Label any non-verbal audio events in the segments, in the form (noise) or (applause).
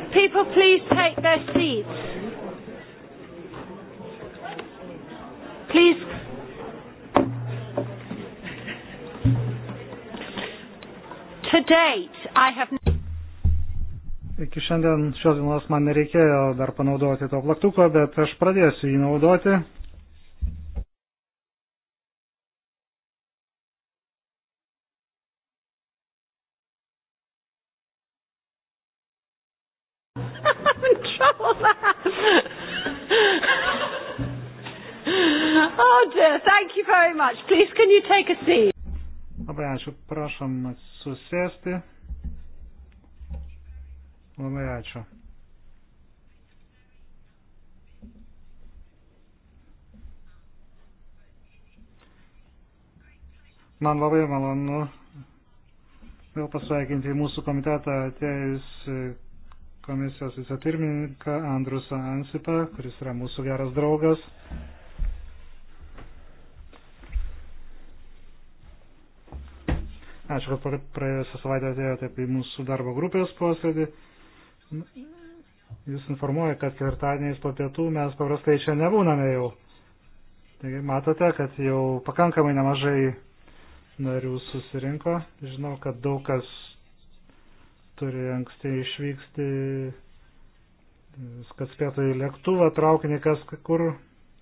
Could people please take their seats? Please. To date, I have. Iki šiandien šios dienos man nereikėjo dar panaudoti to plaktuko, bet aš pradėsiu jį naudoti. ačiū. Prašom susėsti. Labai ačiū. Man labai malonu vėl pasveikinti mūsų komitetą atėjus komisijos vicepirmininką Andrusą Ansipą, kuris yra mūsų geras draugas. Ačiū, kad praėjusią savaitę atėjote apie mūsų darbo grupės posėdį. Jūs informuoja, kad ketvirtadieniais po pietų mes paprastai čia nebūname jau. Taigi matote, kad jau pakankamai nemažai narių susirinko. Žinau, kad daug kas turi anksti išvykti, kad spėtų į lėktuvą, traukinį, kas kur.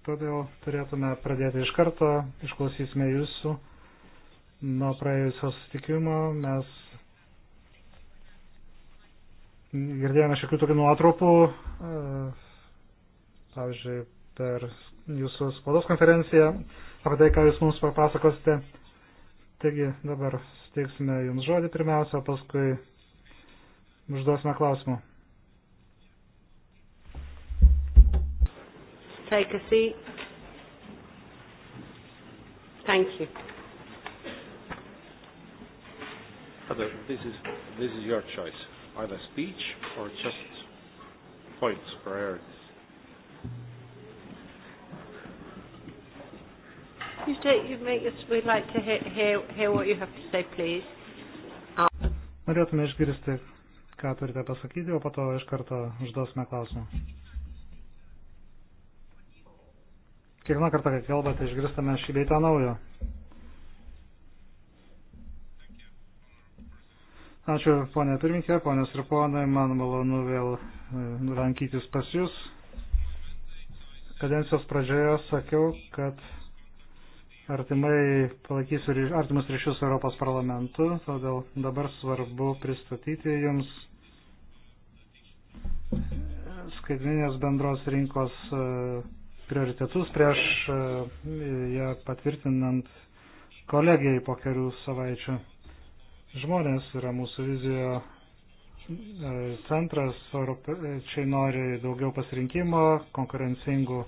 Todėl turėtume pradėti iš karto, išklausysime jūsų nuo praėjusio sustikimo mes girdėjome šiokių tokių nuotrupų, e, pavyzdžiui, per jūsų spaudos konferenciją, apie tai, ką jūs mums papasakosite. Taigi dabar steiksime jums žodį pirmiausia, paskui užduosime klausimų. Take a seat. Thank you. Heather, this is, this is your choice, either speech or just points, priorities. You, do, you make us, we'd like to hear, hear, hear what you have to say, please. Norėtume išgirsti, ką turite pasakyti, o po to iš karto užduosime klausimą. Kiekvieną kartą, kai kalbate, išgirstame šį beitą naujo. Ačiū, ponė pirminkė, ponės ir ponai, man malonu vėl e, lankytis pas jūs. Kadencijos pradžioje sakiau, kad artimai palaikysiu artimus ryšius su Europos parlamentu, todėl dabar svarbu pristatyti jums skaitminės bendros rinkos e, prioritetus prieš e, ją patvirtinant kolegijai po kelių savaičių. Žmonės yra mūsų vizijo e, centras, europiečiai nori daugiau pasirinkimo, konkurencingų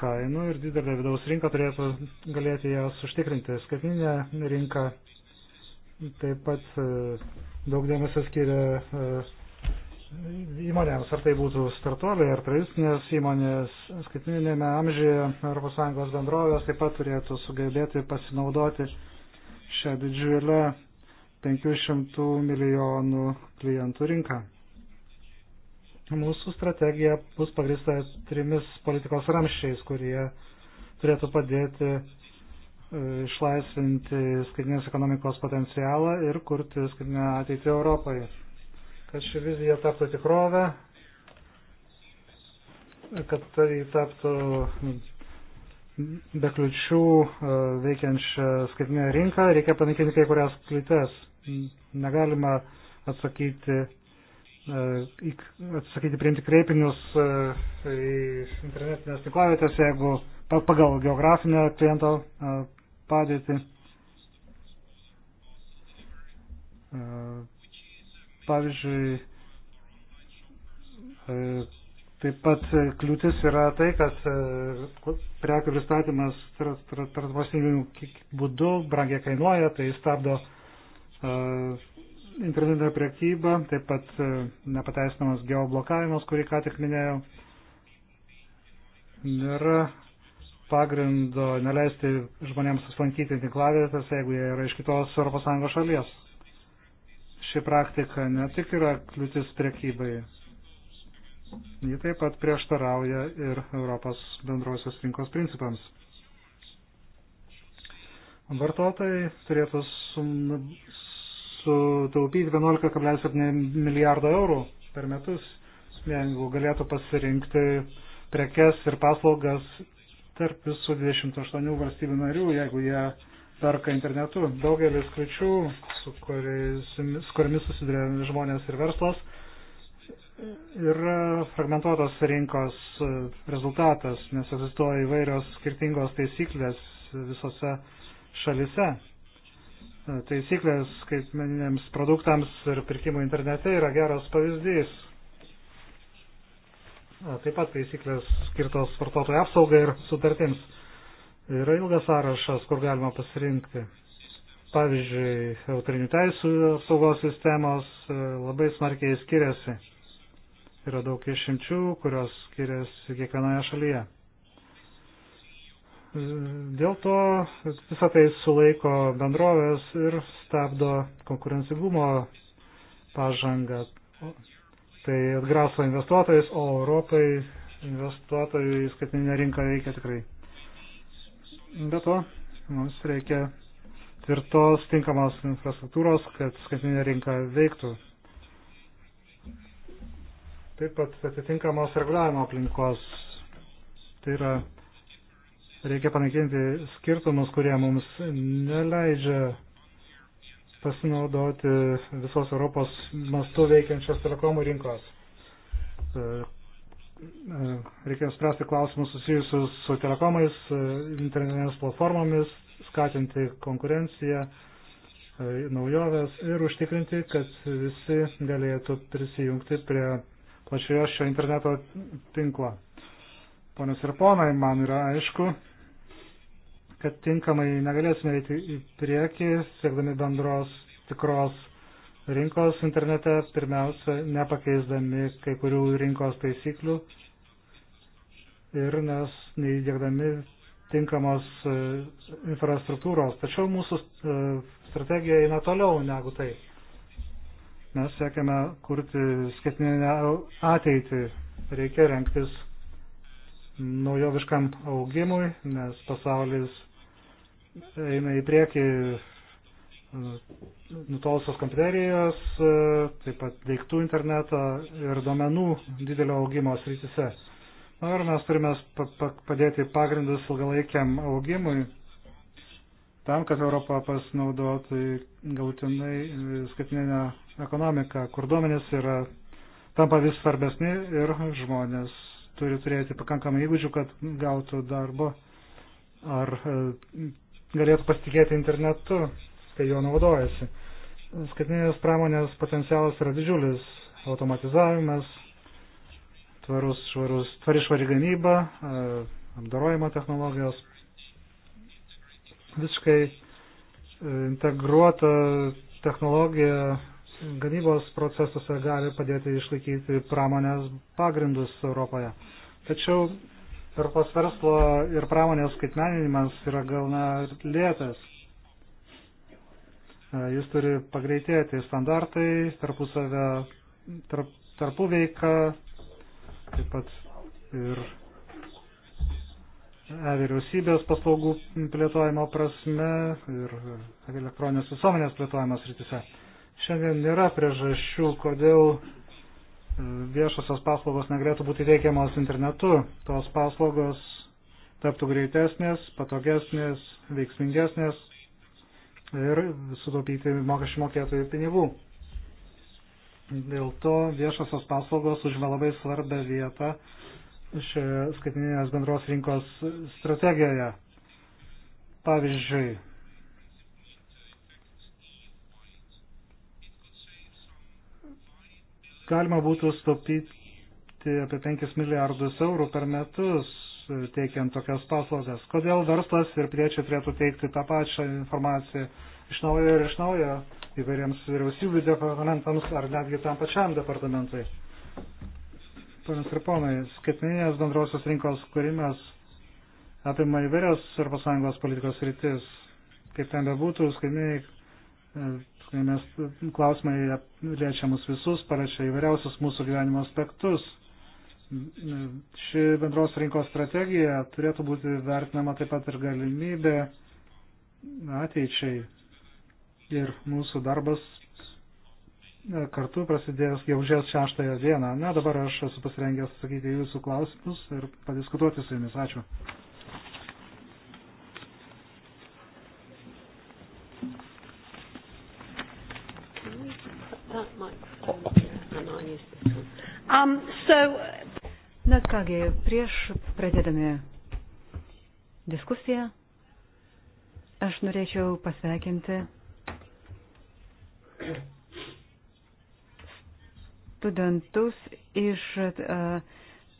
kainų ir didelė vidaus rinka turėtų galėti jas užtikrinti. Skaitminė rinka taip pat e, daug dėmesio skiria e, įmonėms, ar tai būtų startuoliai, ar tradicinės įmonės, skaitminėme amžiuje ES bendrovės taip pat turėtų sugebėti pasinaudoti šią didžiulę 500 milijonų klientų rinką. Mūsų strategija bus pagrįsta trimis politikos ramščiais, kurie turėtų padėti e, išlaisvinti skaitinės ekonomikos potencialą ir kurti skaitinę ateitį Europai. Kad ši vizija taptų tikrovę, kad tai taptų be kliučių e, veikiančią skaitinę rinką, reikia panaikinti kai kurias kliūtes. Negalima atsakyti, e, atsakyti priimti kreipinius e, į internetinės tiklavietės, jeigu pagal geografinę kliento padėtį. Pavyzdžiui, Taip pat e, kliūtis yra tai, kad e, prekių pristatymas transvasinių būdu brangiai kainuoja, tai stabdo uh, internetinę priekybą, taip pat uh, nepateisinamas geoblokavimas, kurį ką tik minėjau. Nėra pagrindo neleisti žmonėms apsilankyti tinklavietės, jeigu jie yra iš kitos ES šalies. Ši praktika ne tik yra kliūtis priekybai, Ji taip pat prieštarauja ir Europos bendrosios rinkos principams. Vartotojai turėtų sutaupyti 11,7 milijardo eurų per metus, jeigu galėtų pasirinkti prekes ir paslaugas tarp visų 28 valstybių narių, jeigu jie perka internetu. Daugelis kliučių, su, kuriais, su kuriamis susiduria žmonės ir verslas, yra fragmentuotos rinkos e, rezultatas, nes egzistuoja įvairios skirtingos taisyklės visose šalise. E, taisyklės skaitmeniniams produktams ir pirkimų internete yra geras pavyzdys. E, taip pat taisyklės skirtos vartotojų apsaugai ir sutartims. Yra ilgas sąrašas, kur galima pasirinkti pavyzdžiui, autorinių teisų apsaugos sistemos labai smarkiai skiriasi. Yra daug išimčių, kurios skiriasi kiekvienoje šalyje. Dėl to visą tai sulaiko bendrovės ir stabdo konkurencingumo pažangą. Tai atgraso investuotojais, o Europai investuotojų įskaitinė rinka veikia tikrai. Be to, mums reikia tvirtos tinkamos infrastruktūros, kad skaitinė rinka veiktų. Taip pat atitinkamos reguliavimo aplinkos. Tai yra, reikia panaikinti skirtumus, kurie mums neleidžia pasinaudoti visos Europos mastu veikiančios telekomų rinkos. E, e, reikia spręsti klausimus susijusius su telekomais, e, internetinėmis platformomis, skatinti konkurenciją, naujoves ir užtikrinti, kad visi galėtų prisijungti prie plačioje šio interneto tinklo. Ponios ir ponai, man yra aišku, kad tinkamai negalėsime eiti į priekį, siekdami bendros tikros rinkos internete, pirmiausia, nepakeisdami kai kurių rinkos taisyklių ir nes neįdėkdami tinkamos e, infrastruktūros. Tačiau mūsų e, strategija eina toliau negu tai. Mes siekiame kurti skaitinę ateitį. Reikia renktis naujoviškam augimui, nes pasaulis eina į priekį e, nutolusios kompiuterijos, e, taip pat daiktų interneto ir domenų didelio augimo srityse. Na ir mes turime padėti pagrindus ilgalaikiam augimui, tam, kad Europa pasinaudotų galutinai e, skaitinę ekonomiką, kur duomenys yra, tampa vis svarbesni ir žmonės turi turėti pakankamai įgūdžių, kad gautų darbo ar e, galėtų pasitikėti internetu, kai jo naudojasi. Skaitinės pramonės potencialas yra didžiulis - automatizavimas, tvarus, švarus, tvari švari gamyba, e, apdarojimo technologijos, visiškai e, integruota technologija gamybos procesuose gali padėti išlaikyti pramonės pagrindus Europoje. Tačiau Europos verslo ir pramonės skaitmeninimas yra gana lėtas. E, jis turi pagreitėti standartai, tarpusavę, tarp, tarpų veiką, taip pat ir vyriausybės paslaugų plėtojimo prasme ir e, elektroninės visuomenės plėtojimo srityse. Šiandien yra priežasčių, kodėl e, viešosios paslaugos negalėtų būti teikiamos internetu. Tos paslaugos taptų greitesnės, patogesnės, veiksmingesnės ir sutaupyti mokesčių mokėtojų pinigų. Dėl to viešosios paslaugos užima labai svarbę vietą šioje skaitinės bendros rinkos strategijoje. Pavyzdžiui, galima būtų sutaupyti apie 5 milijardus eurų per metus e, teikiant tokias paslaugas. Kodėl verslas ir priečiai turėtų teikti tą pačią informaciją iš naujo ir iš naujo įvairiems vyriausybių departamentams ar netgi tam pačiam departamentui? Ponas ir ponai, skaitmeninės bendrosios rinkos kūrimas apima įvairias ES politikos rytis. Kaip ten bebūtų, skaitmeniniai mes klausimai liečia mus visus, parašia įvairiausius mūsų gyvenimo aspektus. Ši bendros rinkos strategija turėtų būti vertinama taip pat ir galimybė ateičiai. Ir mūsų darbas kartu prasidės gegužės 6 dieną. Na, dabar aš esu pasirengęs atsakyti jūsų klausimus ir padiskutuoti su jumis. Ačiū. Um, so... Na kągi, prieš pradėdami diskusiją, aš norėčiau pasveikinti studentus iš uh,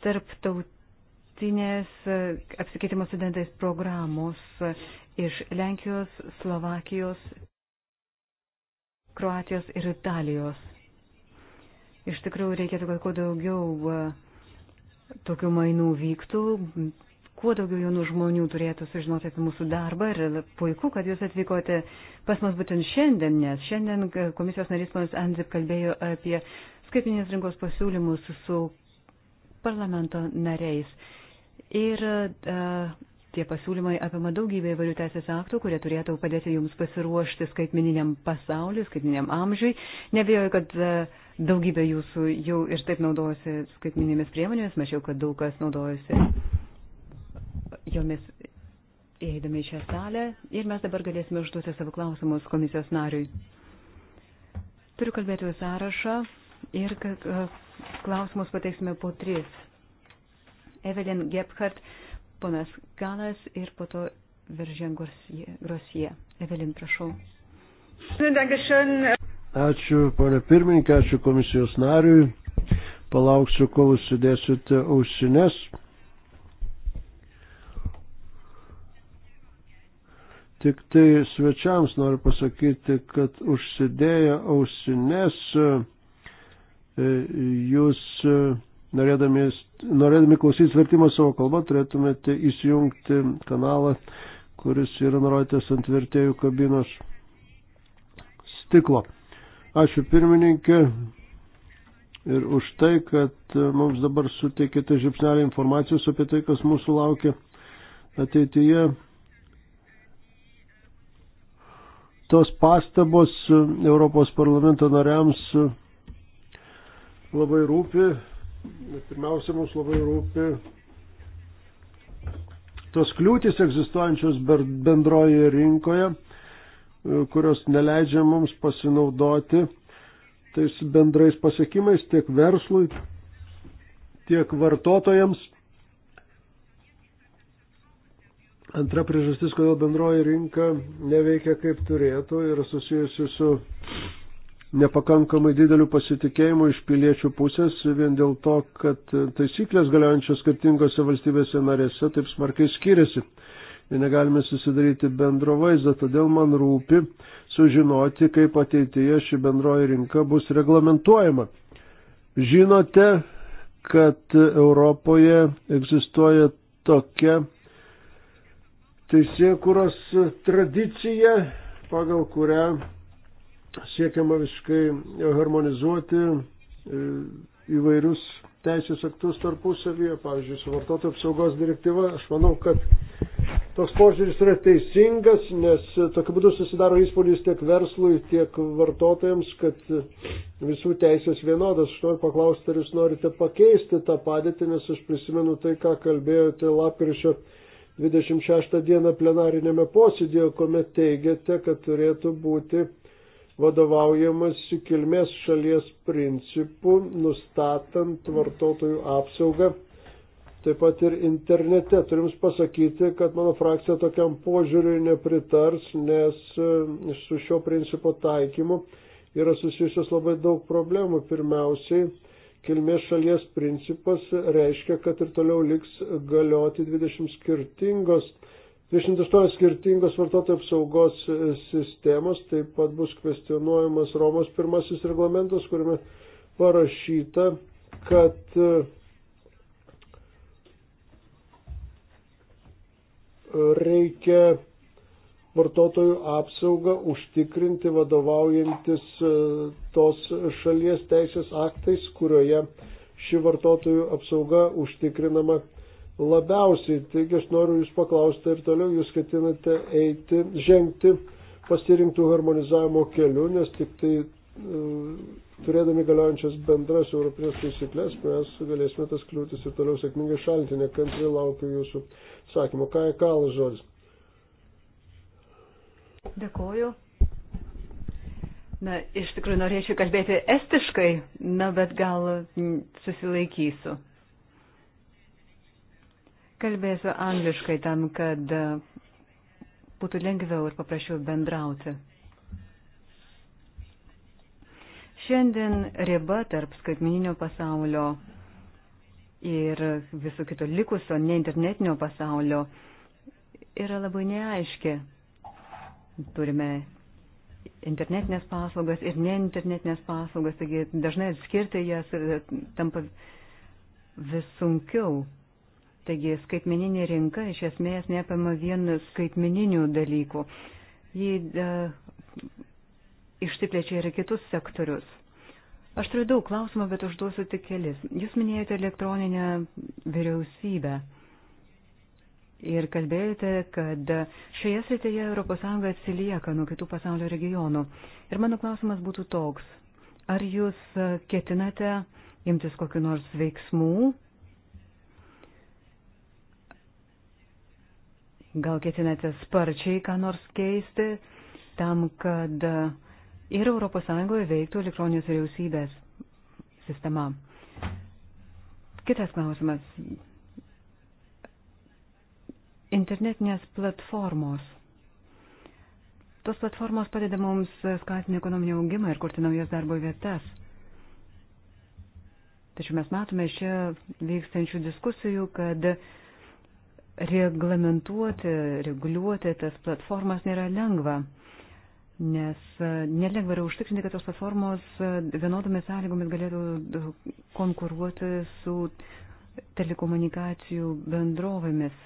tarptautinės uh, apsikeitimo studentais programos uh, iš Lenkijos, Slovakijos, Kroatijos ir Italijos. Iš tikrųjų, reikėtų, kad kuo daugiau tokių mainų vyktų, kuo daugiau jaunų žmonių turėtų sužinoti apie mūsų darbą ir puiku, kad jūs atvykote pas mus būtent šiandien, nes šiandien komisijos narys panas Andrip kalbėjo apie skaitinės rinkos pasiūlymus su parlamento nariais. Ir uh, tie pasiūlymai apima daugybę įvairių teisės aktų, kurie turėtų padėti jums pasiruošti skaitmininiam pasauliu, skaitmininiam amžiui. Nebijoju, kad uh, Daugybė jūsų jau ir taip naudojasi skaitminėmis priemonėmis, mačiau, kad daug kas naudojasi jomis įeidami į šią salę ir mes dabar galėsime užduoti savo klausimus komisijos nariui. Turiu kalbėtojų sąrašą ir klausimus pateiksime po tris. Evelyn Gebhardt, ponas Galas ir po to Viržen Grosie. Evelyn, prašau. Dankeschön. Ačiū, ponė pirmininkė, ačiū komisijos nariui. Palauksiu, kol užsidėsite ausines. Tik tai svečiams noriu pasakyti, kad užsidėję ausines e, jūs e, norėdami, norėdami klausyti vertimą savo kalbą turėtumėte įsijungti kanalą, kuris yra nurodytas ant vertėjų kabinos stiklo. Ačiū pirmininkė ir už tai, kad e, mums dabar suteikėte žipsnelį informacijos apie tai, kas mūsų laukia ateityje. Tos pastabos e, Europos parlamento nariams e, labai rūpi. Pirmiausia, mums labai rūpi tos kliūtis egzistuojančios bendroje rinkoje kurios neleidžia mums pasinaudoti tais bendrais pasiekimais tiek verslui, tiek vartotojams. Antra priežastis, kodėl bendroji rinka neveikia kaip turėtų, yra susijusi su nepakankamai dideliu pasitikėjimu iš piliečių pusės vien dėl to, kad taisyklės galiojančios skirtingose valstybėse narėse taip smarkiai skiriasi ir negalime susidaryti bendro vaizdo. Todėl man rūpi sužinoti, kaip ateityje ši bendroji rinka bus reglamentuojama. Žinote, kad Europoje egzistuoja tokia teisėkuros tradicija, pagal kurią siekiama visiškai harmonizuoti e, įvairius teisės aktus tarpusavyje, pavyzdžiui, su vartotojų apsaugos direktyva. Aš manau, kad Toks požiūris yra teisingas, nes tokiu būdu susidaro įspūdis tiek verslui, tiek vartotojams, kad visų teisės vienodas. Aš noriu paklausti, ar jūs norite pakeisti tą padėtį, nes aš prisimenu tai, ką kalbėjote lapkričio 26 dieną plenarinėme posėdėje, kuomet teigiate, kad turėtų būti vadovaujamas kilmės šalies principų, nustatant vartotojų apsaugą taip pat ir internete. Turim pasakyti, kad mano frakcija tokiam požiūriui nepritars, nes e, su šio principo taikymu yra susijusios labai daug problemų. Pirmiausiai, kilmės šalies principas reiškia, kad ir toliau liks galioti 20 skirtingos. 28 skirtingos vartotojų apsaugos sistemos, taip pat bus kvestionuojamas Romos pirmasis reglamentas, kuriame parašyta, kad e, reikia vartotojų apsaugą užtikrinti vadovaujantis e, tos šalies teisės aktais, kurioje ši vartotojų apsauga užtikrinama labiausiai. Taigi aš noriu Jūs paklausti ir toliau Jūs ketinate eiti, žengti pasirinktų harmonizavimo keliu, nes tik tai e, turėdami galiojančias bendras europinės taisyklės, mes galėsime tas kliūtis ir toliau sėkmingai šalinti. Nekantriai laukiu jūsų atsakymo. Ką į kalą žodis? Dėkuoju. Na, iš tikrųjų norėčiau kalbėti estiškai, na, bet gal susilaikysiu. Kalbėsiu angliškai tam, kad būtų lengviau ir paprašiau bendrauti. Šiandien riba tarp skaitmininio pasaulio ir viso kito likusio neinternetinio pasaulio yra labai neaiški. Turime internetinės paslaugas ir neinternetinės paslaugas, taigi dažnai atskirti jas e, tampa vis sunkiau. Taigi skaitmeninė rinka iš esmės neapima vien skaitmeninių dalykų. Ji uh, išsiplečia ir kitus sektorius. Aš turiu daug klausimų, bet užduosiu tik kelis. Jūs minėjote elektroninę vyriausybę ir kalbėjote, kad šioje srityje ES atsilieka nuo kitų pasaulio regionų. Ir mano klausimas būtų toks. Ar jūs ketinate imtis kokiu nors veiksmų? Gal ketinate sparčiai ką nors keisti tam, kad uh, ir ES veiktų elektroninės vyriausybės sistema. Kitas klausimas. Internetinės platformos. Tos platformos padeda mums skatinti ekonominį augimą ir kurti naujas darbo vietas. Tačiau mes matome čia vykstančių diskusijų, kad reglamentuoti, reguliuoti tas platformas nėra lengva nes e, nelengva yra užtikrinti, kad tos platformos e, vienodomis sąlygomis galėtų e, konkuruoti su telekomunikacijų bendrovėmis.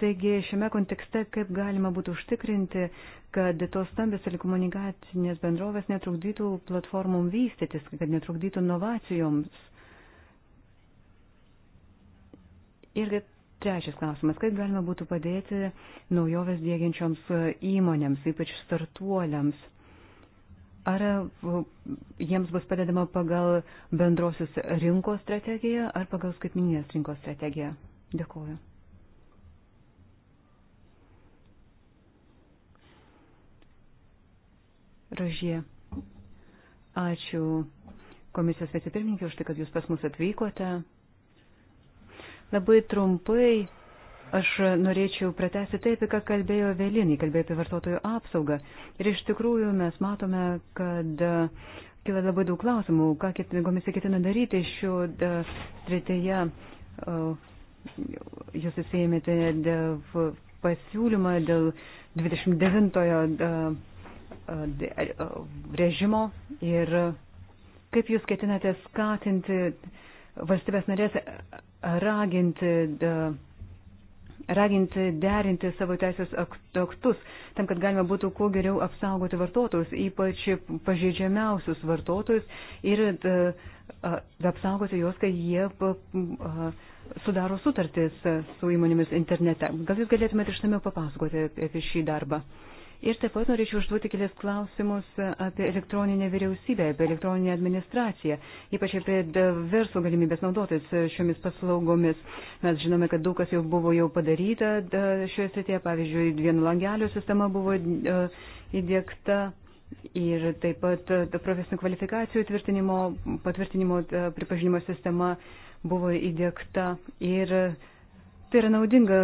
Taigi šiame kontekste kaip galima būtų užtikrinti, kad tos stambės telekomunikacinės bendrovės netrukdytų platformom vystytis, kad netrukdytų inovacijoms. Ir kad Trečias klausimas, kaip galima būtų padėti naujoves dėgiančioms e, įmonėms, ypač startuoliams? Ar e, jiems bus padedama pagal bendrosios rinkos strategiją ar pagal skaitmininės rinkos strategiją? Dėkuoju. Rožė. Ačiū komisijos vicepirmininkė už tai, kad jūs pas mus atvykote. Labai trumpai aš norėčiau pratesti tai, apie ką kalbėjo Velinį, kalbėjo apie vartotojų apsaugą. Ir iš tikrųjų mes matome, kad e, kila labai daug klausimų, ką komisija ketina daryti šio e, srityje. E, jūs įsėmėte pasiūlymą dėl 29-ojo režimo ir kaip jūs ketinate skatinti valstybės narės raginti, raginti derinti savo teisės aktus, tam, kad galima būtų kuo geriau apsaugoti vartotojus, ypač pažeidžiamiausius vartotojus ir apsaugoti juos, kai jie sudaro sutartis su įmonėmis internete. Gal jūs galėtumėte išsamiau papasakoti apie šį darbą? Ir taip pat norėčiau užduoti kelias klausimus apie elektroninę vyriausybę, apie elektroninę administraciją, ypač apie verslo galimybės naudotis šiomis paslaugomis. Mes žinome, kad daug kas jau buvo jau padaryta šioje srityje, pavyzdžiui, vieno langelio sistema buvo įdėkta. Ir taip pat profesinių kvalifikacijų tvirtinimo, patvirtinimo pripažinimo sistema buvo įdėkta ir Tai yra naudinga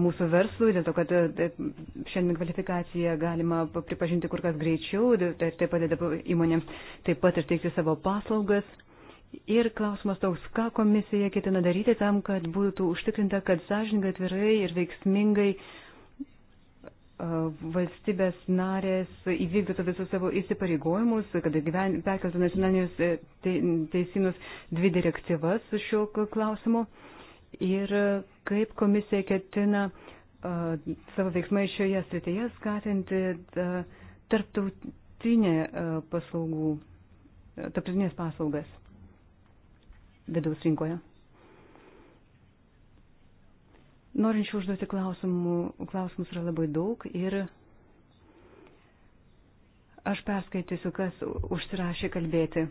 mūsų verslui, dėl to, kad šiandien kvalifikaciją galima pripažinti kur kas greičiau, tai, tai padeda įmonėms taip pat ir teikti savo paslaugas. Ir klausimas toks, ką komisija ketina daryti tam, kad būtų užtikrinta, kad sąžininkai atvirai ir veiksmingai valstybės narės įvykdytų visus savo įsipareigojimus, kad perkeltų nacionalinius e, teisinus dvi direktyvas šiuo klausimu ir e, kaip komisija ketina uh, savo veiksmai šioje srityje skatinti uh, tarptautinę uh, paslaugų, tarptautinės paslaugas vidaus rinkoje. Norinčių užduoti klausimų, klausimus yra labai daug ir aš perskaitysiu, kas užsirašė kalbėti.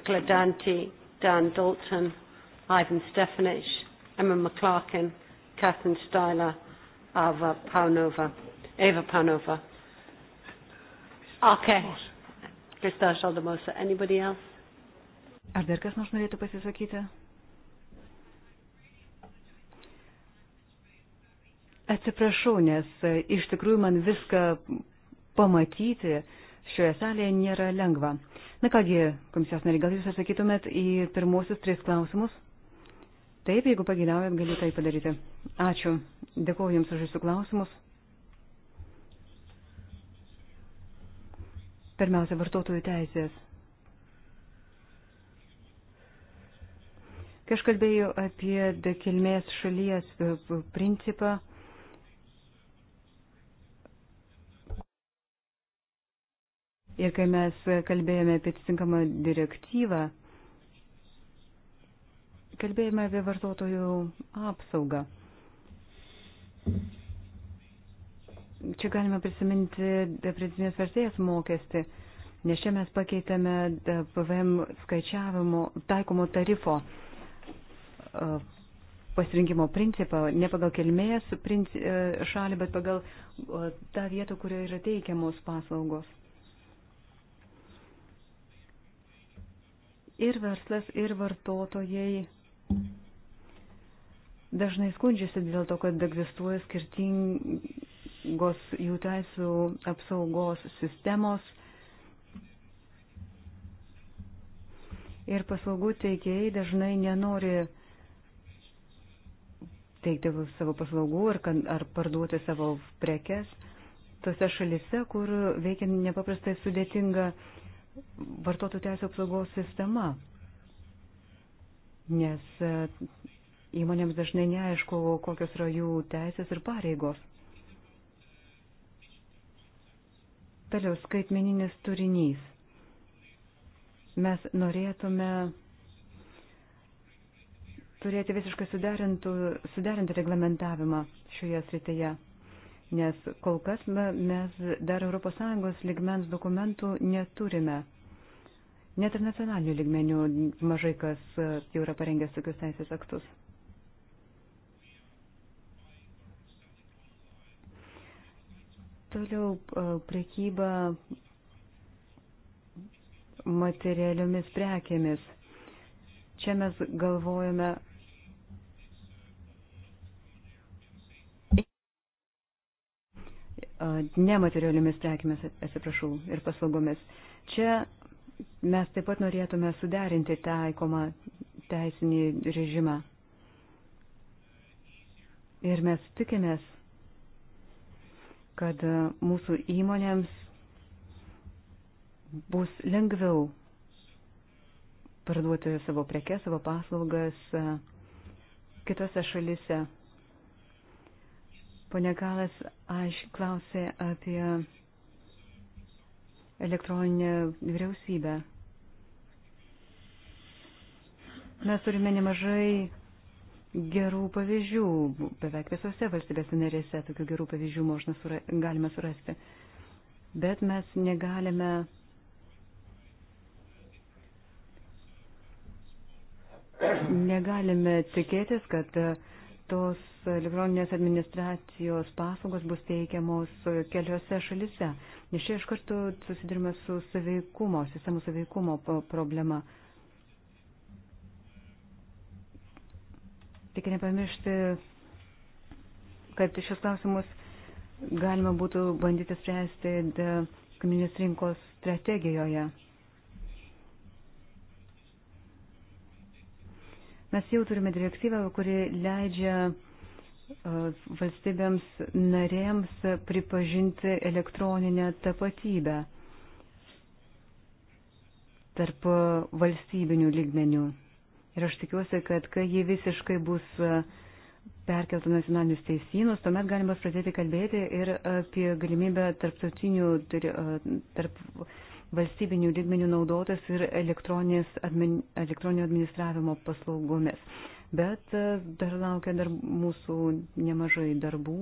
Ekledanti, Dan Dalton, Ivan Stefanich, Emma McClarkin, Catherine Styler, Ava Paunova, Eva Paunova. Okay. Krista Šaldamosa. Anybody else? Ar dar kas nors norėtų pasisakyti? Atsiprašau, nes e, iš tikrųjų man viską pamatyti šioje salėje nėra lengva. Na kągi, komisijos nariai, gal jūs atsakytumėt į pirmosius tris klausimus? Taip, jeigu pagėdaujat, galiu tai padaryti. Ačiū. Dėkuoju Jums už Jūsų klausimus. Pirmiausia, vartotojų teisės. Kai aš kalbėjau apie kilmės šalies e, principą, ir kai mes kalbėjome apie atitinkamą direktyvą, kalbėjome apie vartotojų apsaugą. Čia galime prisiminti pridėtinės vertės mokestį, nes čia mes pakeitėme PVM skaičiavimo taikomo tarifo e, pasirinkimo principą, ne pagal kilmės e, šalį, bet pagal tą vietą, kurioje yra teikiamos paslaugos. Ir verslas, ir vartotojai dažnai skundžiasi dėl to, kad egzistuoja skirtingos jų teisų apsaugos sistemos ir paslaugų teikėjai dažnai nenori teikti savo paslaugų ar, ar parduoti savo prekes tose šalise, kur veikia nepaprastai sudėtinga vartotojų teisų apsaugos sistema nes e, įmonėms dažnai neaišku, kokios yra jų teisės ir pareigos. Toliau skaitmeninis turinys. Mes norėtume turėti visiškai suderintą reglamentavimą šioje srityje, nes kol kas mes dar ES ligmens dokumentų neturime. Net ir nacionalinių ligmenių mažai kas e, jau yra parengęs tokius teisės aktus. Toliau e, prekyba materialiomis prekėmis. Čia mes galvojame. E, Nematerialiomis prekėmis, atsiprašau, ir paslaugomis. Čia mes taip pat norėtume suderinti taikomą teisinį režimą. Ir mes tikimės, kad mūsų įmonėms bus lengviau parduoti savo prekes, savo paslaugas e, kitose šalise. Pone Galas, aš klausė apie elektroninę vyriausybę. Mes turime nemažai gerų pavyzdžių, beveik visose valstybėse narėse tokių gerų pavyzdžių možna, sura, galime surasti. Bet mes negalime negalime tikėtis, kad uh, tos elektroninės administracijos paslaugos bus teikiamos keliose šalise. Nes čia iš karto susidurime su saveikumo, sistemų saveikumo problema. Tik nepamiršti, kad šios klausimus galima būtų bandyti spręsti komunijos rinkos strategijoje. Mes jau turime direktyvą, kuri leidžia e, valstybėms narėms pripažinti elektroninę tapatybę tarp valstybinių lygmenių. Ir aš tikiuosi, kad kai ji visiškai bus e, perkeltų nacionalinius teisynus, tuomet galima pradėti kalbėti ir apie galimybę tarptautinių, e, tarp valstybinių lygmenių naudotas ir admin, elektroninio administravimo paslaugomis. Bet e, dar laukia dar mūsų nemažai darbų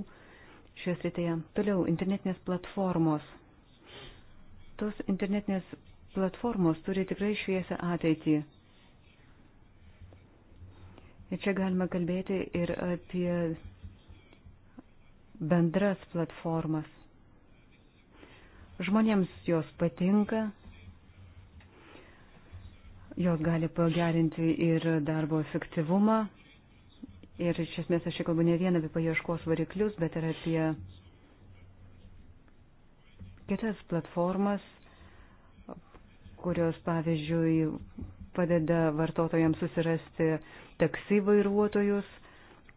šioje srityje. Toliau, internetinės platformos. Tos internetinės platformos turi tikrai šviesę ateitį. Ir čia galima kalbėti ir apie bendras platformas. Žmonėms jos patinka, jos gali pagerinti ir darbo efektyvumą. Ir iš esmės aš čia kalbu ne vien apie paieškos variklius, bet ir apie kitas platformas, kurios, pavyzdžiui, padeda vartotojams susirasti taksi vairuotojus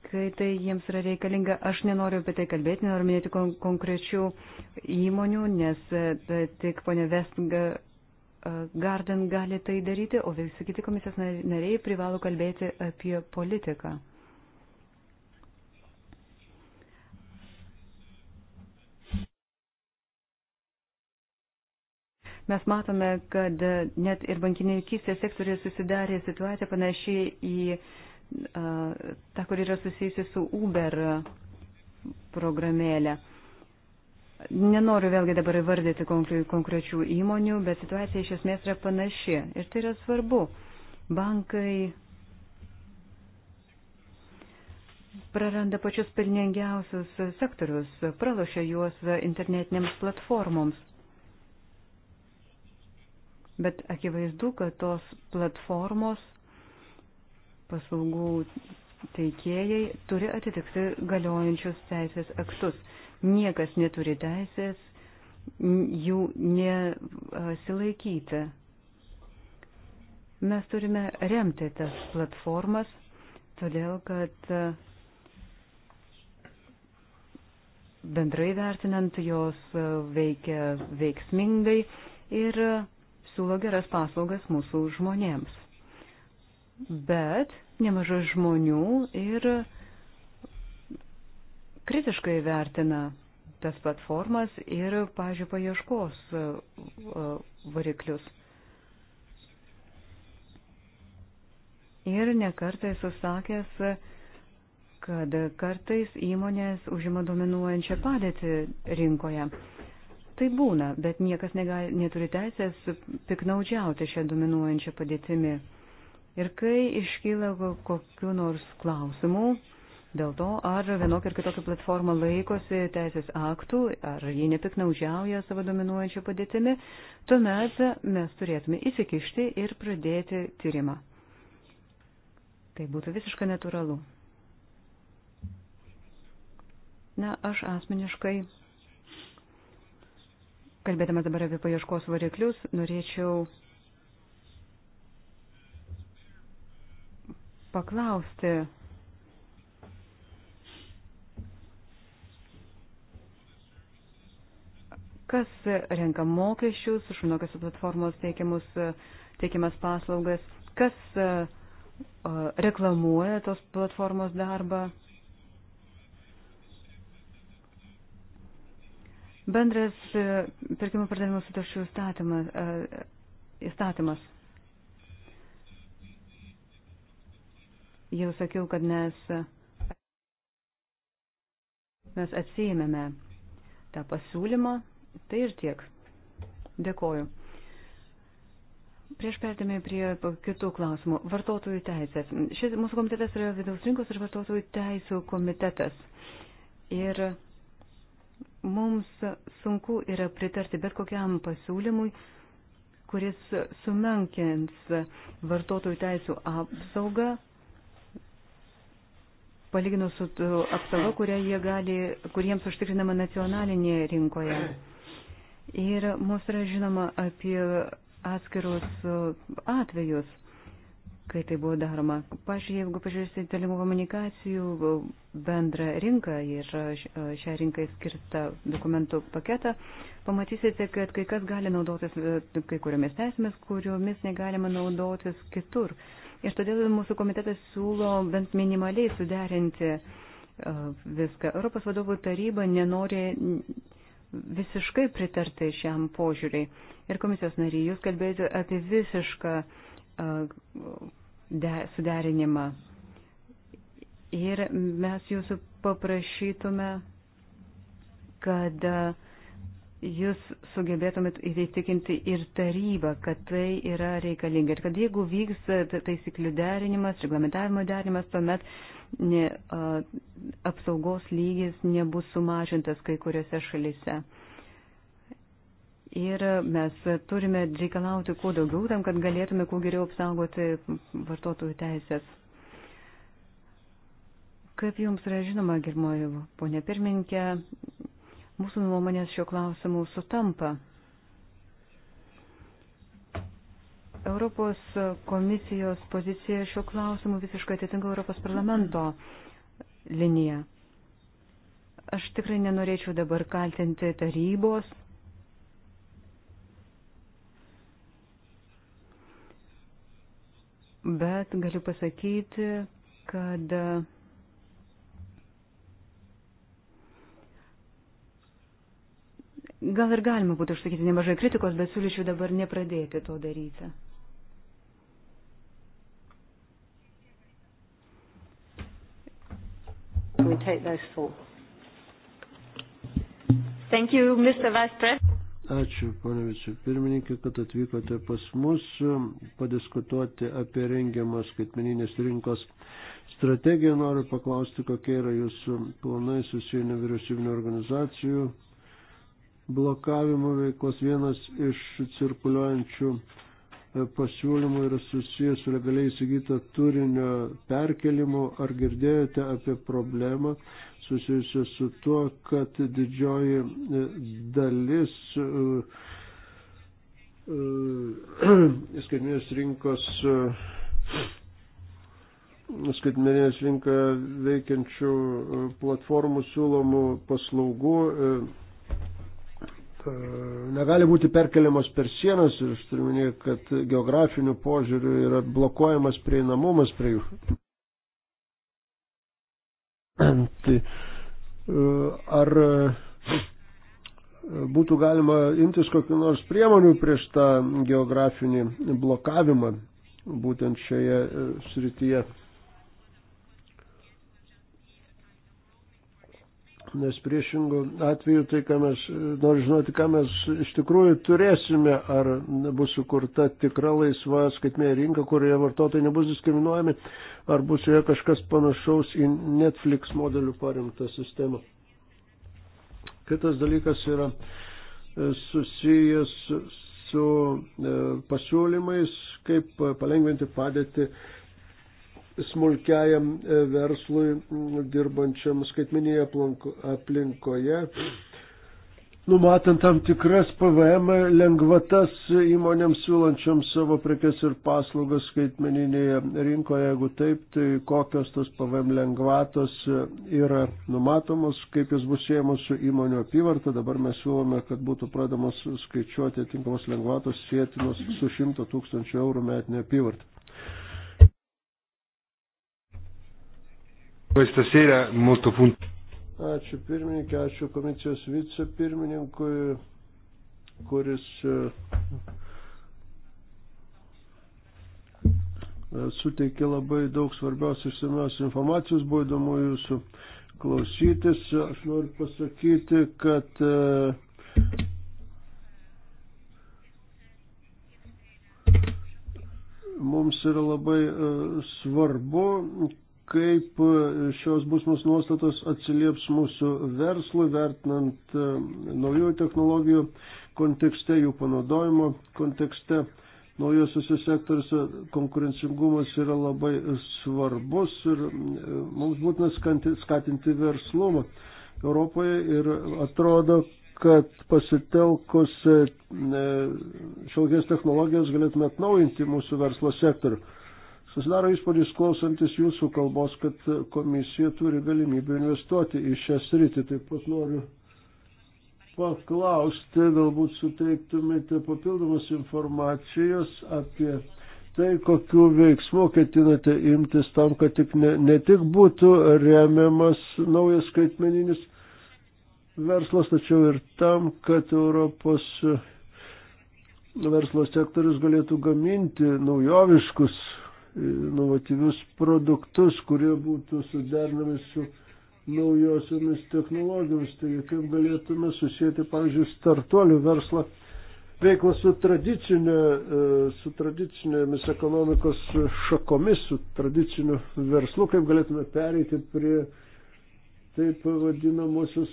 kai tai jiems yra reikalinga. Aš nenoriu apie tai kalbėti, nenoriu minėti kon konkrečių įmonių, nes e, tai tik ponia Westgarden e, gali tai daryti, o visi kiti komisijos nariai privalo kalbėti apie politiką. mes matome, kad net ir bankininkystės sektorija susidarė situacija panašiai į ta, kur yra susijusi su Uber programėlė. Nenoriu vėlgi dabar įvardyti konkrečių įmonių, bet situacija iš esmės yra panaši ir tai yra svarbu. Bankai praranda pačius pelningiausius sektorius, pralošia juos internetinėms platformoms. Bet akivaizdu, kad tos platformos paslaugų teikėjai turi atitikti galiojančius teisės aktus. Niekas neturi teisės jų nesilaikyti. Mes turime remti tas platformas, todėl kad bendrai vertinant jos veikia veiksmingai ir siūlo geras paslaugas mūsų žmonėms bet nemažai žmonių ir kritiškai vertina tas platformas ir, pažiūrėjau, paieškos e, e, variklius. Ir nekartai susakęs, kad kartais įmonės užima dominuojančią padėtį rinkoje. Tai būna, bet niekas negali, neturi teisės piknaudžiauti šią dominuojančią padėtimi. Ir kai iškyla kokiu nors klausimu dėl to, ar vienokia ir kitokia platforma laikosi teisės aktų, ar ji nepiknaudžiauja savo dominuojančią padėtimi, tuomet mes turėtume įsikišti ir pradėti tyrimą. Tai būtų visiškai natūralu. Na, aš asmeniškai, kalbėdamas dabar apie paieškos variklius, norėčiau paklausti, kas renka mokesčius už mnogios platformos teikiamus, teikiamas paslaugas, kas e, reklamuoja tos platformos darbą. Bendras e, pirkimo pardavimo sutarčių įstatymas. E, Jau sakiau, kad mes, mes atsijėmėme tą pasiūlymą. Tai ir tiek. Dėkoju. Prieš pertėmė prie kitų klausimų. Vartotojų teisės. Šis mūsų komitetas yra vidaus rinkos ir vartotojų teisų komitetas. Ir mums sunku yra pritarti bet kokiam pasiūlymui, kuris sumenkins vartotojų teisų apsaugą palyginus su apsauga, kuriems užtikrinama nacionalinėje rinkoje. Ir mums yra žinoma apie atskirus e, atvejus, kai tai buvo daroma. Pavyzdžiui, jeigu pažiūrėsite telekomunikacijų e, bendrą rinką ir e, šią rinką skirtą dokumentų paketą, pamatysite, kad kai kas gali naudotis kai kuriomis teisėmis, kuriomis negalima naudotis kitur. Uh, Ir todėl mūsų komitetas siūlo bent minimaliai suderinti e, viską. Europos vadovų taryba nenori visiškai pritarti šiam požiūriai. Ir komisijos nariai, jūs kalbėjote apie visišką e, suderinimą. Ir mes jūsų paprašytume, kad uh, jūs sugebėtumėt įtikinti ir tarybą, kad tai yra reikalinga. Ir kad jeigu vyks taisyklių derinimas, reglamentavimo derinimas, tuomet ne, a, apsaugos lygis nebus sumažintas kai kuriuose šalise. Ir mes turime reikalauti kuo daugiau tam, kad galėtume kuo geriau apsaugoti vartotojų teisės. Kaip jums yra žinoma, girmoji ponė pirmininkė, Mūsų nuomonės šio klausimu sutampa. Europos komisijos pozicija šiuo klausimu visiškai atitinka Europos parlamento liniją. Aš tikrai nenorėčiau dabar kaltinti tarybos. Bet galiu pasakyti, kad Gal ir galima būtų išsakyti nemažai kritikos, bet siūlyčiau dabar nepradėti to daryti. We take those four. Thank you, Mr. Vice President. Ačiū, ponė vicepirmininkė, kad atvykote pas mus um, padiskutuoti apie rengiamą skaitmeninės rinkos strategiją. Noriu paklausti, kokie yra jūsų planai susiję nevyriausybinio organizacijų blokavimo veiklos vienas iš cirkuliuojančių e, pasiūlymų yra susijęs su legaliai įsigyto turinio perkelimu. Ar girdėjote apie problemą susijusią su tuo, kad didžioji e, dalis e, (clears throat) skaitminės rinkos skaitmenės rinką veikiančių platformų siūlomų paslaugų E, negali būti perkeliamos per sienas ir aš turiu minėti, kad geografiniu požiūriu yra blokuojamas prieinamumas prie jų. (clears throat) Tai e, ar e, būtų galima imtis kokiu nors priemonių prieš tą geografinį blokavimą būtent šioje srityje? nes priešingų atveju tai, ką mes, noriu žinoti, ką mes iš tikrųjų turėsime, ar bus sukurta tikra laisva skaitmė rinka, kurioje vartotojai nebus diskriminuojami, ar bus joje kažkas panašaus į Netflix modelių paremtą sistemą. Kitas dalykas yra e, susijęs su e, pasiūlymais, kaip palengventi padėti smulkiajam e, verslui dirbančiam skaitminėje aplinkoje, numatant tam tikras PVM lengvatas įmonėms siūlančiam savo prekes ir paslaugas skaitmeninėje rinkoje. Jeigu taip, tai kokios tos PVM lengvatos e, yra numatomos, kaip jos bus siejamos su įmonių apyvarta. Dabar mes siūlome, kad būtų pradamos skaičiuoti atitinkamos lengvatos sėtinos su 100 tūkstančių eurų metinė apyvarta. Questa sera molto puntuale. Ačiū pirmininkė, ačiū komisijos vicepirmininkui, kuris e, suteikė labai daug svarbios išsamios informacijos, buvo įdomu jūsų klausytis. Aš noriu pasakyti, kad e, mums yra labai e, svarbu, kaip e, šios būsimos nuostatos atsilieps mūsų verslui, vertinant e, naujųjų technologijų kontekste, jų panaudojimo kontekste. Naujosiuose sektoriuose konkurencingumas yra labai svarbus ir e, mums būtina skatinti verslumą Europoje ir atrodo, kad pasitelkus šiaugės technologijas galėtume atnaujinti mūsų verslo sektorių. Susidaro įspūdis klausantis jūsų kalbos, kad komisija turi galimybę investuoti į šią sritį. Taip pat noriu paklausti, galbūt suteiktumėte papildomas informacijos apie tai, kokiu veiksmu ketinate imtis tam, kad tik ne, ne tik būtų remiamas naujas skaitmeninis verslas, tačiau ir tam, kad Europos verslo sektorius galėtų gaminti naujoviškus inovatyvius produktus, kurie būtų suderinami su naujosiomis technologijomis. Taigi, kaip galėtume susijęti, pavyzdžiui, startuolių verslą veiklą su, tradicinė, e, su tradicinėmis ekonomikos šakomis, su tradiciniu verslu, kaip galėtume pereiti prie taip vadinamosios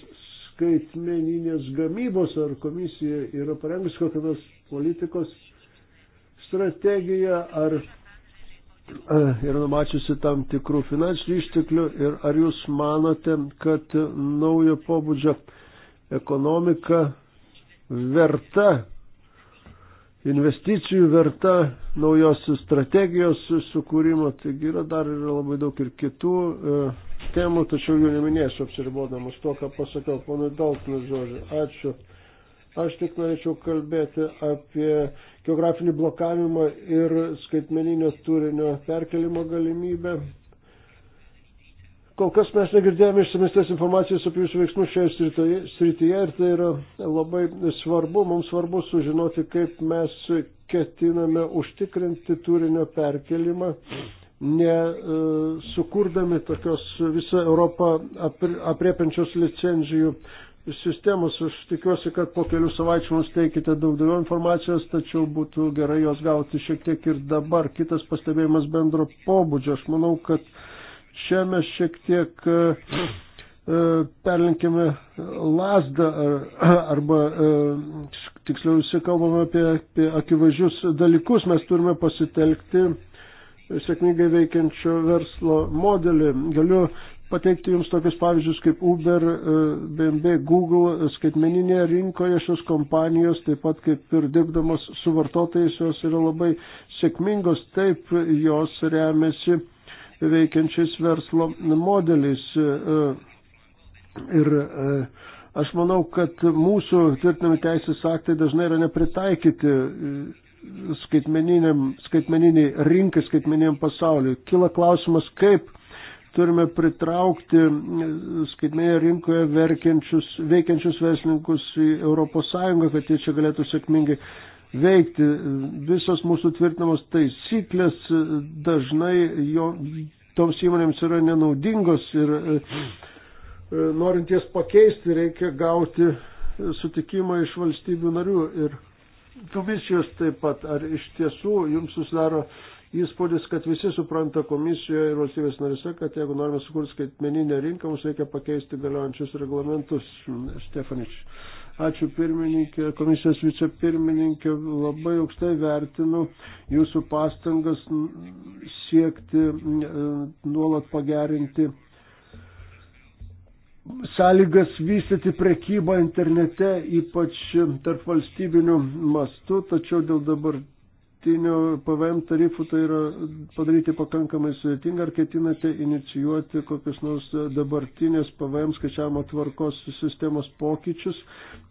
skaitmeninės gamybos, ar komisija yra parengusi kokią nors politikos strategiją, ar yra eh, numačiusi tam tikrų finansinių išteklių ir ar jūs manote, kad naujo pobūdžio ekonomika verta, investicijų verta naujos strategijos sukūrimo, taigi yra dar yra labai daug ir kitų e, temų, tačiau jų neminėsiu apsiribodamas to, ką pasakiau, ponui Daltonas žodžiu. Ačiū. Aš tik norėčiau kalbėti apie geografinį blokavimą ir skaitmeninio turinio perkelimo galimybę. Kol kas mes negirdėjome išsamestės informacijos apie jūsų veiksmus šioje srityje ir tai yra labai svarbu. Mums svarbu sužinoti, kaip mes ketiname užtikrinti turinio perkelimą, nesukurdami e, tokios visą Europą apriepiančios licenzijų sistemos. Aš tikiuosi, kad po kelių savaičių mums teikite daug daugiau informacijos, tačiau būtų gerai jos gauti šiek tiek ir dabar. Kitas pastebėjimas bendro pobūdžio. Aš manau, kad čia mes šiek tiek e, e, perlinkime lasdą e, arba tiksliau visi kalbame apie, apie akivaizdžius dalykus. Mes turime pasitelkti sėkmingai veikiančio verslo modelį. Galiu pateikti Jums tokius pavyzdžius kaip Uber, e, BMW, Google, e, skaitmeninėje rinkoje šios kompanijos, taip pat kaip ir dirbdamos su vartotojais, jos yra labai sėkmingos, taip jos remiasi veikiančiais verslo modeliais. E, ir aš manau, kad mūsų tvirtinami teisės aktai dažnai yra nepritaikyti skaitmeniniai rinkai, skaitmeniniam pasauliu. Kila klausimas, kaip turime pritraukti skaitmėje rinkoje verkiančius, veikiančius verslininkus į ES, kad jie čia galėtų sėkmingai veikti. Visos mūsų tvirtinamos taisyklės dažnai jo, toms įmonėms yra nenaudingos ir e, norint jas pakeisti reikia gauti sutikimą iš valstybių narių ir komisijos taip pat. Ar iš tiesų jums susidaro įspūdis, kad visi supranta komisijoje ir valstybės narise, kad jeigu norime sukurti skaitmeninę rinką, mums reikia pakeisti galiojančius reglamentus. Stefanič. Ačiū pirmininkė, komisijos vicepirmininkė, labai aukštai vertinu jūsų pastangas siekti nuolat pagerinti sąlygas vystyti prekybą internete, ypač tarp valstybinių mastų, tačiau dėl dabar dabartinių PVM tarifų tai yra padaryti pakankamai sudėtinga. Ar ketinate inicijuoti kokius nors dabartinės PVM skaičiavimo tvarkos sistemos pokyčius,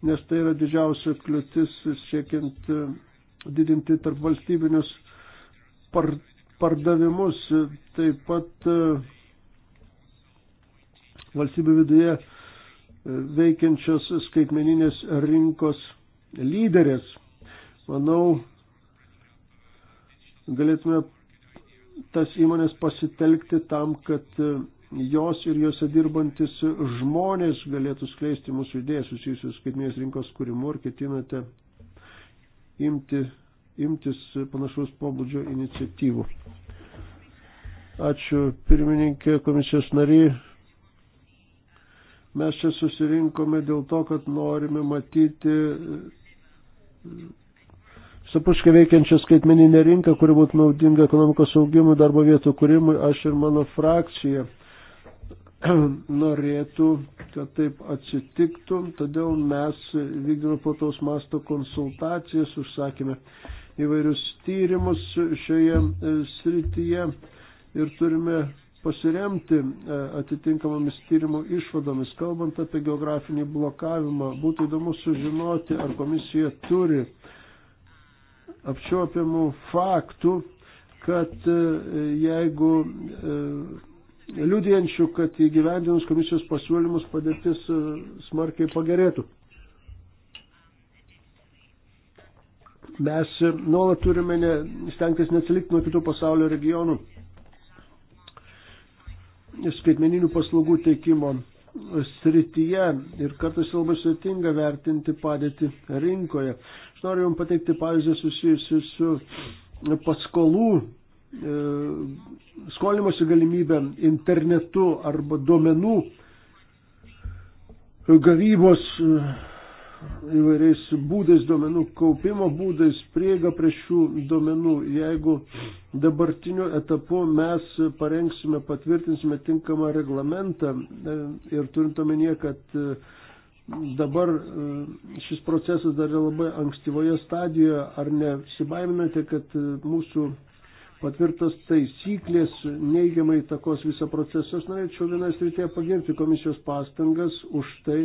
nes tai yra didžiausia kliūtis siekiant e, didinti tarp valstybinius par pardavimus. Taip pat e, valstybių viduje e, veikiančios skaitmeninės rinkos lyderės. Manau, galėtume tas įmonės pasitelkti tam, kad e, jos ir jose dirbantis žmonės galėtų skleisti mūsų idėjas susijusius skaitmės rinkos kūrimu ir ketinate imti, imtis panašaus pobūdžio iniciatyvų. Ačiū pirmininkė komisijos nariai. Mes čia susirinkome dėl to, kad norime matyti supuškai veikiančią skaitmeninę rinką, kuri būtų naudinga ekonomikos augimui, darbo vietų kūrimui, aš ir mano frakcija (clears throat) norėtų, kad taip atsitiktų, todėl mes vykdėme plataus masto konsultacijas, užsakėme įvairius tyrimus šioje e, srityje ir turime pasiremti e, atitinkamomis tyrimo išvadomis. Kalbant apie geografinį blokavimą, būtų įdomu sužinoti, ar komisija turi uh, apčiopiamų faktų, kad e, jeigu e, liudijančių, kad įgyvendinus komisijos pasiūlymus padėtis e, smarkiai pagerėtų. Mes nuolat turime ne, stengtis neatsilikti nuo kitų pasaulio regionų skaitmeninių paslaugų teikimo srityje ir kartais labai sudėtinga vertinti padėtį rinkoje. Aš noriu Jums pateikti pavyzdį susijusiu su e, paskolų e, skolimosi galimybę internetu arba duomenų gavybos e, įvairiais būdais, duomenų kaupimo būdais, prieiga prie šių duomenų. Jeigu dabartiniu etapu mes parengsime, patvirtinsime tinkamą reglamentą e, ir turint omenyje, kad dabar e, šis procesas dar yra labai ankstyvoje stadijoje, ar nesibaiminate, kad e, mūsų patvirtos taisyklės neigiamai takos visą procesą. Aš norėčiau vieną srityje pagirti komisijos pastangas už tai,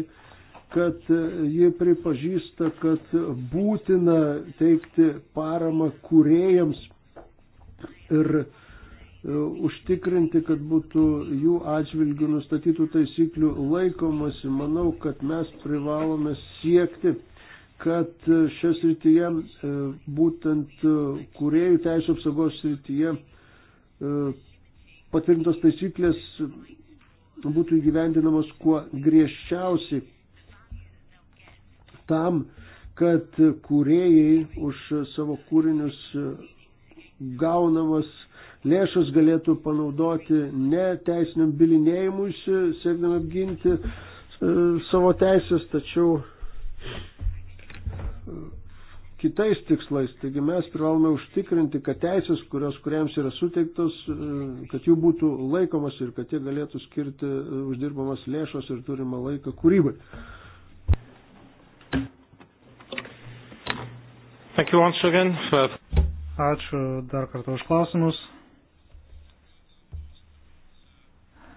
kad e, ji pripažįsta, kad būtina teikti paramą kūrėjams ir E, užtikrinti, kad būtų jų atžvilgių nustatytų taisyklių laikomasi. Manau, kad mes privalome siekti, kad šią srityje, e, būtent kuriejų teisų apsaugos srityje, e, patvirtintos taisyklės būtų įgyvendinamos kuo griežčiausiai tam, kad kuriejai už savo kūrinius gaunamas lėšas galėtų panaudoti ne teisiniam bilinėjimuisi, siekdami apginti e, savo teisės, tačiau e, kitais tikslais. Taigi mes privalome užtikrinti, kad teisės, kurios kuriems yra suteiktos, e, kad jų būtų laikomas ir kad jie galėtų skirti uždirbamas lėšos ir turimą laiką kūrybai. Ačiū dar kartą už klausimus.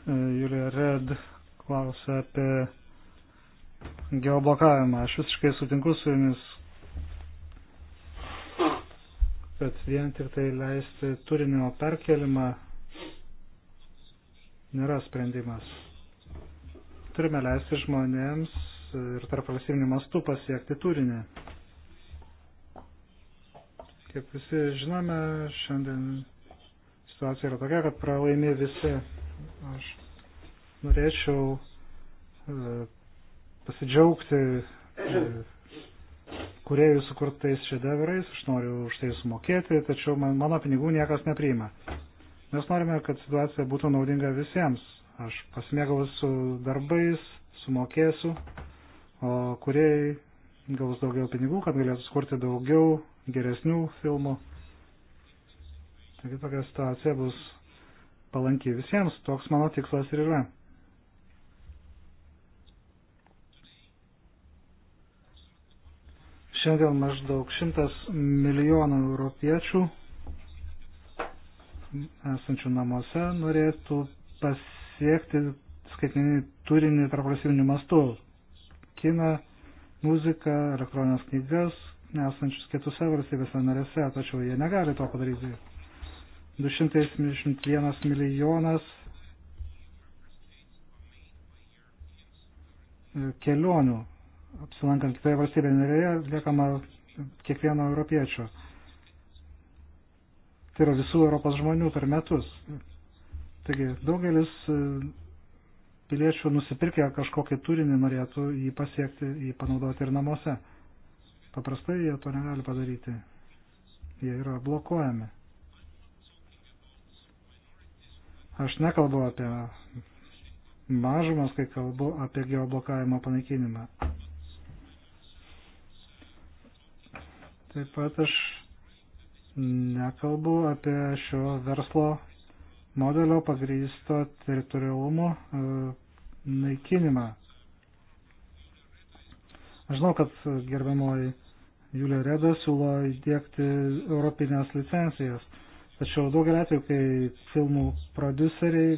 Julija Red klausia apie geoblokavimą. Aš visiškai sutinku su jumis, kad vien tik tai leisti turinio perkelimą nėra sprendimas. Turime leisti žmonėms ir tarp valstybinių mastų pasiekti turinį. Kaip visi žinome, šiandien situacija yra tokia, kad pralaimi visi Aš norėčiau e, pasidžiaugti e, kuriejų sukurtais šedevrais, aš noriu už tai sumokėti, tačiau man, mano pinigų niekas nepriima. Mes norime, kad situacija būtų naudinga visiems. Aš pasimėgausiu darbais, sumokėsiu, o kuriejai gaus daugiau pinigų, kad galėtų skurti daugiau geresnių filmų. Taigi tokia situacija bus palanki visiems, toks mano tikslas ir yra. Šiandien maždaug šimtas milijonų europiečių esančių namuose norėtų pasiekti skaitmeninį turinį tarp valstybinių mastų. Kiną, muziką, elektroninės knygas, esančius kitose valstybėse narėse, tačiau jie negali to padaryti. 271 milijonas e, kelionių apsilankant kitoje valstybėje narėje liekama kiekvieno europiečio. Tai yra visų Europos žmonių per metus. Taigi daugelis e, piliečių nusipirkę kažkokį turinį norėtų jį pasiekti, jį panaudoti ir namuose. Paprastai jie to negali padaryti. Jie yra blokuojami. Aš nekalbu apie mažumas, kai kalbu apie geoblokavimo panaikinimą. Taip pat aš nekalbu apie šio verslo modelio pagrįsto teritorialumo e, naikinimą. Aš žinau, kad gerbiamoji Julė Reda siūlo įdėkti europinės licencijas. Tačiau daugelį atveju, kai filmų produceriai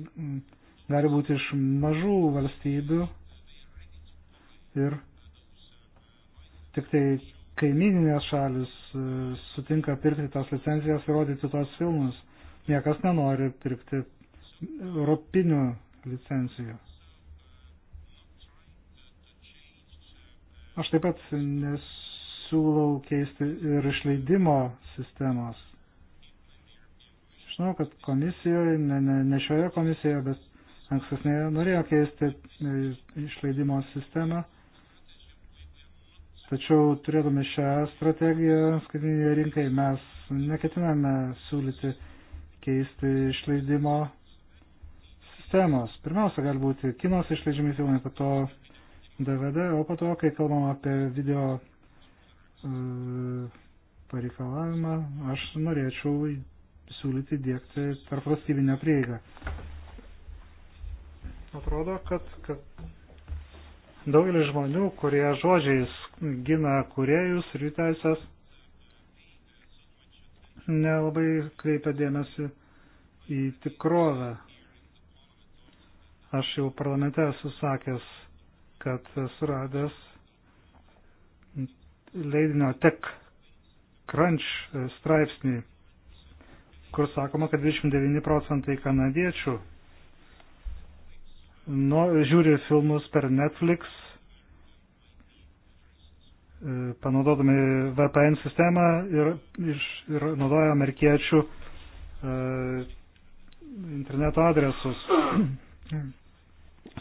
gali būti iš mažų valstybių ir tik tai kaimininės šalis e, sutinka pirkti tas licencijas ir rodyti tos filmus. Niekas nenori pirkti europinių licencijų. Aš taip pat nesiūlau keisti ir išleidimo sistemos Aš žinau, kad komisijoje, ne, ne, ne šioje komisijoje, bet ankstesnėje norėjo keisti e, išleidimo sistemą. Tačiau turėdami šią strategiją skaitinėje rinkai mes neketiname siūlyti keisti išleidimo sistemos. Pirmiausia, gali būti kinos išleidžiami filmai, po to DVD, o po to, kai kalbam apie video e, pareikalavimą, aš norėčiau siūlyti dėkti tarp valstybinę prieigą. Atrodo, kad, kad daugelis žmonių, kurie žodžiais gina kuriejus ir jų teisės, nelabai kreipia dėmesį į tikrovę. Aš jau parlamente esu sakęs, kad suradęs leidinio tek crunch straipsnį kur sakoma, kad 29 procentai kanadiečių nu, žiūri filmus per Netflix, e, panaudodami VPN sistemą ir, iš, ir naudoja amerikiečių uh, interneto adresus.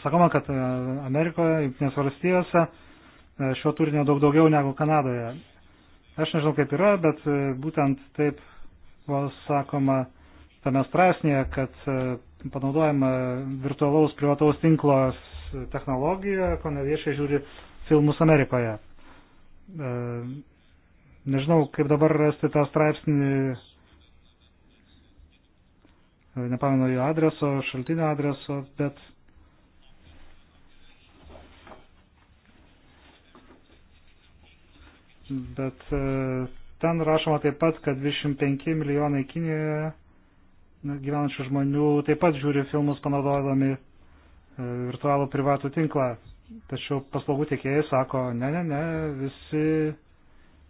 Sakoma, kad e, Amerikoje, Junktinės valstijose šio turinio daug daugiau negu Kanadoje. Aš nežinau kaip yra, bet būtent taip sakoma tame straipsnėje, kad e, panaudojama virtualaus privataus tinklo technologija, ko neviešai žiūri filmus Amerikoje. E, nežinau, kaip dabar rasti tą straipsnį, e, nepamenu jo adreso, šaltinio adreso, bet bet Ten rašoma taip pat, kad 25 milijonai Kinijoje gyvenančių žmonių taip pat žiūri filmus panaudodami e, virtualų privatų tinklą. Tačiau paslaugų tiekėjai sako, ne, ne, ne, visi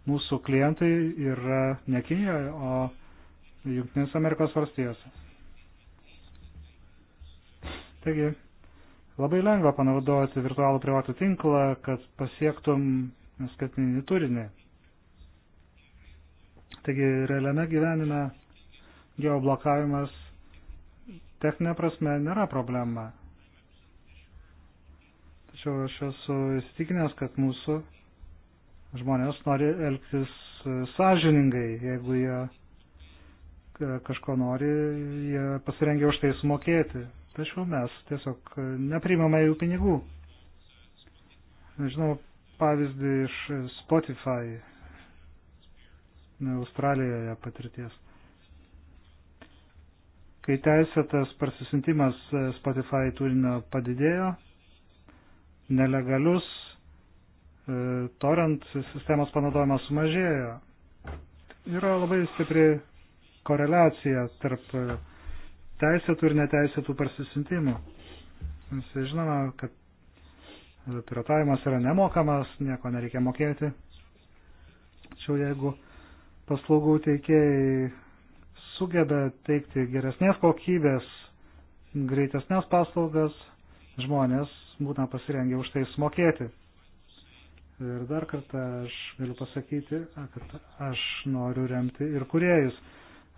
mūsų klientai yra ne Kinijoje, o Junktinės Amerikos valstijose. Taigi, labai lengva panaudoti virtualų privatų tinklą, kad pasiektum skaitinį turinį. Taigi realiame gyvenime geoblokavimas techninė prasme nėra problema. Tačiau aš esu įstikinęs, kad mūsų žmonės nori elgtis e, sąžiningai. Jeigu jie e, kažko nori, jie pasirengia už tai sumokėti. Tačiau mes tiesiog e, neprimame jų pinigų. Žinau pavyzdį iš Spotify Australijoje patirties. Kai teisėtas parsisintimas Spotify turinio padidėjo, nelegalius e, torrent sistemos panaudojimas sumažėjo. Yra labai stipri koreliacija tarp e, teisėtų ir neteisėtų parsisintimų. Mes e, žinome, kad piratavimas yra nemokamas, nieko nereikia mokėti. Tačiau jeigu paslaugų teikėjai sugeba teikti geresnės kokybės, greitesnės paslaugas, žmonės būna pasirengę už tai sumokėti. Ir dar kartą aš galiu pasakyti, kad aš noriu remti ir kuriejus.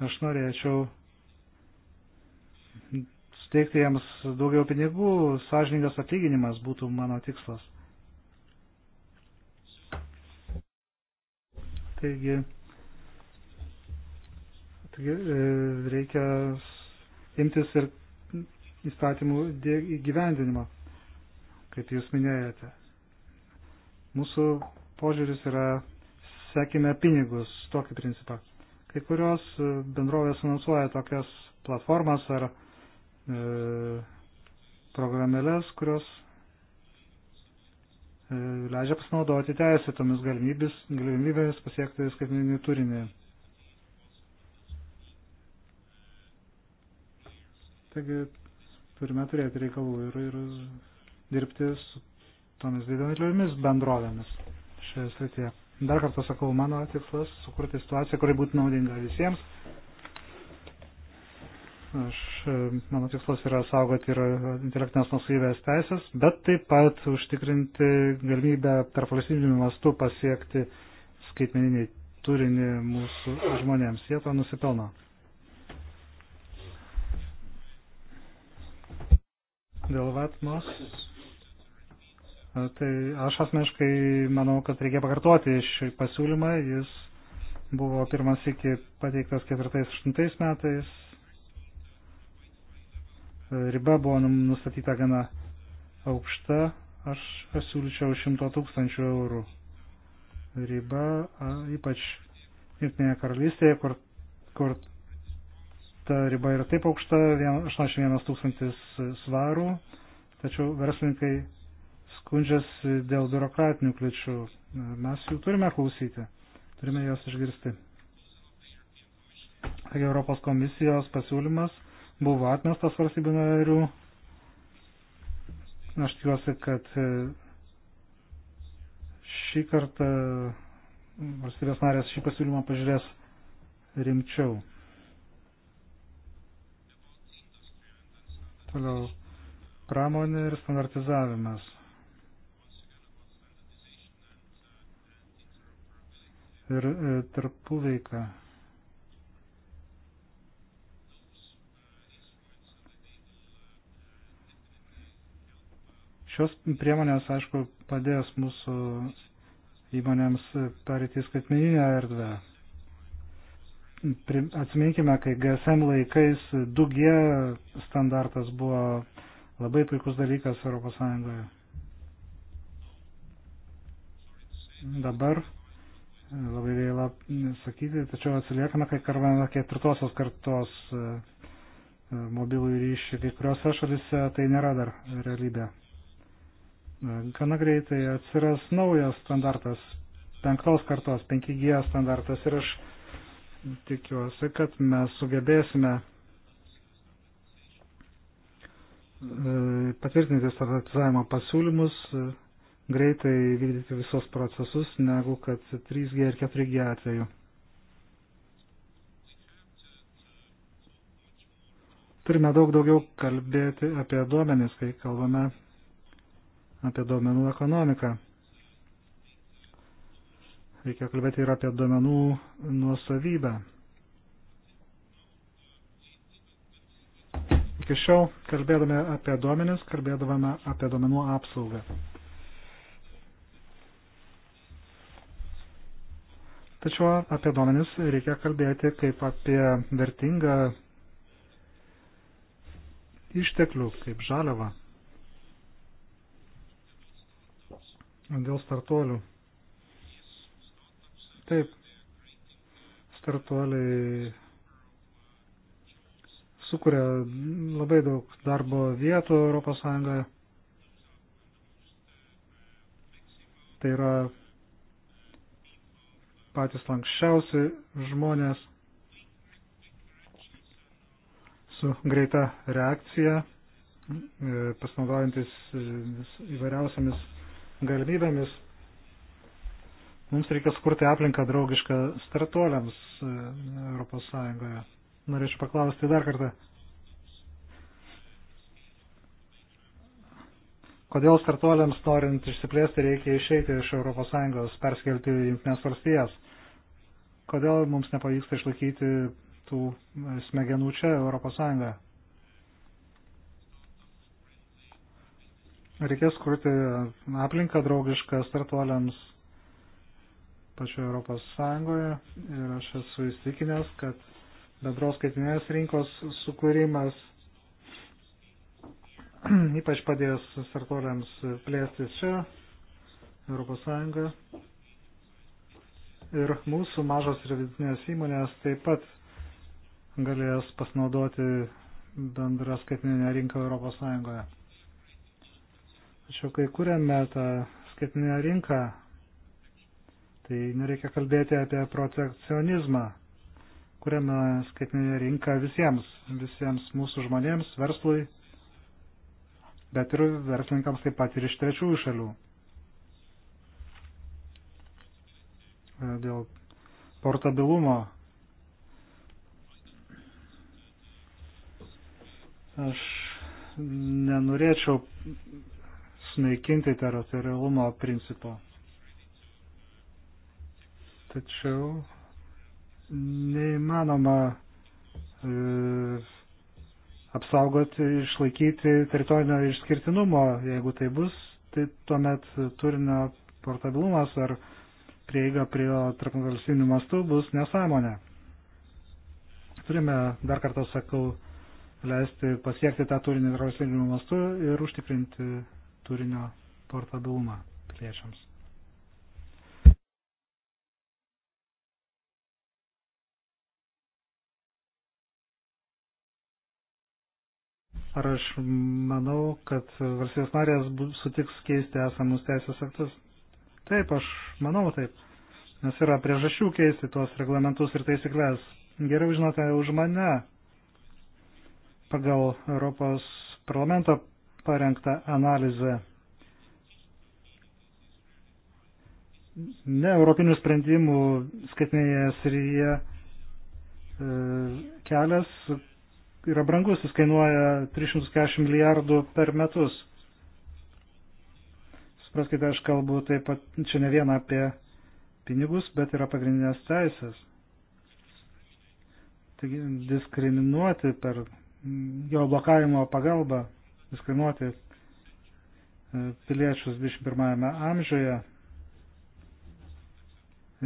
Aš norėčiau suteikti jiems daugiau pinigų, sąžiningas atlyginimas būtų mano tikslas. Taigi, E, reikia imtis ir įstatymų įgyvendinimo, kaip jūs minėjote. Mūsų požiūris yra sekime pinigus, tokį principą. Kai kurios e, bendrovės finansuoja tokias platformas ar e, programėlės, kurios e, leidžia pasinaudoti teisėtomis galimybėmis pasiekti skaitmeninį turinį. Taigi turime turėti reikalų ir, ir dirbti su tomis didelėmis bendrovėmis šioje srityje. Dar kartą sakau, mano tikslas sukurti situaciją, kuri būtų naudinga visiems. Aš, e, mano tikslas yra saugoti ir e, intelektinės nusavybės teisės, bet taip pat užtikrinti galimybę tarp valstybinių mastų pasiekti skaitmeninį turinį mūsų žmonėms. Jie to nusipelno. dėl Vatmos. Tai aš asmeniškai manau, kad reikia pakartoti šį pasiūlymą. Jis buvo pirmas iki pateiktas 4-8 metais. Riba buvo nustatyta gana aukšta. Aš pasiūlyčiau 100 tūkstančių eurų. Riba, ypač Junktinėje karalystėje, kur, kur ta riba yra taip aukšta, 81 tūkstantis svarų, tačiau verslininkai skundžiasi dėl biurokratinių kliučių. Mes jų turime klausyti, turime juos išgirsti. Taigi Europos komisijos pasiūlymas buvo atmestas valstybių narių. Aš tikiuosi, kad e, šį kartą valstybės narės šį pasiūlymą pažiūrės rimčiau. Toliau pramonė ir standartizavimas. Ir e, tarpų veika. Šios priemonės, aišku, padės mūsų įmonėms perėti į skaitmeninę erdvę atsiminkime, kai GSM laikais 2G standartas buvo labai puikus dalykas Europos Sąjungoje. Dabar labai gaila sakyti, tačiau atsiliekame, kai kalbame apie ketvirtosios kartos e, mobilų ryšį. Kai kuriuose šalise tai nėra dar realybė. E, gana greitai atsiras naujas standartas, penktos kartos 5G standartas ir aš tikiuosi, kad mes sugebėsime e, patvirtinti standartizavimo pasiūlymus, e, greitai vykdyti visos procesus, negu kad 3G ir 4G atveju. Turime daug daugiau kalbėti apie duomenis, kai kalbame apie duomenų ekonomiką. Reikia kalbėti ir apie domenų nuosavybę. Iki šiol, kalbėdami apie duomenis, kalbėdavome apie duomenų apsaugą. Tačiau apie duomenis reikia kalbėti kaip apie vertingą išteklių, kaip žaliavą. Dėl startuolių. Taip, startuoliai sukuria labai daug darbo vietų Europos Sąjungoje. Tai yra patys lankščiausi žmonės su greita reakcija, e, pasinaudojantis e, įvairiausiamis galimybėmis Mums reikia skurti aplinką draugišką startuoliams e, Europos Sąjungoje. Norėčiau paklausti dar kartą. Kodėl startuoliams norint išsiplėsti reikia išeiti iš Europos Sąjungos, perskelti į Junktinės valstijas? Kodėl mums nepavyksta išlaikyti tų e, smegenų čia Europos Sąjungoje? Reikės kurti aplinką draugišką startuoliams pačioje Europos Sąjungoje ir aš esu įstikinęs, kad bendros skaitinės rinkos sukūrimas (clears throat) ypač padės startuoliams plėstis čia Europos Sąjungoje. Ir mūsų mažos ir vidutinės įmonės taip pat galės pasinaudoti bendrą skaitinę rinką Europos Sąjungoje. Tačiau kai kuriame tą skaitinę rinką, Tai nereikia kalbėti apie protekcionizmą, kuriame skaitminė rinka visiems, visiems mūsų žmonėms, verslui, bet ir verslininkams taip pat ir iš trečiųjų šalių. E, dėl portabilumo. Aš nenorėčiau sunaikinti teritorialumo principo. Tačiau neįmanoma e, apsaugoti, išlaikyti teritorinio išskirtinumo. Jeigu tai bus, tai tuomet turinio portabilumas ar prieiga prie tarpvalstybinių mastų bus nesąmonė. Turime, dar kartą sakau, leisti pasiekti tą turinį tarpvalstybinių mastų ir užtikrinti turinio portabilumą piliečiams. Ar aš manau, kad valstybės narės sutiks keisti esamus teisės aktus? Taip, aš manau taip. Nes yra priežasčių keisti tuos reglamentus ir taisyklės. Geriau žinote už mane. Pagal Europos parlamento parengtą analizę. Ne europinių sprendimų skaitinėje srityje e, kelias, yra brangus, jis kainuoja 340 milijardų per metus. Supraskite, aš kalbu taip pat čia ne vieną apie pinigus, bet yra pagrindinės teisės. Taigi diskriminuoti per jo blokavimo pagalbą, diskriminuoti e, piliečius 21 amžiuje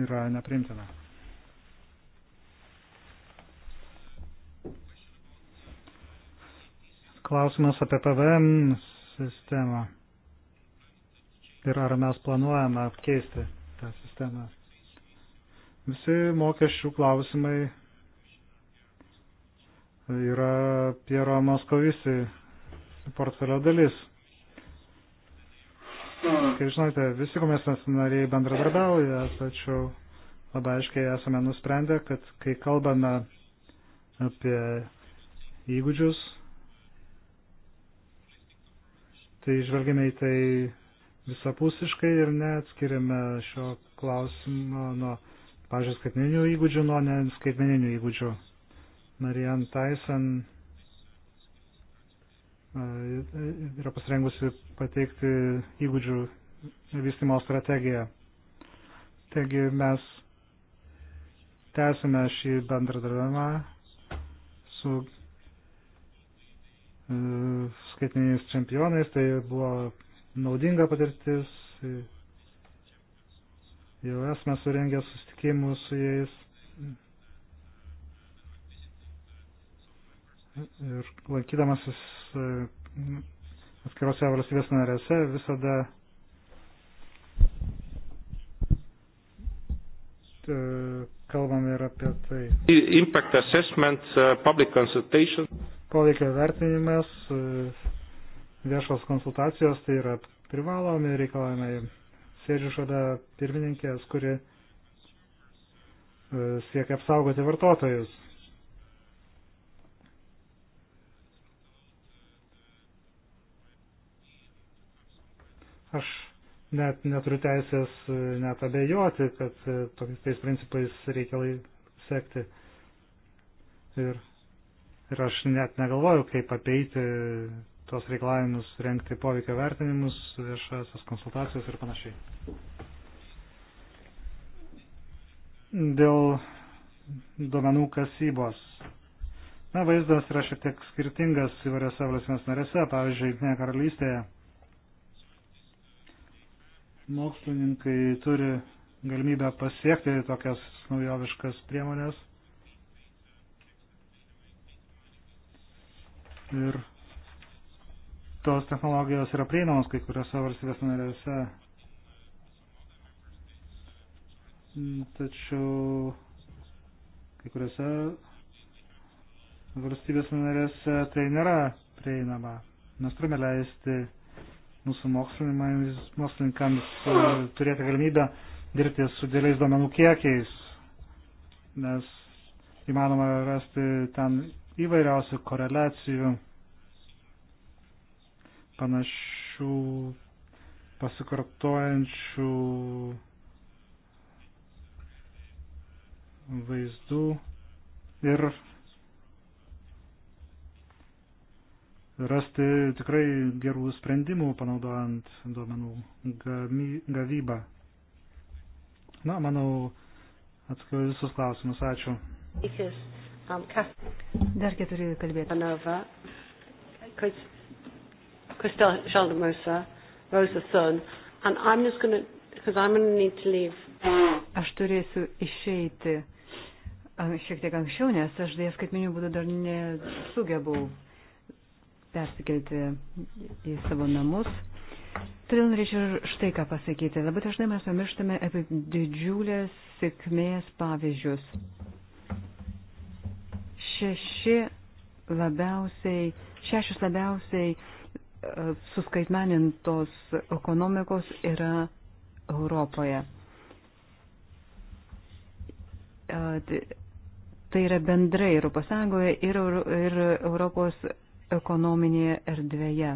yra neprimtina. klausimas apie PVM sistemą ir ar mes planuojame apkeisti tą sistemą. Visi mokesčių klausimai yra Piero Moskovisi portfelio dalis. Kaip žinote, visi komisijos nariai bendradarbiauja, tačiau labai aiškiai esame nusprendę, kad kai kalbame apie įgūdžius, tai žvelgiame į tai visapusiškai ir neatskiriame šio klausimo nuo, pažiūrėjau, skaitmeninių įgūdžių nuo neskaitmeninių įgūdžių. Marian Tyson yra pasirengusi pateikti įgūdžių vystimo strategiją. Taigi mes tęsime šį bendradarbiavimą su E, skaitiniais čempionais, tai buvo naudinga patirtis. E, jau esame surengę susitikimus su jais. Ir lankydamasis e, atskirose valstybės narėse visada kalbam ir apie tai. Impact assessment, uh, public consultation poveikio vertinimas, e, viešos konsultacijos, tai yra privalomi reikalavimai. Sėdžiu šalia pirmininkės, kuri e, siekia apsaugoti vartotojus. Aš net neturiu teisės e, net abejoti, kad tokiais tais principais reikia sekti. Ir Ir aš net negalvoju, kaip apeiti tos reikalavimus, renkti poveikio vertinimus, viešasias konsultacijas ir panašiai. Dėl duomenų kasybos. Na, vaizdas yra šiek tiek skirtingas įvairiose valstybės narėse, pavyzdžiui, Junktinėje karalystėje. Mokslininkai turi galimybę pasiekti tokias naujoviškas priemonės Ir tos technologijos yra prieinamos kai kuriuose valstybės narėse. Mm, tačiau kai kuriuose valstybės narėse tai nėra prieinama. Mes turime leisti mūsų mokslininkams uh, turėti galimybę dirbti su dėliais duomenų kiekiais, nes įmanoma rasti ten įvairiausių koreliacijų, panašių pasikartojančių vaizdų ir rasti tikrai gerų sprendimų panaudojant duomenų gavybą. Na, manau, atsakiau visus klausimus. Ačiū. Because Um, Dar keturi kalbėti. Anova, Christelle Chaldemosa, Rosa Sun, and I'm just going to, because I'm going to need to leave. Aš turėsiu išeiti uh, šiek tiek anksčiau, nes aš dėja skaitminių būdų dar nesugebau persikelti į savo namus. Todėl norėčiau štai ką pasakyti. Labai dažnai mes pamirštame apie didžiulės sėkmės pavyzdžius šeši labiausiai, šešios labiausiai e, suskaitmenintos ekonomikos yra Europoje. E, tai yra bendrai Europos Sąjungoje ir, ir Europos ekonominėje erdvėje.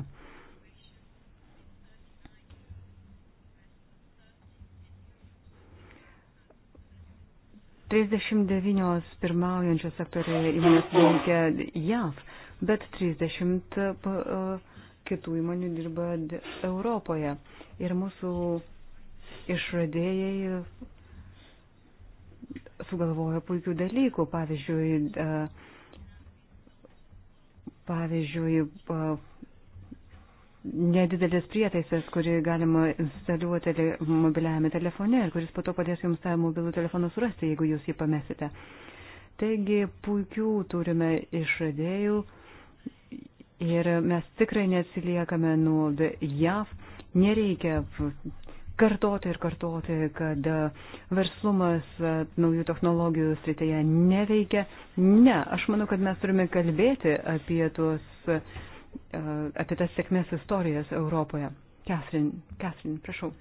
39 pirmaujančios sektoriuje įmonės veikia JAV, bet 30 e, kitų įmonių dirba Europoje. Ir mūsų išradėjai sugalvojo puikių dalykų, pavyzdžiui, e, pavyzdžiui, nedidelis prietaisas, kurį galima instaliuoti mobiliajame telefone ir kuris po to padės jums tą mobilų telefoną surasti, jeigu jūs jį pamesite. Taigi puikių turime išradėjų ir mes tikrai neatsiliekame nuo JAV. Nereikia kartoti ir kartoti, kad verslumas naujų technologijų srityje neveikia. Ne, aš manau, kad mes turime kalbėti apie tuos Uh, apie tas sėkmės istorijas Europoje. Katrin, Katrin, prašau.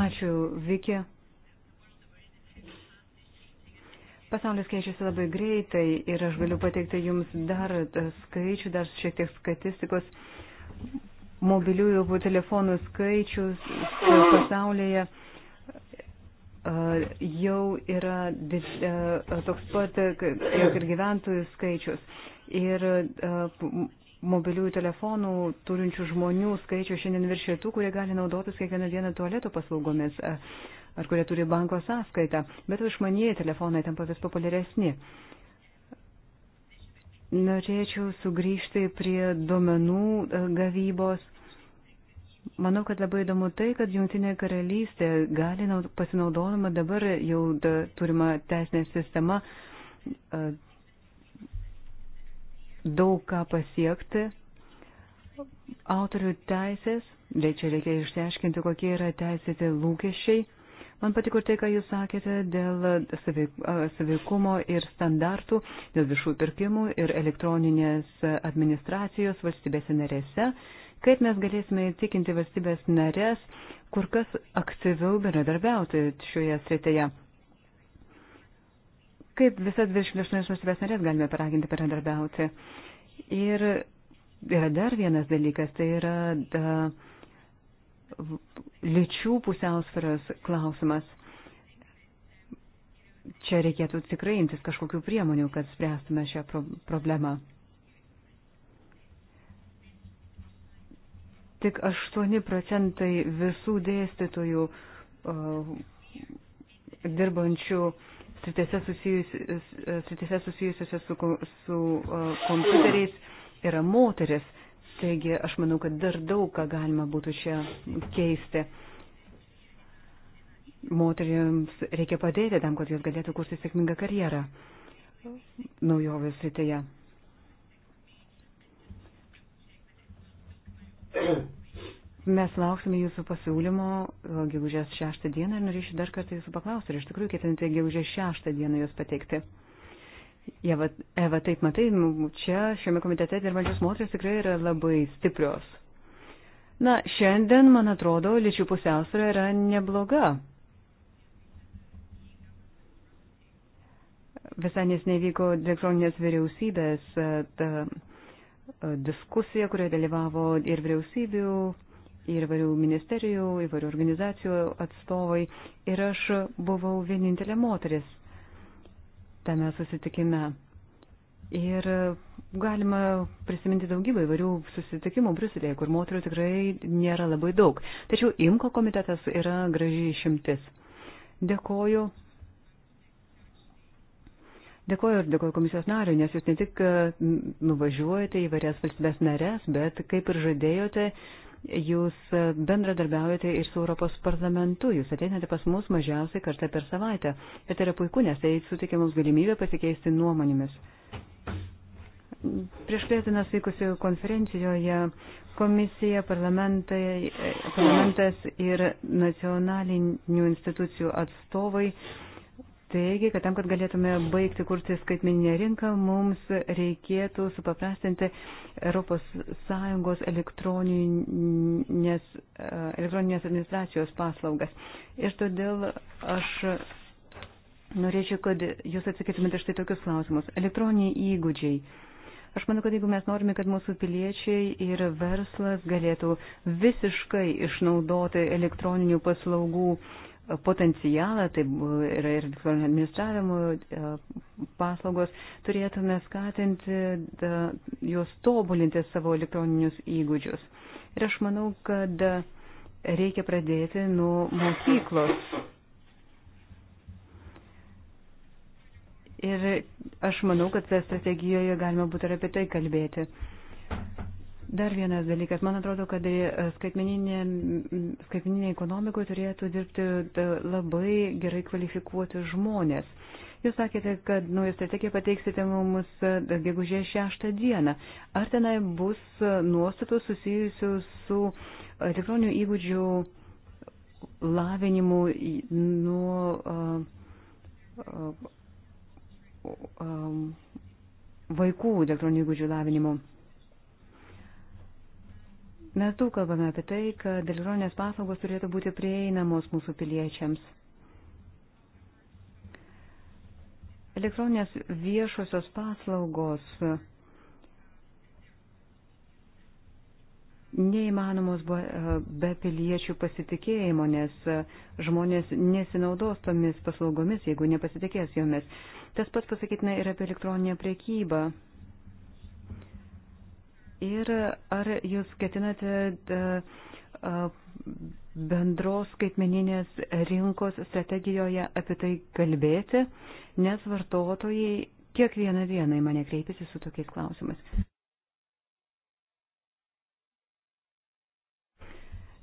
Ačiū, Vikė. Pasaulis keičiasi labai greitai ir aš galiu pateikti jums dar uh, skaičių, dar šiek tiek statistikos. Mobiliųjų telefonų skaičius pasaulyje uh, jau yra toks pat, kaip ir gyventojų skaičius ir e, mobiliųjų telefonų turinčių žmonių skaičių šiandien viršė tų, kurie gali naudotis kiekvieną dieną tualeto paslaugomis e, ar kurie turi banko sąskaitą, bet išmanieji telefonai tampa vis populiaresni. Norėčiau sugrįžti prie duomenų e, gavybos. Manau, kad labai įdomu tai, kad Junktinė karalystė gali pasinaudodama dabar jau da, turima teisinė sistema daug ką pasiekti. Autorių teisės, tai čia reikia išsiaiškinti, kokie yra teisėti lūkesčiai. Man patiko tai, ką jūs sakėte dėl savikumo ir standartų, dėl viešų pirkimų ir elektroninės administracijos valstybėse narėse kaip mes galėsime įtikinti valstybės narės kur kas aktyviau bendradarbiauti šioje srityje kaip visas 28 valstybės narės galime paraginti bendradarbiauti. Ir yra dar vienas dalykas, tai yra da, lyčių pusiausvėros klausimas. Čia reikėtų tikrai imtis kažkokių priemonių, kad spręstume šią pro problemą. Tik 8 procentai visų dėstytojų uh, dirbančių uh, sritise susijusiuose susijusiu su, su kompiuteriais yra moteris. Taigi aš manau, kad dar daug ką galima būtų čia keisti. Moteriams reikia padėti tam, kad jos galėtų kurti sėkmingą karjerą naujovės srityje. Mes lauksime jūsų pasiūlymo gegužės 6 dieną ir norėčiau dar kartą jūsų paklausti, ar iš tikrųjų ketinate gegužės 6 dieną jūs pateikti. Eva, Eva, taip matai, čia šiame komitete dirbančios moteris tikrai yra labai stiprios. Na, šiandien, man atrodo, lyčių pusiausvėra yra nebloga. Visai nesnei vyko elektroninės vyriausybės e, ta, e, diskusija, kurioje dalyvavo ir vyriausybių ir įvairių ministerijų, įvairių organizacijų atstovai. Ir aš buvau vienintelė moteris tame susitikime. Ir galima prisiminti daugybę įvairių susitikimų Bruselėje, kur moterų tikrai nėra labai daug. Tačiau IMKO komitetas yra gražiai išimtis. Dėkoju. Dėkoju ir dėkoju komisijos nariui, nes jūs ne tik nuvažiuojate į varias valstybės narės, bet kaip ir žadėjote, uh, jūs bendradarbiaujate ir su Europos parlamentu, jūs ateinate pas mus mažiausiai kartą per savaitę. Ir tai yra puiku, nes tai suteikia mums galimybę pasikeisti nuomonėmis. Prieš plėtinas vykusioje konferencijoje komisija, e, parlamentas ir nacionalinių institucijų atstovai Taigi, kad tam, kad galėtume baigti kurti skaitmininę rinką, mums reikėtų supaprastinti ES elektroninės, e, elektroninės administracijos paslaugas. Ir todėl aš norėčiau, kad jūs atsakytumėte štai tokius klausimus. Elektroniniai įgūdžiai. Aš manau, kad jeigu mes norime, kad mūsų piliečiai ir verslas galėtų visiškai išnaudoti elektroninių paslaugų uh, potencialą, tai yra ir elektroninio administravimo e, paslaugos, turėtume skatinti da, juos tobulinti savo elektroninius įgūdžius. Ir aš manau, kad reikia pradėti nuo mokyklos. Ir aš manau, kad strategijoje galima būtų ir apie tai kalbėti. Dar vienas dalykas. Man atrodo, kad e, skaitmeninėje ekonomikoje turėtų dirbti e, labai gerai kvalifikuoti žmonės. Jūs sakėte, kad naują strategiją pateiksite mums e, gegužės 6 dieną. Ar tenai bus nuostatų susijusių su elektroninių įgūdžių lavinimu nuo vaikų elektroninių įgūdžių lavinimu? Mes daug kalbame apie tai, kad elektroninės paslaugos turėtų būti prieinamos mūsų piliečiams. Elektroninės viešosios paslaugos neįmanomos be piliečių pasitikėjimo, nes žmonės nesinaudos tomis paslaugomis, jeigu nepasitikės jomis. Tas pats pasakytina ir apie elektroninę priekybą. Ir ar jūs ketinate e, e, bendros skaitmeninės rinkos strategijoje apie tai kalbėti, nes vartotojai kiekvieną dieną į mane kreipiasi su tokiais klausimais.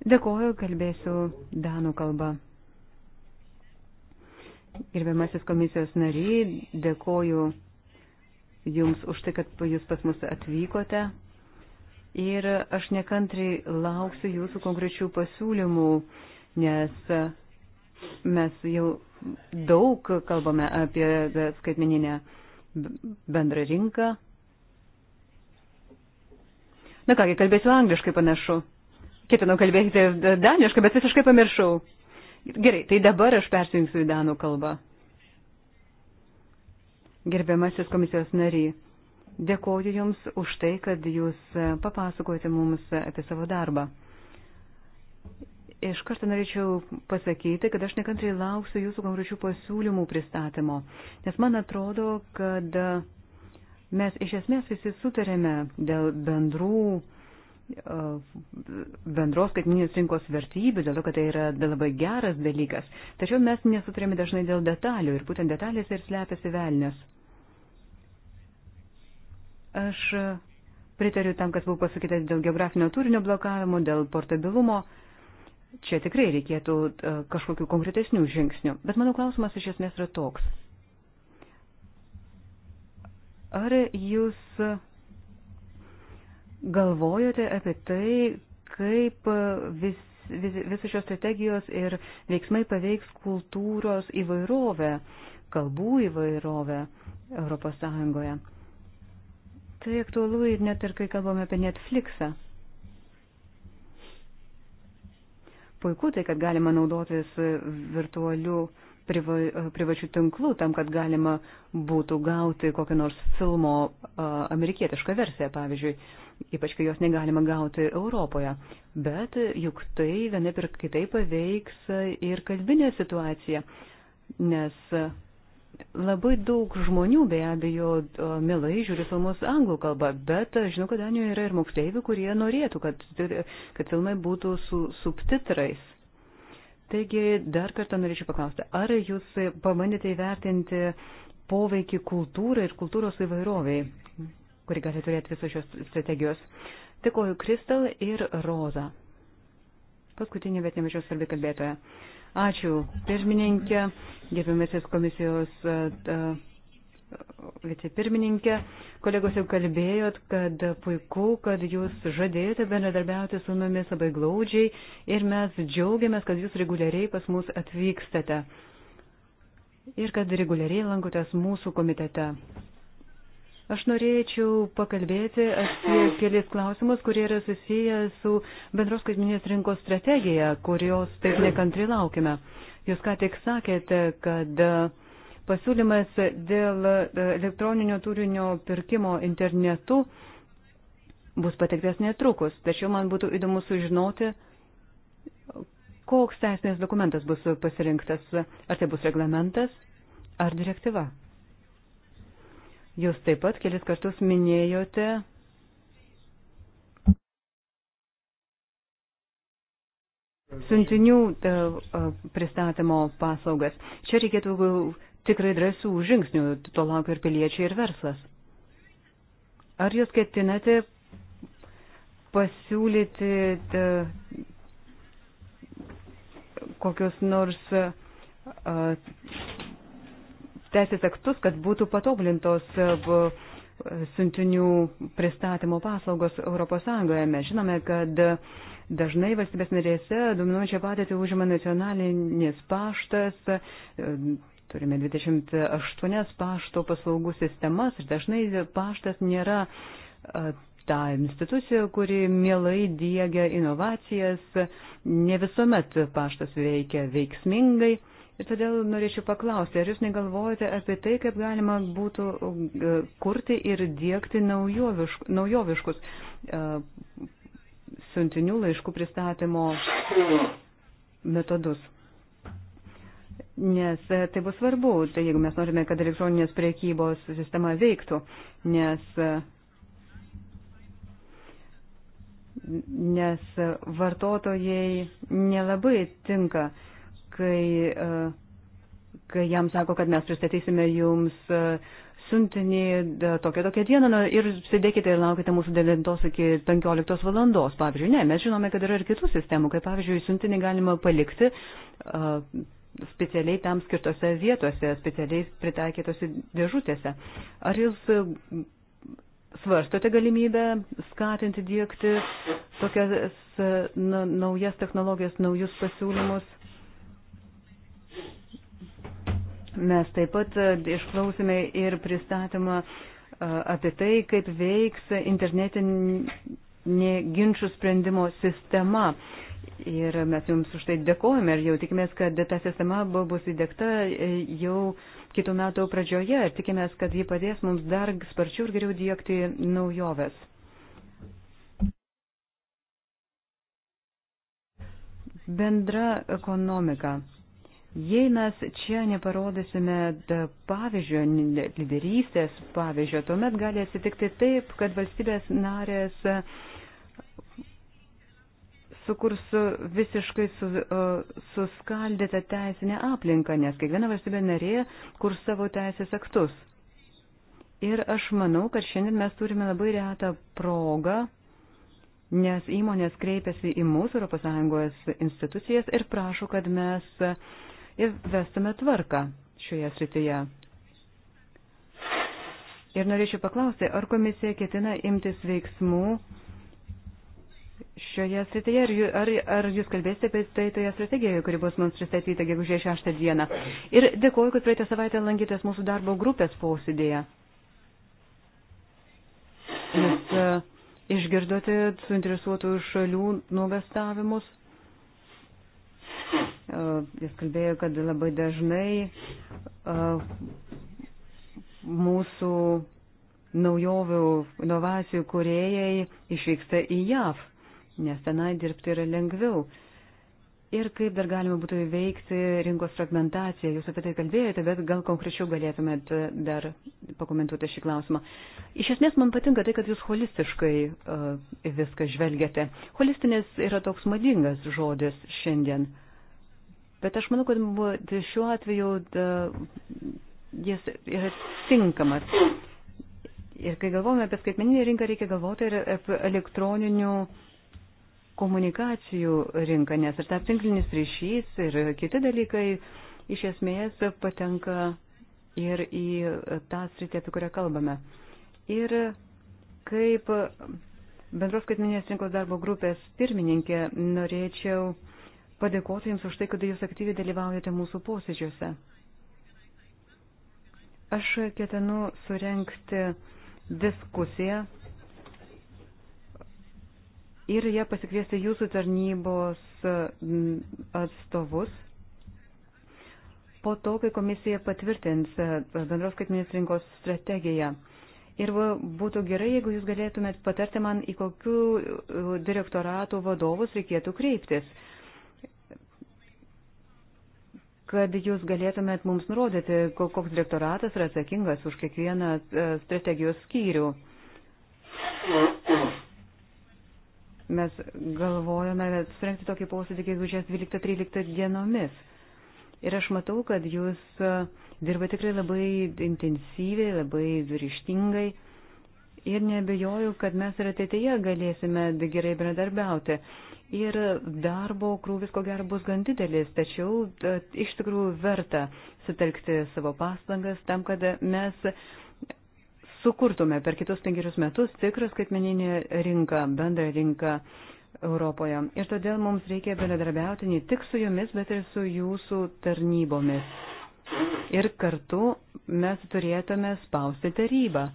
Dėkoju, kalbėsiu Danų kalbą. Gerbiamasis komisijos nariai, dėkoju Jums už tai, kad Jūs pas mus atvykote ir aš nekantriai lauksiu jūsų konkrečių pasiūlymų, nes mes jau daug kalbame apie skaitmeninę bendrą rinką. Na kągi, kalbėsiu angliškai panašu. Ketinau kalbėti daniškai, bet visiškai pamiršau. Gerai, tai dabar aš persijungsiu į danų kalbą. Gerbiamasis komisijos nariai. Dėkoju Jums už tai, kad Jūs papasakojate mums apie savo darbą. Iš karto norėčiau pasakyti, kad aš nekantriai lauksiu Jūsų konkrečių pasiūlymų pristatymo, nes man atrodo, kad mes iš esmės visi sutarėme dėl bendrų bendros skaitminės rinkos vertybių, dėl to, kad tai yra labai geras dalykas. Tačiau mes nesutrėme dažnai dėl detalių ir būtent detalės ir slepiasi velnės. Aš pritariu tam, kas buvo pasakyta dėl geografinio turinio blokavimo, dėl portabilumo. Čia tikrai reikėtų e, kažkokių konkretesnių žingsnių. Bet mano klausimas iš esmės yra toks. Ar jūs galvojote apie tai, kaip vis, vis, visos šios strategijos ir veiksmai paveiks kultūros įvairovę, kalbų įvairovę Europos Sąjungoje? Tai aktualu ir net ir kai kalbame apie Netflixą. Puiku tai, kad galima naudotis virtualiu priva, privačių tinklų tam, kad galima būtų gauti kokią nors filmo a, amerikietišką versiją, pavyzdžiui, ypač kai jos negalima gauti Europoje. Bet juk tai vienaip ir kitaip paveiks ir kalbinę situaciją, nes Labai daug žmonių be abejo mielai žiūri filmus anglų kalba, bet e, žinau, kad Danijoje yra ir moksleivių, kurie norėtų, kad, e, kad filmai būtų su subtitrais. Taigi dar kartą norėčiau paklausti, ar jūs pabandėte įvertinti poveikį kultūrai ir kultūros įvairoviai, kuri gali turėti visos šios strategijos? Tikoju Kristal ir Roza. Paskutinė, bet nemažiau svarbi kalbėtoja. Uh, Ačiū, pirmininkė, gerbiamasis komisijos e, e, vicepirmininkė. Kolegos jau kalbėjot, kad puiku, kad jūs žadėjote bendradarbiauti su mumis labai glaudžiai ir mes džiaugiamės, kad jūs reguliariai pas mus atvykstate ir kad reguliariai lankotės mūsų komitete. Aš norėčiau pakalbėti apie kelis klausimus, kurie yra susiję su bendros kaitminės rinkos strategija, kurios taip nekantri laukime. Jūs ką tik sakėte, kad e, pasiūlymas dėl e, elektroninio turinio pirkimo internetu bus patektas netrukus, tačiau man būtų įdomu sužinoti, koks teisinės dokumentas bus pasirinktas, ar tai bus reglamentas ar direktyva. Jūs taip pat kelis kartus minėjote siuntinių e, e, pristatymo paslaugas. Čia reikėtų tikrai drąsių žingsnių, to laukia ir piliečiai, ir verslas. Ar jūs ketinate pasiūlyti da, e, kokios nors a, teisės aktus, kad būtų patobulintos e, siuntinių pristatymo paslaugos ES. Mes žinome, kad dažnai valstybės narėse dominuojančią padėtį užima nacionalinis paštas. E, turime 28 pašto paslaugų sistemas ir dažnai paštas nėra e, ta institucija, kuri mielai diegia inovacijas. Ne visuomet paštas veikia veiksmingai. Ir todėl norėčiau paklausti, ar jūs negalvojate apie tai, kaip galima būtų e, kurti ir dėkti naujoviškus, naujoviškus e, uh, siuntinių laiškų pristatymo metodus? Nes e, tai bus svarbu, tai jeigu mes norime, kad elektroninės priekybos sistema veiktų, nes uh, nes vartotojai nelabai tinka kai, e, kai jam sako, kad mes pristatysime jums e, siuntinį e, tokią tokią dieną ir sėdėkite ir laukite mūsų 9 iki 15 valandos. Pavyzdžiui, ne, mes žinome, kad yra ir kitų sistemų, kai pavyzdžiui, siuntinį galima palikti specialiai tam skirtose vietose, specialiai pritaikytose dėžutėse. Ar jūs svarstote galimybę skatinti dėkti tokias naujas technologijas, naujus pasiūlymus? Mes taip pat e, išklausime ir pristatymą e, apie tai, kaip veiks internetinė ginčių sprendimo sistema. Ir mes jums už tai dėkojame ir jau tikimės, kad ta sistema bus įdėkta e, jau kitų metų pradžioje ir tikimės, kad ji padės mums dar sparčiau ir geriau dėkti naujoves. Bendra ekonomika. Jei mes čia neparodysime pavyzdžio, lyderystės pavyzdžio, tuomet gali atsitikti taip, kad valstybės narės sukurs visiškai su, suskaldytą teisinę aplinką, nes kiekviena valstybė narė kur savo teisės aktus. Ir aš manau, kad šiandien mes turime labai retą progą nes įmonės kreipiasi į mūsų ES institucijas ir prašo, kad mes uh, ir vestume tvarką šioje srityje. Ir norėčiau paklausti, ar komisija ketina imtis veiksmų šioje srityje, ar, ar, ar jūs kalbėsite apie tai toje strategijoje, kuri bus mums pristatyta gegužės 6 dieną. Ir dėkuoju, kad praeitą savaitę lankytės mūsų darbo grupės posėdėje. Jūs uh, e, išgirdote suinteresuotų šalių nuogastavimus. E, jis kalbėjo, kad labai dažnai e, mūsų naujovių, inovacijų kuriejai išvyksta į JAV, nes tenai dirbti yra lengviau. Ir kaip dar galima būtų įveikti rinkos fragmentaciją? Jūs apie tai kalbėjote, bet gal konkrečiau galėtumėt e, dar pakomentuoti šį klausimą. Iš esmės man patinka tai, kad jūs holistiškai uh, viską žvelgiate. Holistinis yra toks madingas žodis šiandien. Uh, Bet aš manau, kad tai šiuo atveju da, jis yra tinkamas. Ir kai galvojame apie skaitmeninį rinką, reikia galvoti ir apie elektroninių komunikacijų rinką, nes ir tas tinklinis ryšys ir kiti dalykai iš esmės patenka ir į tą sritį, apie kurią kalbame. Ir kaip bendros skaitminės rinkos darbo grupės pirmininkė norėčiau padėkoti Jums už tai, kad Jūs aktyviai dalyvaujate mūsų posėdžiuose. Aš ketinu surenkti diskusiją ir ją pasikviesti Jūsų tarnybos atstovus. Po to, kai komisija patvirtins e, bendros skaitminės rinkos strategiją. Ir būtų gerai, jeigu jūs galėtumėt patarti man, į kokių e, direktoratų vadovus reikėtų kreiptis kad jūs galėtumėt mums nurodyti, koks direktoratas yra atsakingas už kiekvieną e, strategijos skyrių. Mes galvojame surengti tokį posėdį gegužės 12-13 dienomis. Ir aš matau, kad jūs e, dirba tikrai labai intensyviai, labai ryštingai. Ir nebejoju, kad mes ir ateityje galėsime gerai bendradarbiauti ir darbo krūvis ko gero bus gan didelis, tačiau e, iš tikrųjų verta sutelkti savo pastangas tam, kad mes sukurtume per kitus penkerius metus tikrą skaitmeninį rinką, bendrą rinką. Europoje. Ir todėl mums reikia bendradarbiauti ne tik su jumis, bet ir su jūsų tarnybomis. Ir kartu mes turėtume spausti tarybą,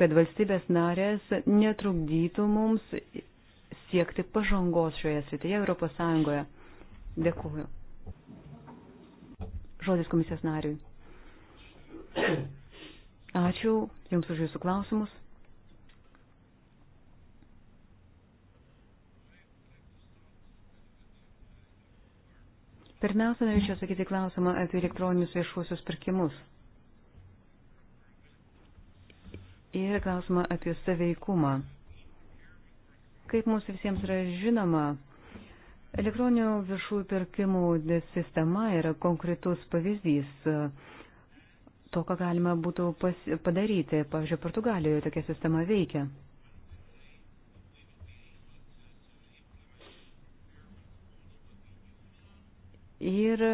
kad valstybės narės netrukdytų mums siekti pažangos šioje srityje Europos Sąjungoje. Dėkuoju. Žodis komisijos nariui. Ačiū Jums už Jūsų klausimus. Pirmiausia, norėčiau sakyti klausimą apie elektroninius viešuosius pirkimus. Ir klausimą apie saveikumą Kaip mums visiems yra žinoma, elektroninių viešųjų pirkimų sistema yra konkretus pavyzdys e, to, ką galima būtų pas, padaryti. Pavyzdžiui, Portugalijoje tokia sistema veikia. Ir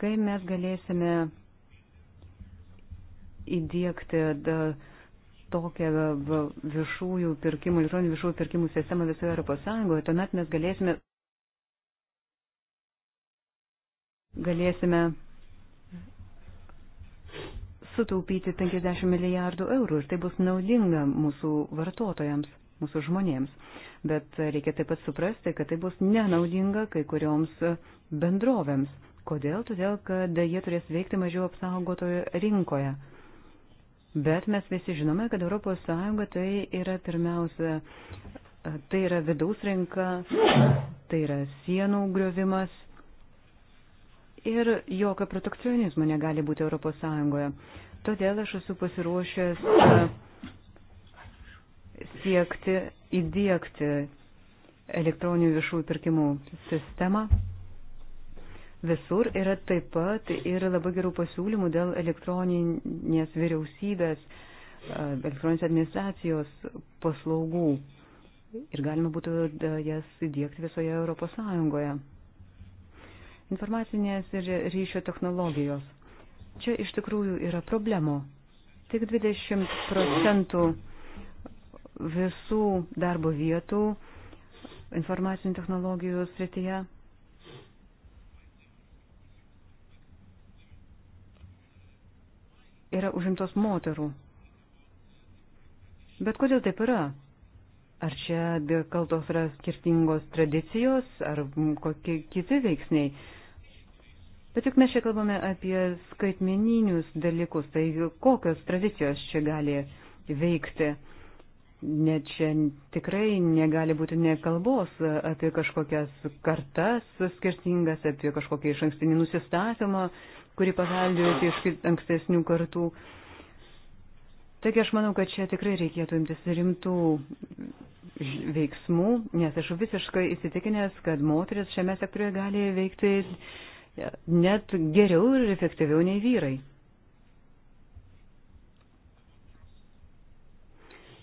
kai mes galėsime įdėkti da, uh, tokią viešųjų pirkimų, elektroninių viešųjų pirkimų sistemą visoje Europos Sąjungoje, tuomet mes galėsime, galėsime sutaupyti 50 milijardų eurų ir tai bus naudinga mūsų vartotojams, mūsų žmonėms. Bet reikia taip pat suprasti, kad tai bus nenaudinga kai kurioms bendrovėms. Kodėl? Todėl, kad jie turės veikti mažiau apsaugotoje rinkoje. Bet mes visi žinome, kad ES tai yra pirmiausia, tai yra vidaus rinka, tai yra sienų griovimas ir jokio protekcionizmo negali būti ES. Todėl aš esu pasiruošęs uh, siekti įdėkti elektroninių viešųjų pirkimų sistemą visur yra taip pat ir labai gerų pasiūlymų dėl elektroninės vyriausybės, elektroninės administracijos paslaugų ir galima būtų jas įdėkti visoje Europos Sąjungoje. Informacinės ir ryšio technologijos. Čia iš tikrųjų yra problemų. Tik 20 procentų visų darbo vietų informacinių technologijų srityje yra užimtos moterų. Bet kodėl taip yra? Ar čia kaltos yra skirtingos tradicijos ar kokie kiti veiksniai? Bet juk mes čia kalbame apie skaitmeninius dalykus, tai kokios tradicijos čia gali veikti. Net čia tikrai negali būti nekalbos apie kažkokias kartas skirtingas, apie kažkokį iš ankstinį nusistatymą, kurį paveldėjote iš ankstesnių kartų. Taigi aš manau, kad čia tikrai reikėtų imtis rimtų veiksmų, nes aš visiškai įsitikinęs, kad moteris šiame sektoriuje gali veikti net geriau ir efektyviau nei vyrai.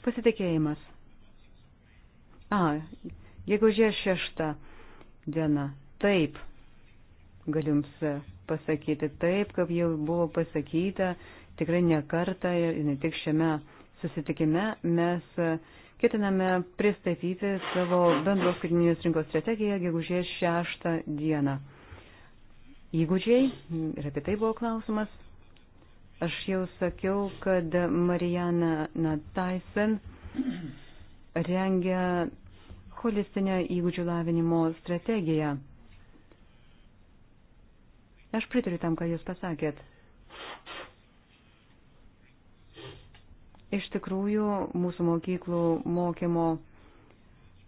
Pasitikėjimas. A, jeigu žie šešta diena. Taip, galiu jums pasakyti taip, kaip jau buvo pasakyta, tikrai ne kartą ir ne tik šiame susitikime mes ketiname pristatyti savo bendros skaitinės rinkos strategiją gegužės 6 dieną. Įgūdžiai, ir apie tai buvo klausimas, aš jau sakiau, kad Marijana Tyson rengia holistinę įgūdžių lavinimo strategiją. Aš pritariu tam, ką Jūs pasakėt. Iš tikrųjų, mūsų mokyklų mokymo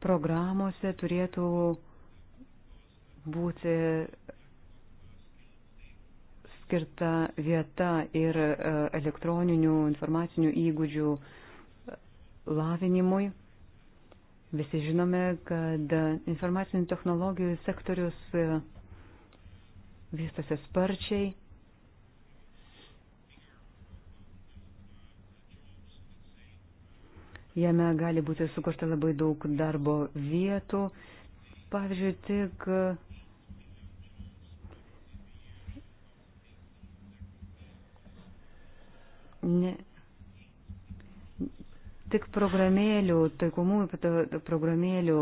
programuose turėtų būti skirta vieta ir e, elektroninių informacinių įgūdžių lavinimui. Visi žinome, kad informacinių technologijų sektorius e, vystosi sparčiai. Jame gali būti sukurta labai daug darbo vietų. Pavyzdžiui, tik ne, tik programėlių, taikomųjų programėlių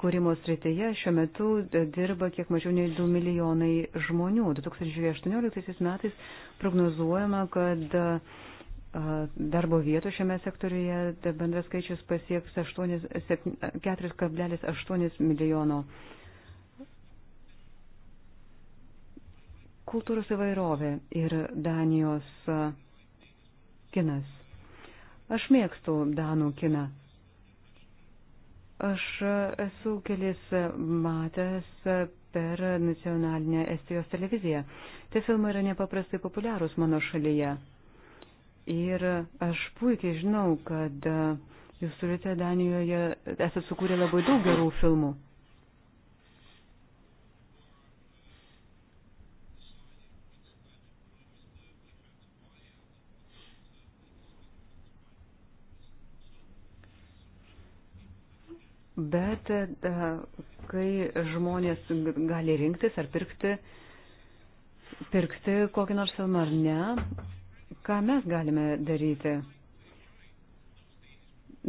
kūrimo srityje šiuo metu dirba kiek mažiau nei 2 milijonai žmonių. 2018 metais prognozuojama, kad darbo vietų šiame sektoriuje bendras skaičius pasieks 4,8 milijono. Kultūros įvairovė ir Danijos kinas. Aš mėgstu Danų kiną. Aš esu kelis matęs per nacionalinę Estijos televiziją. Tie filmai yra nepaprastai populiarūs mano šalyje. Ir aš puikiai žinau, kad e, jūs turite Danijoje, esate sukūrę labai daug gerų filmų. bet e, kai žmonės gali rinktis ar pirkti, pirkti kokį nors filmą ar ne, ką mes galime daryti?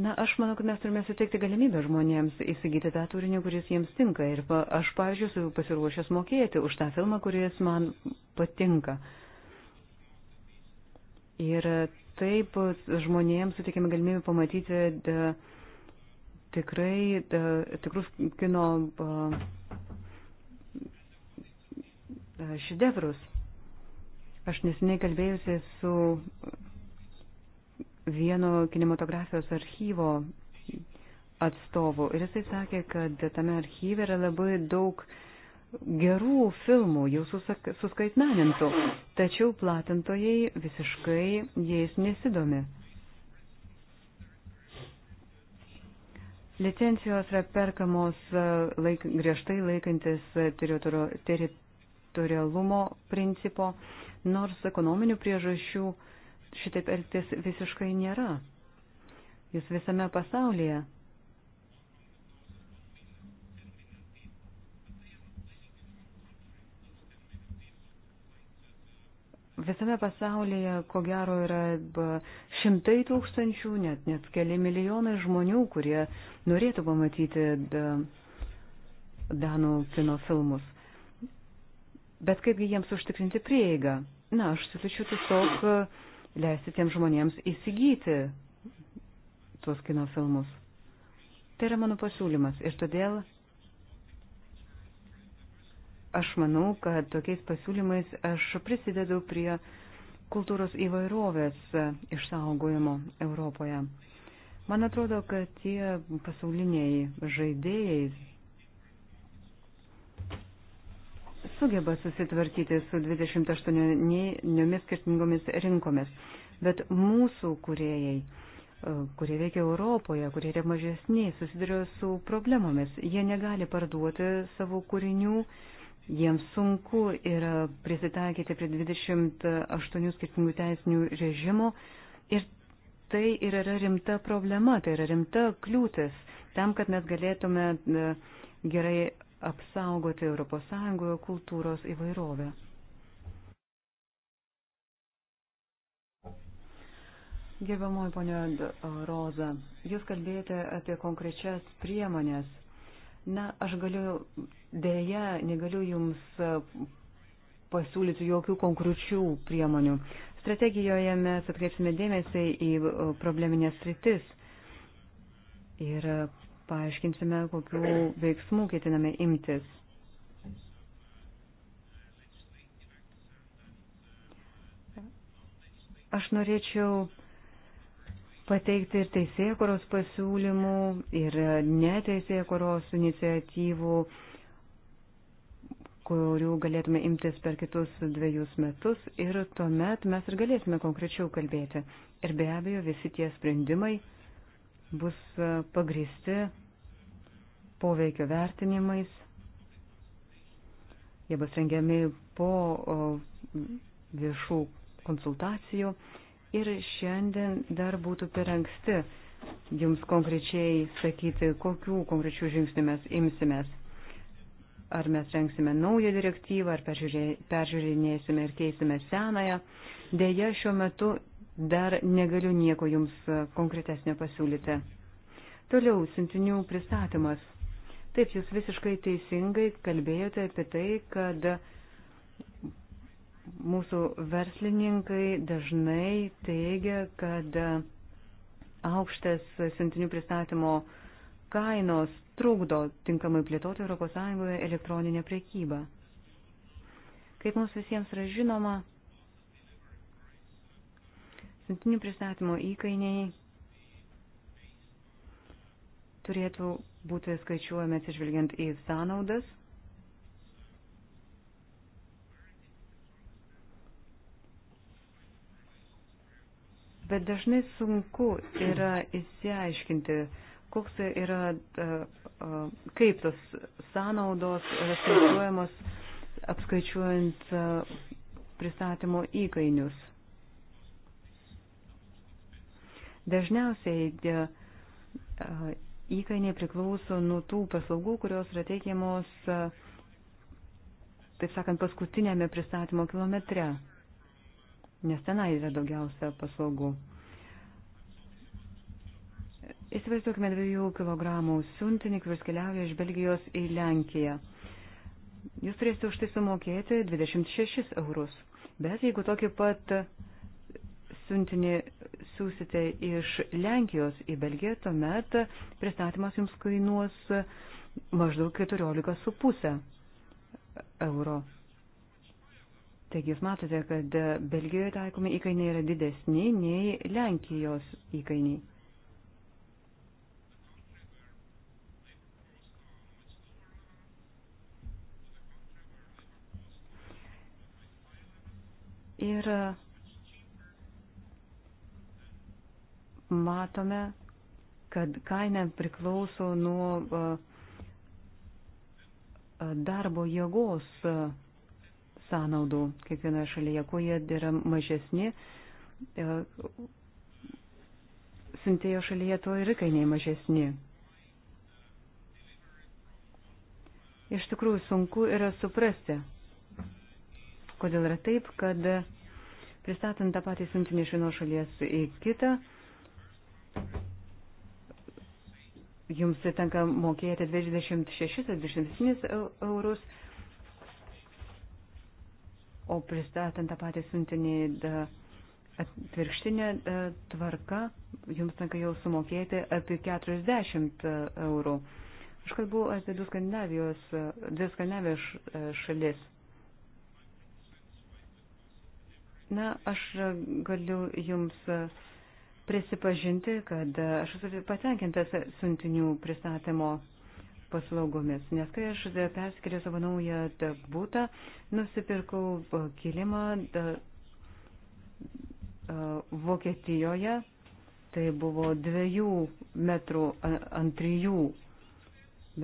Na, aš manau, kad mes turime suteikti galimybę žmonėms įsigyti tą turinį, kuris jiems tinka. Ir pa, aš, pavyzdžiui, esu pasiruošęs mokėti už tą filmą, kuris man patinka. Ir taip žmonėms suteikime galimybę pamatyti. De, tikrai tikrus kino šedevrus. Aš nesiniai kalbėjusi su vieno kinematografijos archyvo atstovu ir jisai sakė, kad tame archyve yra labai daug gerų filmų, jau suskaitmenintų, tačiau platintojai visiškai jais nesidomi. Licencijos yra perkamos e, laik, griežtai laikantis e, teritorialumo principo, nors ekonominių priežasčių šitaip elgtis visiškai nėra. Jūs visame pasaulyje Visame pasaulyje, ko gero, yra šimtai tūkstančių, net, net keli milijonai žmonių, kurie norėtų pamatyti danų kino filmus. Bet kaipgi jiems užtikrinti prieigą? Na, aš siūlyčiau tiesiog leisti tiem žmonėms įsigyti tuos kino filmus. Tai yra mano pasiūlymas ir todėl aš manau, kad tokiais pasiūlymais aš prisidedu prie kultūros įvairovės išsaugojimo Europoje. Man atrodo, kad tie pasauliniai žaidėjai sugeba susitvarkyti su 28 skirtingomis rinkomis, bet mūsų kuriejai e, kurie veikia Europoje, kurie yra mažesni, susiduria su problemomis. Jie negali parduoti savo kūrinių, Jiems sunku yra prisitaikyti prie 28 skirtingų teisinių režimų ir tai ir yra rimta problema, tai yra rimta kliūtis tam, kad mes galėtume e, gerai apsaugoti ES kultūros įvairovę. Gerbiamoji ponia Roza, jūs kalbėjote apie konkrečias priemonės Na, aš galiu, dėja, negaliu Jums e, pasiūlyti jokių konkrečių priemonių. Strategijoje mes atkreipsime dėmesį į e, probleminės rytis ir e, paaiškinsime, kokiu veiksmu ketiname imtis. Aš norėčiau pateikti ir teisėkuros pasiūlymų, ir neteisėkuros iniciatyvų, kurių galėtume imtis per kitus dviejus metus ir tuomet mes ir galėsime konkrečiau kalbėti. Ir be abejo, visi tie sprendimai bus pagristi poveikio vertinimais. Jie bus rengiami po viešų konsultacijų ir šiandien dar būtų per anksti jums konkrečiai sakyti, kokių konkrečių žingsnių mes imsimės. Ar mes rengsime naują direktyvą, ar peržiūrinėsime ir keisime senąją. Deja, šiuo metu dar negaliu nieko jums konkretesnio pasiūlyti. Toliau, sintinių pristatymas. Taip, jūs visiškai teisingai kalbėjote apie tai, kad Mūsų verslininkai dažnai teigia, kad aukštas siuntinių pristatymo kainos trukdo tinkamai plėtoti ES elektroninę prekybą. Kaip mums visiems yra žinoma, siuntinių pristatymo įkainiai turėtų būti skaičiuojami atsižvelgiant į sąnaudas bet dažnai sunku yra įsiaiškinti, koks yra, e, e, kaip tos sąnaudos yra skaičiuojamos apskaičiuojant e, pristatymo įkainius. Dažniausiai įkainiai priklauso nuo tų paslaugų, kurios yra teikiamos, taip sakant, paskutinėme pristatymo kilometre nes tenai yra daugiausia paslaugų. Įsivaizduokime 2 kg siuntinį, kuris keliauja iš Belgijos į Lenkiją. Jūs turėsite už tai sumokėti 26 eurus. Bet jeigu tokį pat siuntinį siūsite iš Lenkijos į Belgiją, tuomet pristatymas jums kainuos maždaug 14,5 euro. Taigi jūs matote, kad Belgijoje taikomi įkainiai yra didesni nei Lenkijos įkainiai. Ir matome, kad kaina priklauso nuo darbo jėgos sąnaudų kiekvienoje šalyje, kuo jie yra mažesni. E, siuntėjo šalyje to ir įkainiai mažesni. Iš tikrųjų sunku yra suprasti, kodėl yra taip, kad pristatant tą patį siuntinį iš vienos šalies į kitą, jums tenka mokėti 26-27 eurus, o pristatant tą patį siuntinį atvirkštinę tvarką, jums tenka jau sumokėti apie 40 e, eurų. Aš kalbu apie du Skandinavijos, dvi Skandinavijos e, šalis. Na, aš e, galiu jums prisipažinti, kad aš esu patenkintas siuntinių pristatymo paslaugomis, nes kai aš perskėliau savo naują būtą, nusipirkau kilimą da, Vokietijoje, tai buvo dviejų metrų ant trijų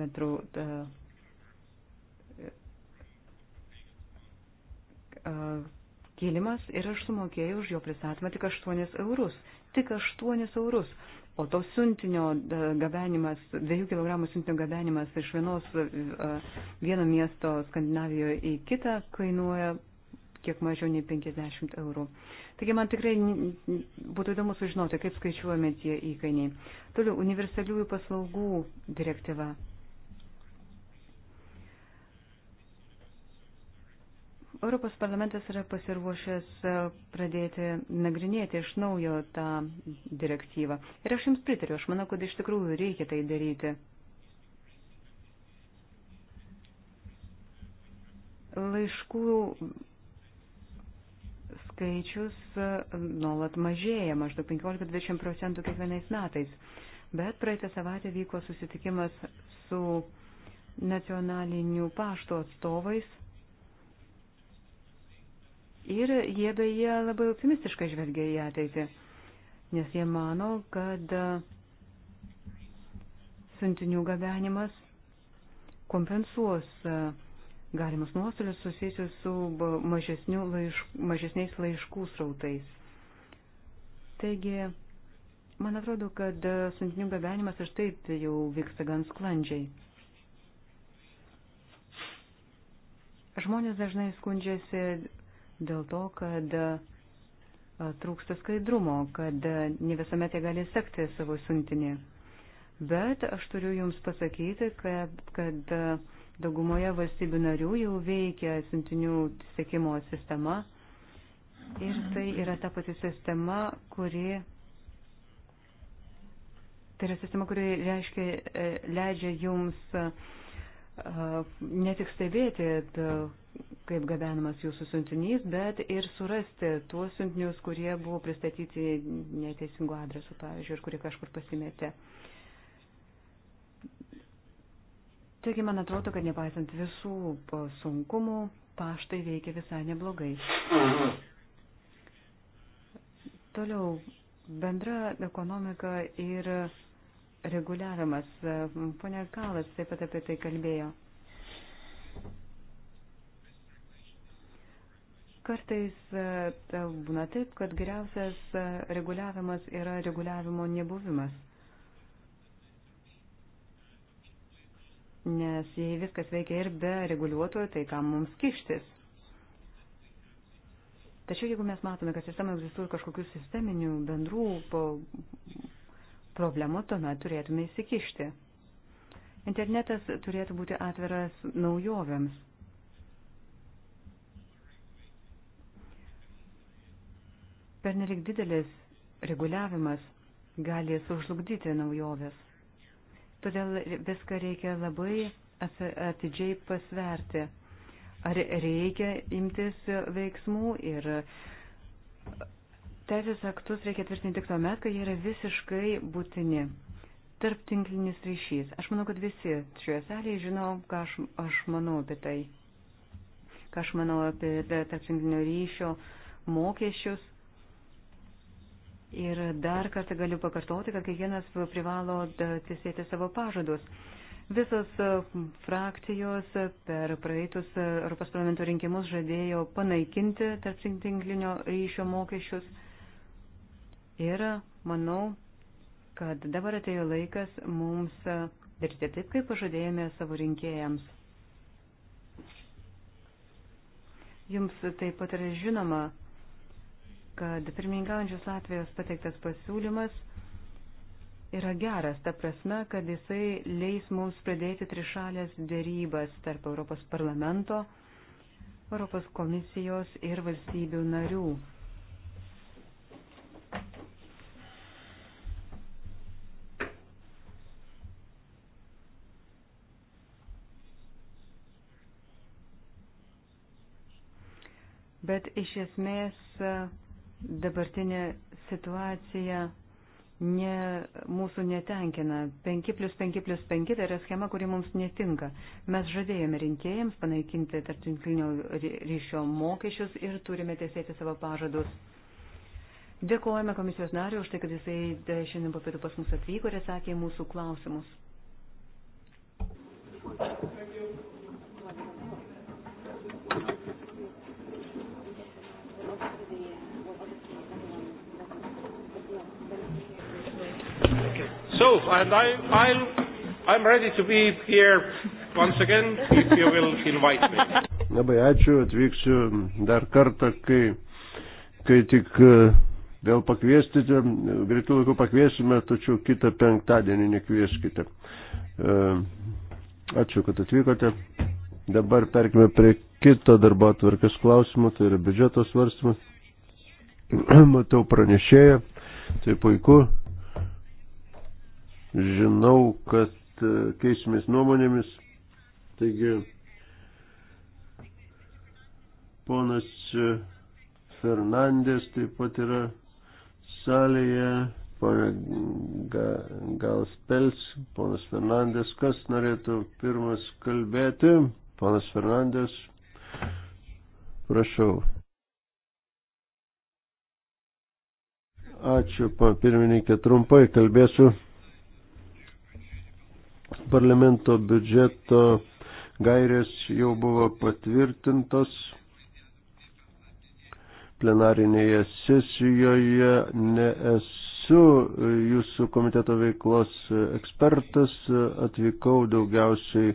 metrų da, kilimas ir aš sumokėjau už jo pristatymą tik 8 eurus. Tik 8 eurus. O to siuntinio e, gabenimas, dviejų kilogramų siuntinio gabenimas iš vienos, e, vieno miesto Skandinavijoje į kitą kainuoja kiek mažiau nei 50 eurų. Taigi man tikrai būtų įdomu sužinoti, kaip skaičiuojami tie įkainiai. Toliau, universaliųjų paslaugų direktyva. Europos parlamentas yra pasiruošęs e, pradėti nagrinėti iš naujo tą direktyvą. Ir aš jums pritariu, aš manau, kad iš tikrųjų reikia tai daryti. Laiškų skaičius e, nuolat mažėja, maždaug 15-20 procentų kiekvienais metais. Bet praeitą savaitę vyko susitikimas su nacionaliniu pašto atstovais Ir jie beje labai optimistiškai žvelgia į ateitį, nes jie mano, kad e, siuntinių gabenimas kompensuos e, galimus nuostolius susijusius su laišk, mažesniais laiškų srautais. Taigi, man atrodo, kad e, siuntinių gabenimas ir taip jau vyksta gan sklandžiai. Žmonės dažnai skundžiasi dėl to, kad trūksta skaidrumo, kad ne visuomet jie gali sekti savo siuntinį. Bet aš turiu Jums pasakyti, kad, kad daugumoje valstybių narių jau veikia siuntinių sekimo sistema. Ir tai yra ta pati sistema, kuri. Tai yra sistema, kuri reiškia, e, leidžia jums uh, ne tik stebėti, kaip gabenamas jūsų siuntinys, bet ir surasti tuos siuntinius, kurie buvo pristatyti neteisingu adresu, pavyzdžiui, ir kurie kažkur pasimetė. Taigi, man atrodo, kad nepaisant visų sunkumų, paštai veikia visai neblogai. Toliau, bendra ekonomika ir. Yra reguliavimas. Pone Kalas taip pat apie tai kalbėjo. Kartais e, ta, būna taip, kad geriausias e, reguliavimas yra reguliavimo nebuvimas. Nes jei viskas veikia ir be reguliuotojo, tai kam mums kištis? Tačiau jeigu mes matome, kad sistema egzistuoja kažkokių sisteminių bendrų problemų, tuomet turėtume įsikišti. Internetas turėtų būti atviras naujovėms. Pernelik didelis reguliavimas gali sužlugdyti naujovės. Todėl viską reikia labai atidžiai pasverti, ar reikia imtis veiksmų ir Teisės aktus reikia tvirtinti tik tuomet, kai jie yra visiškai būtini. Tarptinklinis ryšys. Aš manau, kad visi šioje salėje žino, ką aš, aš manau apie tai. Ką aš manau apie tarptinklinio ryšio mokesčius. Ir dar kartą galiu pakartoti, kad kiekvienas privalo tiesėti savo pažadus. Visos frakcijos per praeitus Europos parlamento rinkimus žadėjo panaikinti tarptinklinio ryšio mokesčius. Ir manau, kad dabar atėjo laikas mums dirbti taip, kaip pažadėjome savo rinkėjams. Jums taip pat yra žinoma, kad pirmingaujančios Latvijos pateiktas pasiūlymas yra geras, ta prasme, kad jisai leis mums pradėti trišalės dėrybas tarp Europos parlamento, Europos komisijos ir valstybių narių. bet iš esmės e, dabartinė situacija ne, mūsų netenkina. 5 plus 5 plus 5 tai yra schema, kuri mums netinka. Mes žadėjome rinkėjams panaikinti tarptinklinio ryšio mokesčius ir turime tiesėti savo pažadus. Dėkojame komisijos nariu už tai, kad jisai e, šiandien po pietų pas mus atvyko ir atsakė mūsų klausimus. Thank you. So, and I, I'll, I'm ready to be here once again, if you will invite me. (laughs) Labai ačiū, atvyksiu dar kartą, kai, kai tik e, vėl pakviesite, greitų laikų pakviesime, tačiau kitą penktadienį nekvieskite. E, ačiū, kad atvykote. Dabar perkime prie kito darbo atvarkės klausimo, tai yra biudžeto svarstymas. (clears throat) Matau pranešėją, tai puiku, Žinau, kad e, keisimės nuomonėmis. Taigi, ponas e, Fernandės taip pat yra salėje, ponas Galspels, ponas Fernandės, kas norėtų pirmas kalbėti? Ponas Fernandės, prašau. Ačiū, pirmininkė, trumpai kalbėsiu parlamento biudžeto gairės jau buvo patvirtintos plenarinėje sesijoje. Nesu jūsų komiteto veiklos ekspertas, atvykau daugiausiai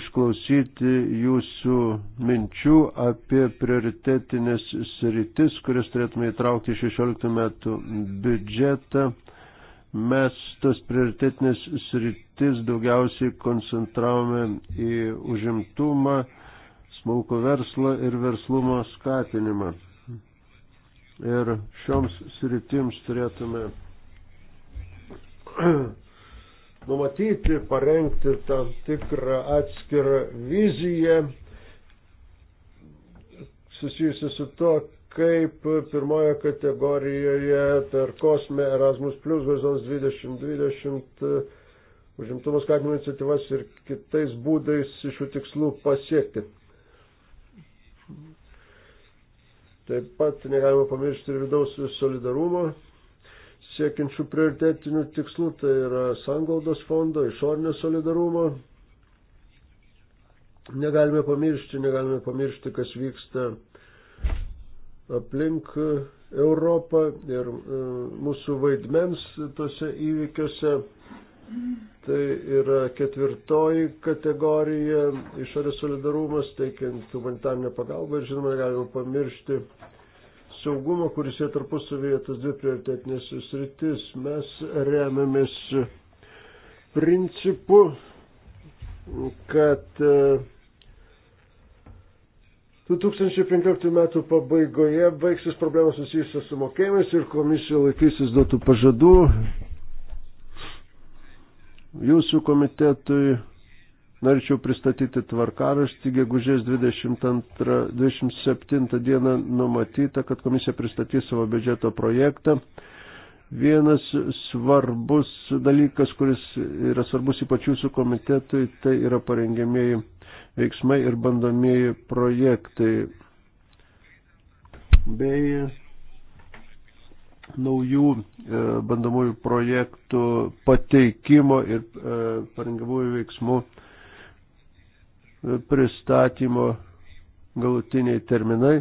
išklausyti jūsų minčių apie prioritetinės sritis, kurias turėtume įtraukti 16 metų biudžetą. Mes tas prioritetinės sritis daugiausiai koncentravome į užimtumą, smulkų verslą ir verslumo skatinimą. Ir šioms sritims turėtume (clears throat) numatyti, parengti tam tikrą atskirą viziją susijusi su to, kaip pirmoje kategorijoje per kosmę Erasmus Plus, Horizons 2020, užimtumo skatinimo iniciatyvas ir kitais būdais šių tikslų pasiekti. Taip pat negalima pamiršti ir vidaus solidarumo siekiančių prioritetinių tikslų, tai yra sangaldos fondo, išorinio solidarumo. Negalime pamiršti, negalime pamiršti, kas vyksta aplink e, Europą ir e, mūsų vaidmens tose įvykiuose. Tai yra ketvirtoji kategorija išorės solidarumas, teikiant humanitarnę pagalbą ir žinoma, galima pamiršti saugumą, kuris yra tarpusavyje tas dvi prioritetinės sritis. Mes remiamės principu, kad uh, 2015 metų pabaigoje baigsis problemos susijusios su mokėjimais ir komisija laikysis duotų pažadų. Jūsų komitetui norėčiau pristatyti tvarkaraštį. Gegužės 22, 27 dieną numatyta, kad komisija pristatys savo biudžeto projektą. Vienas svarbus dalykas, kuris yra svarbus ypač jūsų komitetui, tai yra parengėmėjai veiksmai ir bandomieji projektai bei naujų e, bandomųjų projektų pateikimo ir e, parengiamųjų veiksmų e, pristatymo galutiniai terminai.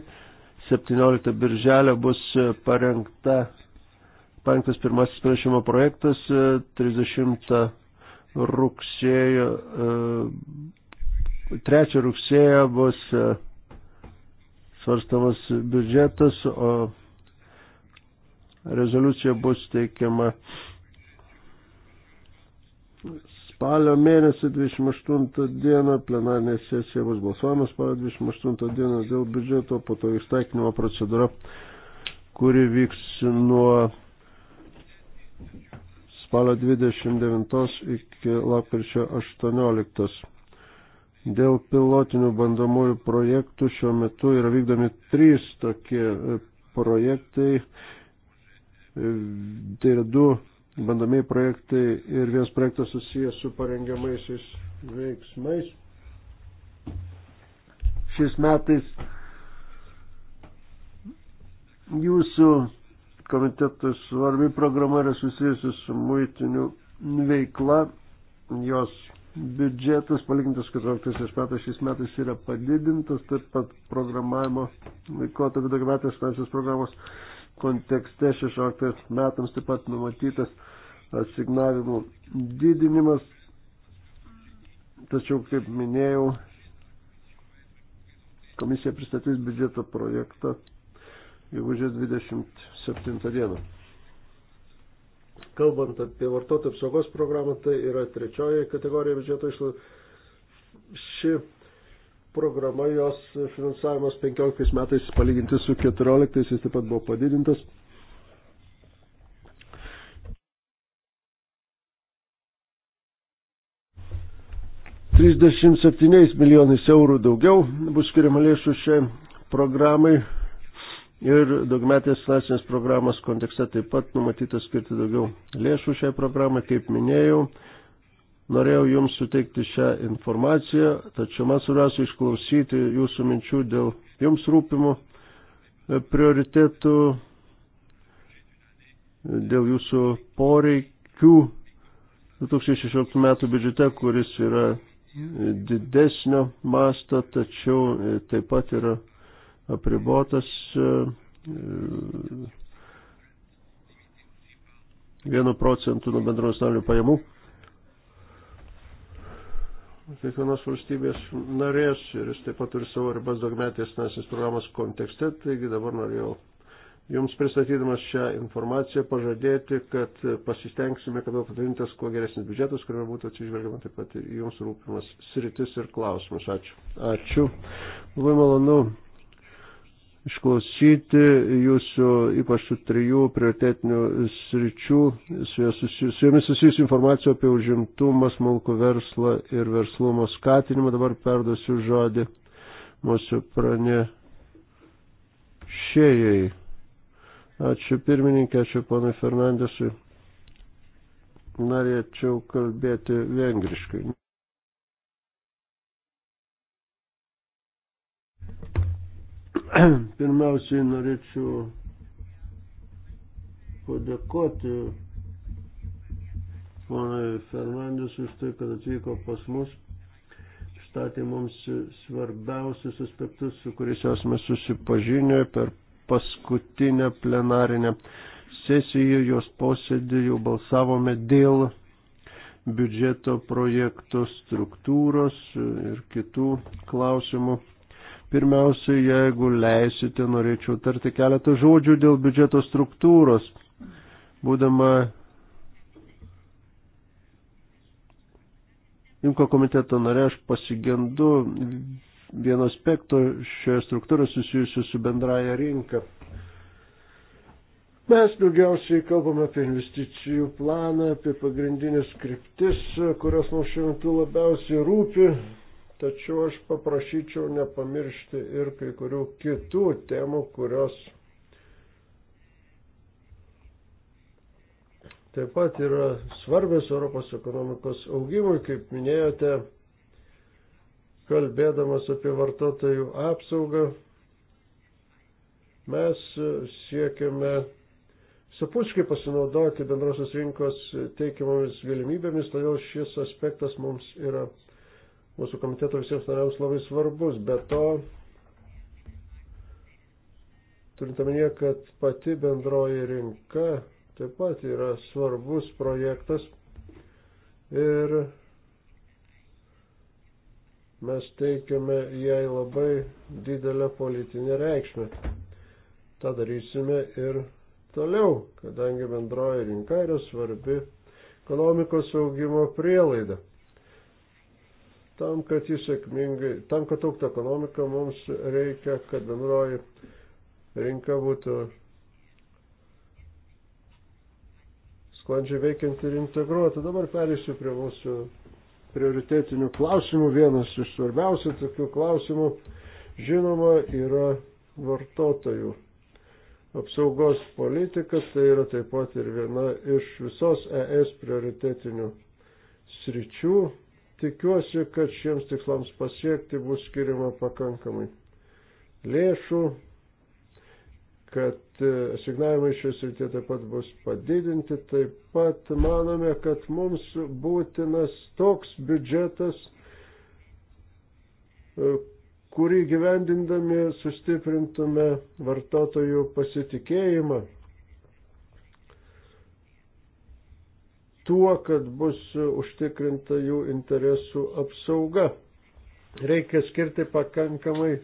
17 birželio bus parengta, parengtas pirmasis pranešimo projektas, 30 rugsėjo 3 rugsėjo bus e, svarstamas biudžetas, o rezoliucija bus teikiama spalio mėnesį 28 dieną, plenarinė sesija bus balsuojama spalio 28 dieną dėl biudžeto, po to įstaikinimo procedūra, kuri vyks nuo spalio 29 iki lapkričio 18. Dėl pilotinių bandomųjų projektų šiuo metu yra vykdomi trys tokie e, projektai. E, tai yra du bandomiai projektai ir vienas projektas susijęs su parengiamaisiais veiksmais. Šiais metais jūsų komitetas svarbi programa yra susijusi su muitiniu veikla. Jos biudžetas palygintas 14 metais šiais metais yra padidintas, taip pat programavimo laikotarpio daugiametės finansinės programos kontekste 16 metams taip pat numatytas asignavimų didinimas. Tačiau, kaip minėjau, komisija pristatys biudžeto projektą gegužės 27 dieną. Kalbant apie vartotojų apsaugos programą, tai yra trečioji kategorija biudžeto išlaidų. Ši programa, jos finansavimas 15 metais palyginti su 14, jis taip pat buvo padidintas. Trisdešimt septyniais milijonais eurų daugiau bus skiriama lėšų šiai programai Ir daugmetės finansinės programos kontekste taip pat numatyta skirti daugiau lėšų šiai programai, kaip minėjau. Norėjau Jums suteikti šią informaciją, tačiau man svarbiausia išklausyti Jūsų minčių dėl Jums rūpimų e, prioritėtų, dėl Jūsų poreikių 2016 metų biudžete, kuris yra didesnio masto, tačiau e, taip pat yra apribotas e, e, vienu procentu nuo bendro nacionalinių pajamų. Kiekvienos valstybės narės ir jis taip pat turi savo ribas dogmetės nasis programos kontekste, taigi dabar norėjau Jums pristatydamas šią informaciją pažadėti, kad pasistengsime, kad būtų padarintas kuo geresnis biudžetas, kuriuo būtų atsižvelgiama taip pat ir jums rūpimas sritis ir klausimus. Ačiū. Ačiū. Labai malonu išklausyti jūsų ypač su trijų prioritetinių sričių, su, susijus, su jomis susijusių informacijų apie užimtumą, smulkų verslą ir verslumo skatinimą. Dabar perduosiu žodį mūsų pranešėjai. Ačiū pirmininkė, ačiū ponui Fernandesui. Norėčiau kalbėti vengriškai. (clears throat) Pirmiausiai norėčiau padėkoti ponai Fernandės už tai, kad atvyko pas mus, statė mums svarbiausius aspektus, su kuriais esame susipažinę per paskutinę plenarinę sesiją, jos posėdį jau balsavome dėl biudžeto projekto struktūros ir kitų klausimų. Pirmiausia, jeigu leisite, norėčiau tarti keletą žodžių dėl biudžeto struktūros. Būdama Imko komiteto narė, aš pasigendu vieno aspekto šioje struktūroje susijusiu su bendraja rinka. Mes daugiausiai kalbame apie investicijų planą, apie pagrindinės kryptis, kurios mums šiuo metu labiausiai rūpi, tačiau aš paprašyčiau nepamiršti ir kai kurių kitų temų, kurios taip pat yra svarbios Europos ekonomikos augimui, kaip minėjote, kalbėdamas apie vartotojų apsaugą, mes siekiame sapuškai pasinaudoti bendrosios rinkos teikiamomis galimybėmis, todėl šis aspektas mums yra mūsų komiteto visiems nariams labai svarbus. Be to, turint omenyje, kad pati bendroji rinka taip pat yra svarbus projektas ir mes teikiame jai labai didelę politinę reikšmę. Ta darysime ir toliau, kadangi bendroji rinka yra svarbi ekonomikos augimo prielaida. Tam, kad jis sėkmingai, tam, kad auktų ekonomika, mums reikia, kad bendroji rinka būtų sklandžiai veikianti ir integruota. Dabar perėsiu prie mūsų prioritetinių klausimų. Vienas iš svarbiausių tokių klausimų, žinoma, yra vartotojų apsaugos politika, tai yra taip pat ir viena iš visos ES prioritetinių sričių, Tikiuosi, kad šiems tikslams pasiekti bus skiriama pakankamai lėšų, kad e, asignavimai šios rytė taip pat bus padidinti. Taip pat manome, kad mums būtinas toks biudžetas, e, kurį gyvendindami sustiprintume vartotojų pasitikėjimą tuo, kad bus užtikrinta jų interesų apsauga. Reikia skirti pakankamai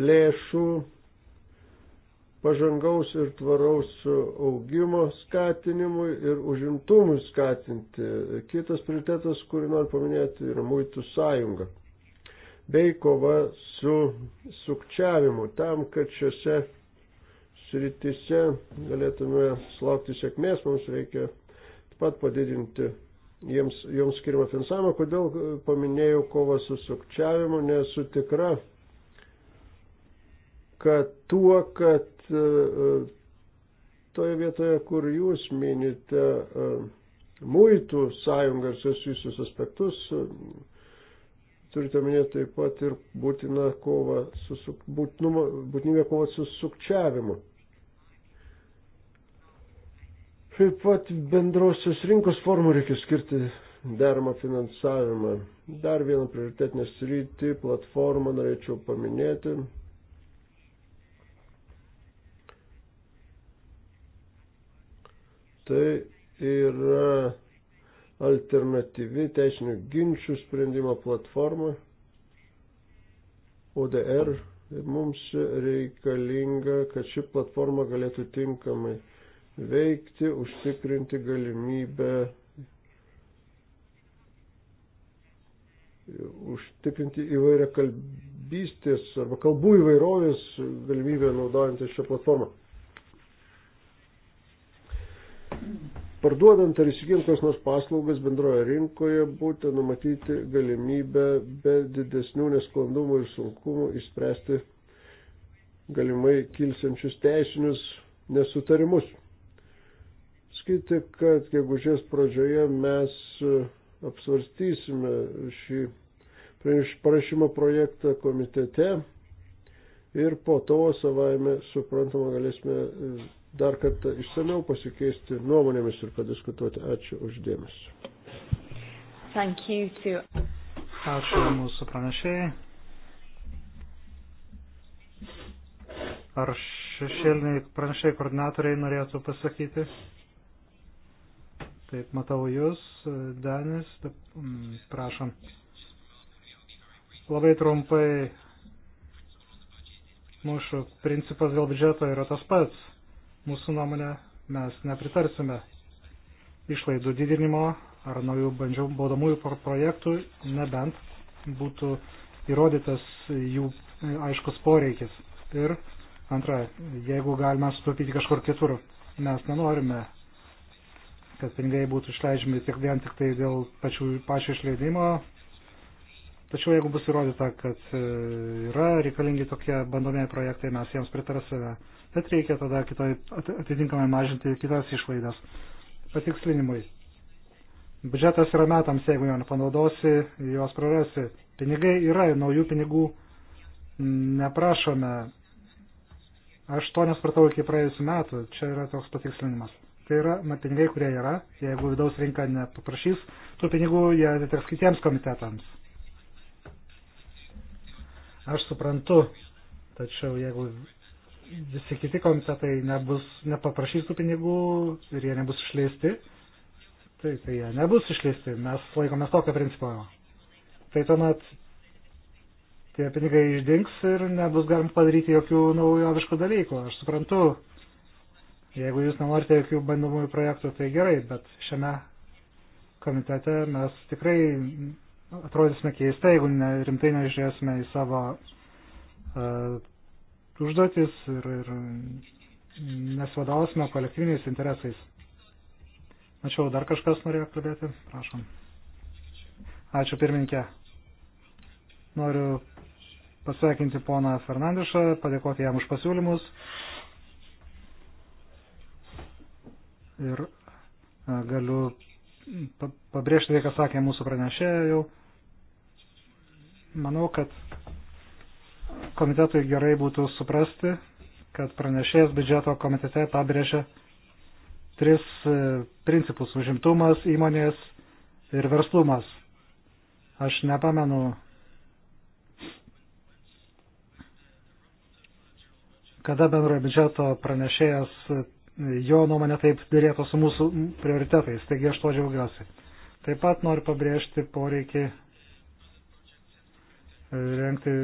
lėšų pažangaus ir tvaraus augimo skatinimui ir užimtumui skatinti. Kitas prioritetas, kurį noriu paminėti, yra muitų sąjunga bei kova su sukčiavimu tam, kad šiuose sritise galėtume slaukti sėkmės, mums reikia pat padidinti jiems, joms skirimą finansavimą. Kodėl paminėjau kovą su sukčiavimu, nesu tikra, kad tuo, kad e, e, toje vietoje, kur jūs minite e, muitų sąjungą ir susijusius aspektus, turite minėti taip pat ir būtina kova su, būtinumą, būtinybė kova su sukčiavimu. Taip pat bendrosios rinkos formų reikia skirti deramą finansavimą. Dar vieną prioritetinę sritį, platformą norėčiau paminėti. Tai yra alternatyvi teisinių ginčių sprendimo platforma ODR. Mums reikalinga, kad ši platforma galėtų tinkamai veikti, užtikrinti galimybę užtikrinti įvairią kalbystės arba kalbų įvairovės galimybę naudojantis šią platformą. Parduodant ar įsigijant kas nors paslaugas bendroje rinkoje būtų numatyti galimybę be didesnių nesklandumų ir sunkumų išspręsti galimai kilsiančius teisinius nesutarimus pasakyti, kad gegužės pradžioje mes e, apsvarstysime šį parašymo projektą komitete ir po to savaime suprantama galėsime e, dar kartą išsameu pasikeisti nuomonėmis ir padiskutuoti. Ačiū uždėmesi. Thank you to... Ačiū mūsų pranešėjai. Ar šešėliniai pranešėjai koordinatoriai norėtų pasakyti? Taip, matau Jūs, Danis, prašom. Labai trumpai, mūsų principas dėl biudžeto yra tas pats. Mūsų nuomonė, mes nepritarsime išlaidų didinimo ar naujų bandžių baudomųjų projektų, nebent būtų įrodytas jų e, aiškus poreikis. Ir antra, jeigu galima sutaupyti kažkur kitur, mes nenorime kad pinigai būtų išleidžiami tik vien tik tai dėl pačių, pačio išleidimo. Tačiau jeigu bus įrodyta, kad e, yra reikalingi tokie bandomieji projektai, mes jiems pritarsime. Bet reikia tada kitoj, atitinkamai mažinti kitas išlaidas. Patikslinimui. Biudžetas yra metams, jeigu jo nepanaudosi, juos prarasi. Pinigai yra, naujų pinigų neprašome. Aš to nespratau iki praėjusių metų, čia yra toks patikslinimas. Tai yra pinigai, kurie yra. Jeigu vidaus rinka nepaprašys tų pinigų, jie atiteks kitiems komitetams. Aš suprantu, tačiau jeigu visi kiti komitetai nebus, nepaprašys tų pinigų ir jie nebus išleisti, tai, tai jie nebus išleisti. Mes laikomės tokio principo. Tai tuomet tie pinigai išdings ir nebus galima padaryti jokių naujoviškų dalykų. Aš suprantu, Jeigu jūs nenorite jokių bandomųjų projektų, tai gerai, bet šiame komitete mes tikrai atrodysime keistai, jeigu ne, rimtai nežiūrėsime į savo uh, užduotis ir, ir nesvadovausime kolektyviniais interesais. Mačiau, dar kažkas norėjo kalbėti? Prašom. Ačiū pirmininkė. Noriu pasveikinti poną Fernandišą, padėkoti jam už pasiūlymus. ir e, galiu pabrėžti tai, ką sakė mūsų pranešėja jau. Manau, kad komitetui gerai būtų suprasti, kad pranešėjas biudžeto komitete pabrėžia tris e, principus - užimtumas, įmonės ir verslumas. Aš nepamenu, kada bendrojo biudžeto pranešėjas jo nuomonė taip dėlėto su mūsų prioritetais, taigi aš to džiaugiuosi. Taip pat noriu pabrėžti poreikį e, rengti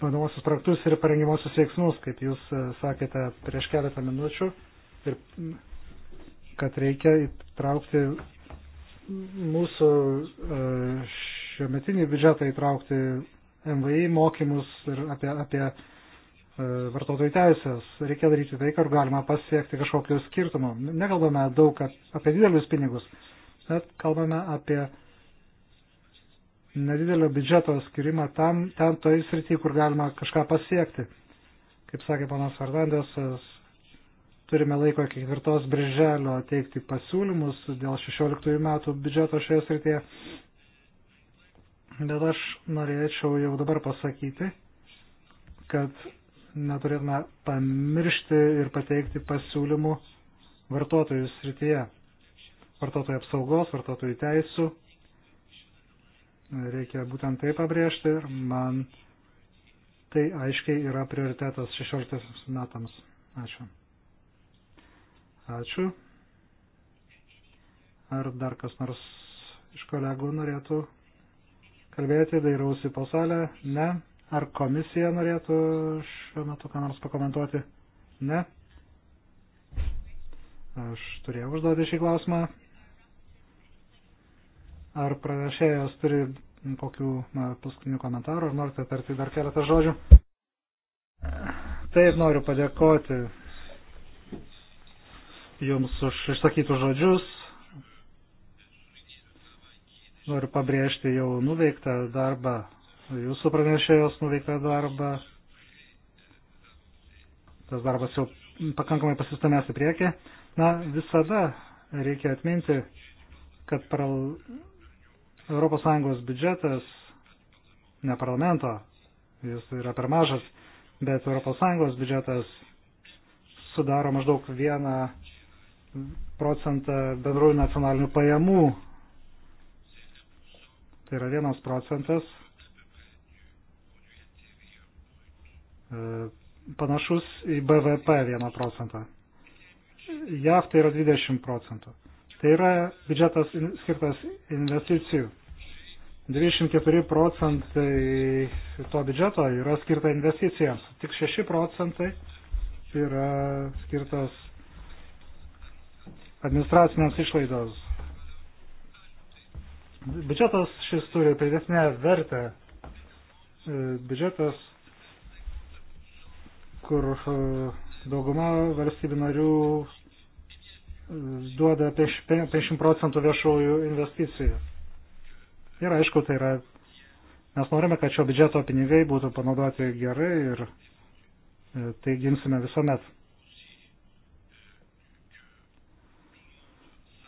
bandomosius praktus ir parengimosius veiksmus, kaip jūs e, sakėte prieš keletą minučių, ir kad reikia įtraukti mūsų e, šiometinį biudžetą, įtraukti MVI mokymus ir apie, apie E, vartotojų teisės. Reikia daryti tai, kad galima pasiekti kažkokių skirtumų. Nekalbame daug apie didelius pinigus, bet kalbame apie nedidelio biudžeto skirimą tam, ten toj srity, kur galima kažką pasiekti. Kaip sakė panas Fernandesas, turime laiko iki 4 birželio teikti pasiūlymus dėl 16 metų biudžeto šioje srityje. Bet aš norėčiau jau dabar pasakyti, kad neturėtume pamiršti ir pateikti pasiūlymų vartotojų srityje. Vartotojų apsaugos, vartotojų teisų. Reikia būtent tai pabrėžti ir man tai aiškiai yra prioritetas 16 metams. Ačiū. Ačiū. Ar dar kas nors iš kolegų norėtų kalbėti, dairausi po salę? Ne. Ar komisija norėtų šiuo metu ką nors pakomentuoti? Ne. Aš turėjau užduoti šį klausimą. Ar pranešėjas turi kokių na, paskutinių komentarų, ar norite tarti dar keletą žodžių? Taip, noriu padėkoti Jums už išsakytus žodžius. Noriu pabrėžti jau nuveiktą darbą jūsų pranešėjos nuveiktą darbą. Tas darbas jau pakankamai pasistumės į priekį. Na, visada reikia atminti, kad paral... ES biudžetas, ne parlamento, jis yra per mažas, bet ES biudžetas sudaro maždaug vieną procentą bendrųjų nacionalinių pajamų. Tai yra vienas procentas E, panašus į BVP 1 procentą. JAV tai yra 20 procentų. Tai yra biudžetas skirtas investicijų. 24 procentai to biudžeto yra skirta investicijams. Tik 6 procentai yra skirtas administracinėms išlaidos. Biudžetas šis turi pridėtinę vertę. E, biudžetas kur e, dauguma valstybių narių e, duoda apie 50 procentų viešųjų investicijų. Ir aišku, tai yra, mes norime, kad šio biudžeto pinigai būtų panaudoti gerai ir e, tai ginsime visuomet.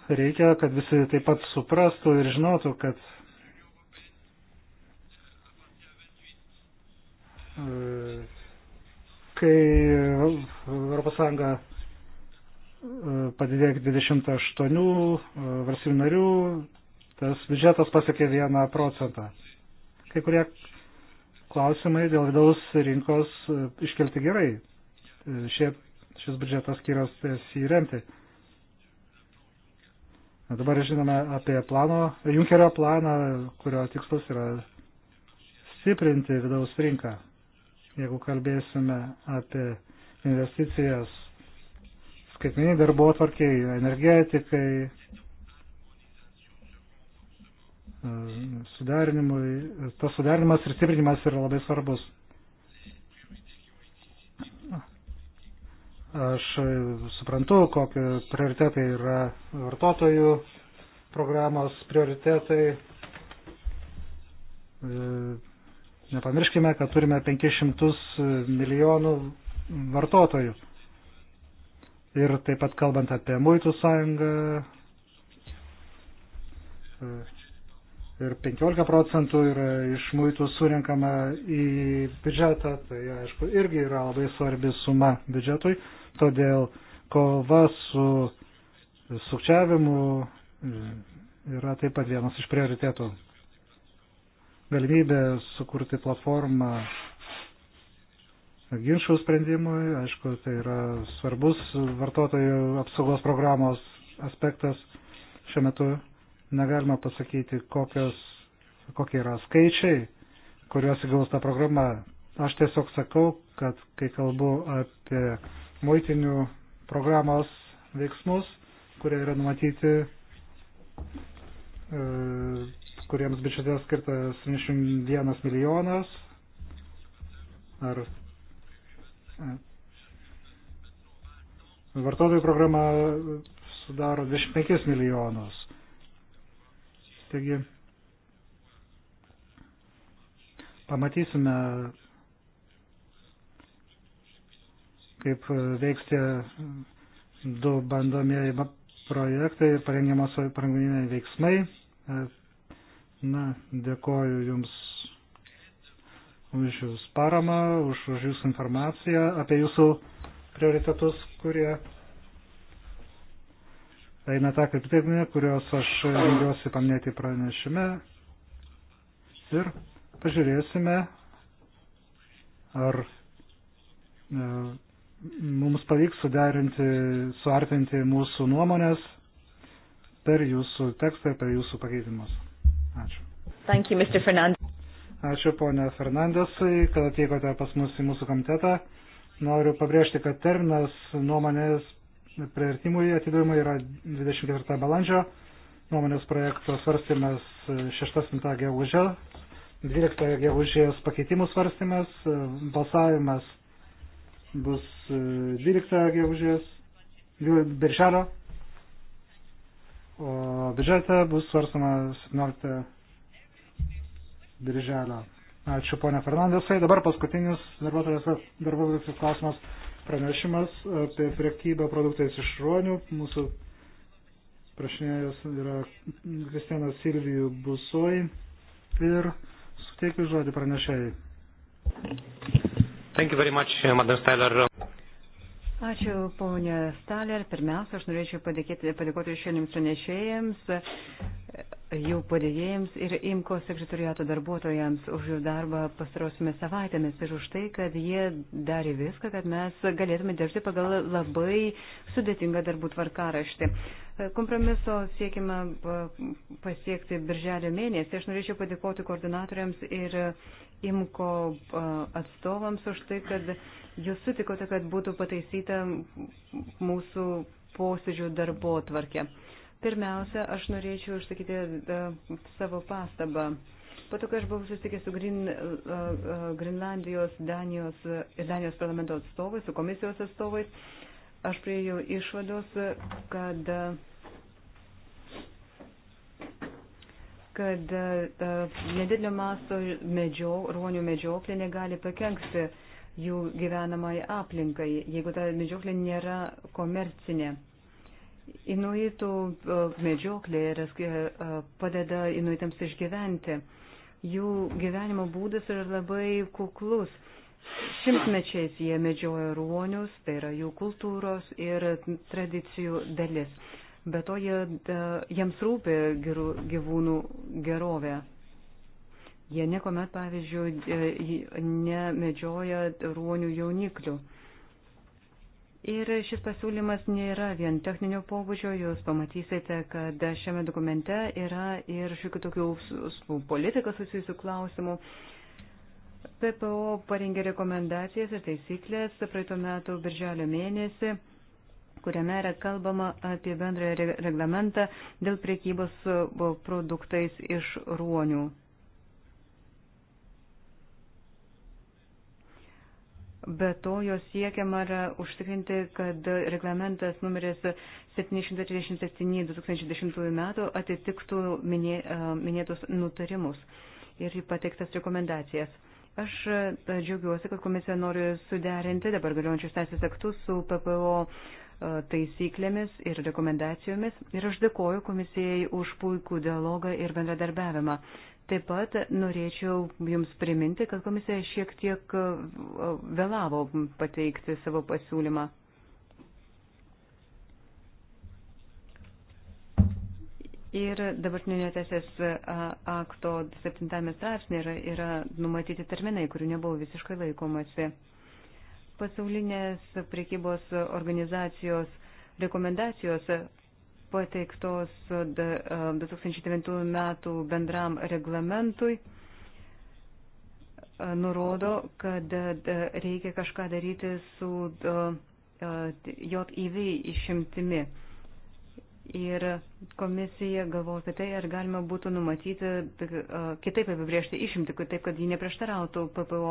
Reikia, kad visi taip pat suprastų ir žinotų, kad kai ES e, padidėjo iki 28 e, valstybių narių, tas biudžetas pasiekė 1 procentą. Kai kurie klausimai dėl vidaus rinkos e, iškelti gerai. Šie, šis biudžetas skyrios įremti. Dabar žinome apie plano, Junkerio planą, kurio tikslas yra stiprinti vidaus rinką jeigu kalbėsime apie investicijas skaitmeniai darbo atvarkiai, energetikai, sudarinimui, tas sudarinimas ir stiprinimas yra labai svarbus. Aš suprantu, kokie prioritetai yra vartotojų programos prioritetai, Nepamirškime, kad turime 500 milijonų vartotojų. Ir taip pat kalbant apie muitų sąjungą ir 15 procentų yra iš muitų surinkama į biudžetą, tai aišku irgi yra labai svarbi suma biudžetui, todėl kova su sukčiavimu yra taip pat vienas iš prioritėtų galimybė sukurti platformą ginčių sprendimui. Aišku, tai yra svarbus vartotojų apsaugos programos aspektas. Šiuo metu negalima pasakyti, kokios, kokie yra skaičiai, kuriuos įgaus ta programa. Aš tiesiog sakau, kad kai kalbu apie muitinių programos veiksmus, kurie yra numatyti e, kuriems biudžete skirtas 71 milijonas. Ar e, vartotojų programa sudaro 25 milijonus. Taigi, pamatysime, kaip veiks tie du bandomieji projektai, parengiaminiai veiksmai. E, Na, dėkoju Jums už Jūsų paramą, už, už Jūsų informaciją apie Jūsų prioritetus, kurie eina tą kryptimį, kurios aš rengiuosi paminėti pranešime. Ir pažiūrėsime, ar e, mums pavyks suderinti, suartinti mūsų nuomonės per jūsų tekstą ir per jūsų pakeitimus. Ačiū. Thank you, Mr. Fernandes. Ačiū ponė Fernandesui, kad atvykote pas mus į mūsų komitetą. Noriu pabrėžti, kad terminas nuomonės privertimui atidavimui yra 24 balandžio, nuomonės projekto svarstymas 6-7 gegužės, 12 gegužės pakeitimų svarstymas, balsavimas bus 12 gegužės, birželio O biudžete bus svarstama 17 birželio. Ačiū, ponė Fernandesai. Dabar paskutinis darbuotojas klausimas pranešimas apie prekybą produktais iš ruonių. Mūsų prašinėjas yra Kristianas Silvijų Busoj ir suteikiu žodį pranešėjai. Thank you very much, Madam Styler. Ačiū, ponė Staler. Pirmiausia, aš norėčiau padėkėti, padėkoti šiandien pranešėjams, jų padėjėjams ir IMKO sekretoriato darbuotojams už jų darbą pastarosime savaitėmis ir už tai, kad jie darė viską, kad mes galėtume dirbti pagal labai sudėtingą darbų tvarkaraštį. Kompromiso siekime pasiekti birželio mėnesį. Aš norėčiau padėkoti koordinatoriams ir imko atstovams už tai, kad jūs sutikote, kad būtų pataisyta mūsų posėdžių darbo tvarkė. Pirmiausia, aš norėčiau išsakyti savo pastabą. Po to, kai aš buvau susitikęs su Grin, uh, Grinlandijos, Danijos ir Danijos parlamento atstovais, su komisijos atstovais, aš prieėjau išvados, kad uh, kad e, e, nedidelio masto medžio, ruonių medžioklė negali pakengti jų gyvenamai aplinkai, jeigu ta medžioklė nėra komercinė. Inuitų e, medžioklė padeda inuitams išgyventi. Jų gyvenimo būdas yra labai kuklus. Šimtmečiais jie medžioja ruonius, tai yra jų kultūros ir tradicijų dalis. Be to, jie, e, jiems rūpi gerų, gyvūnų gerovė. Jie niekuomet, pavyzdžiui, e, nemedžioja ruonių jauniklių. Ir šis pasiūlymas nėra vien techninio pobūdžio, jūs pamatysite, kad šiame dokumente yra ir šiokių tokių su politika susijusių klausimų. PPO parengė rekomendacijas ir taisyklės praeito metų birželio mėnesį kuriame yra kalbama apie bendrąją reglamentą dėl priekybos e, produktais iš ruonių. Be to, jos siekiama yra užtikrinti, kad reglamentas numeris 737-2010 metų atitiktų e, minėtus nutarimus ir pateiktas rekomendacijas. Aš e, džiaugiuosi, kad komisija nori suderinti dabar galiojančius teisės aktus su PPO E, taisyklėmis ir rekomendacijomis ir aš dėkoju komisijai už puikų dialogą ir bendradarbiavimą. Taip pat norėčiau Jums priminti, kad komisija šiek tiek e, vėlavo pateikti savo pasiūlymą. Ir dabartinio teisės e, akto 7 straipsnė yra, yra numatyti terminai, kurių nebuvo visiškai laikomasi pasaulinės priekybos organizacijos rekomendacijos pateiktos 2009 metų bendram reglamentui nurodo, kad reikia kažką daryti su JIV e išimtimi. Ir komisija galvoja apie tai, ar galima būtų numatyti kitaip apibriežti išimti, taip, kad ji neprieštarautų PPO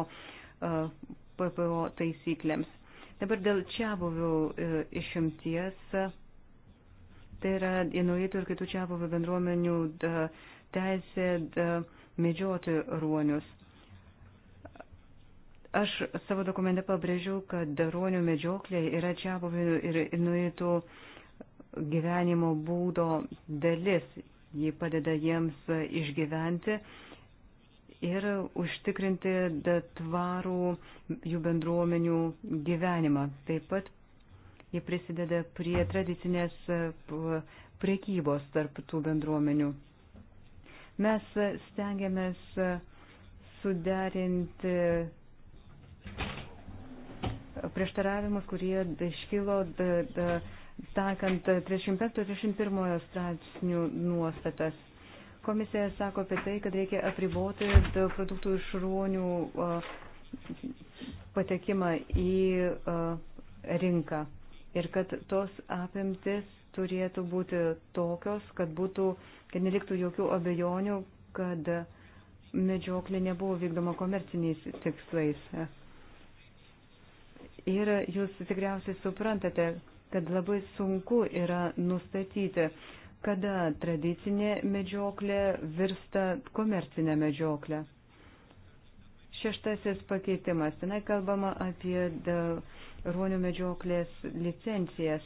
PPO taisyklėms. Dabar dėl čia buvių e, išimties, tai yra inuitų ir kitų čia buvių bendruomenių e, teisė e, medžioti ruonius. Aš savo dokumente pabrėžiau, kad ruonių medžioklė yra čia buvių ir inuitų gyvenimo būdo dalis. Ji padeda jiems išgyventi ir užtikrinti tvarų jų bendruomenių gyvenimą. Taip pat jie prisideda prie tradicinės e, priekybos tarp tų bendruomenių. Mes stengiamės e, suderinti prieštaravimus, kurie iškilo taikant 35-31 straipsnių nuostatas. Komisija sako apie tai, kad reikia apriboti produktų iš ruonių patekimą į rinką ir kad tos apimtis turėtų būti tokios, kad, būtų, kad neliktų jokių abejonių, kad medžioklė nebuvo vykdoma komerciniais tikslais. Ir jūs tikriausiai suprantate, kad labai sunku yra nustatyti, kada tradicinė medžioklė virsta komercinė medžioklė. Šeštasis pakeitimas. Tenai kalbama apie ruonių medžioklės licencijas.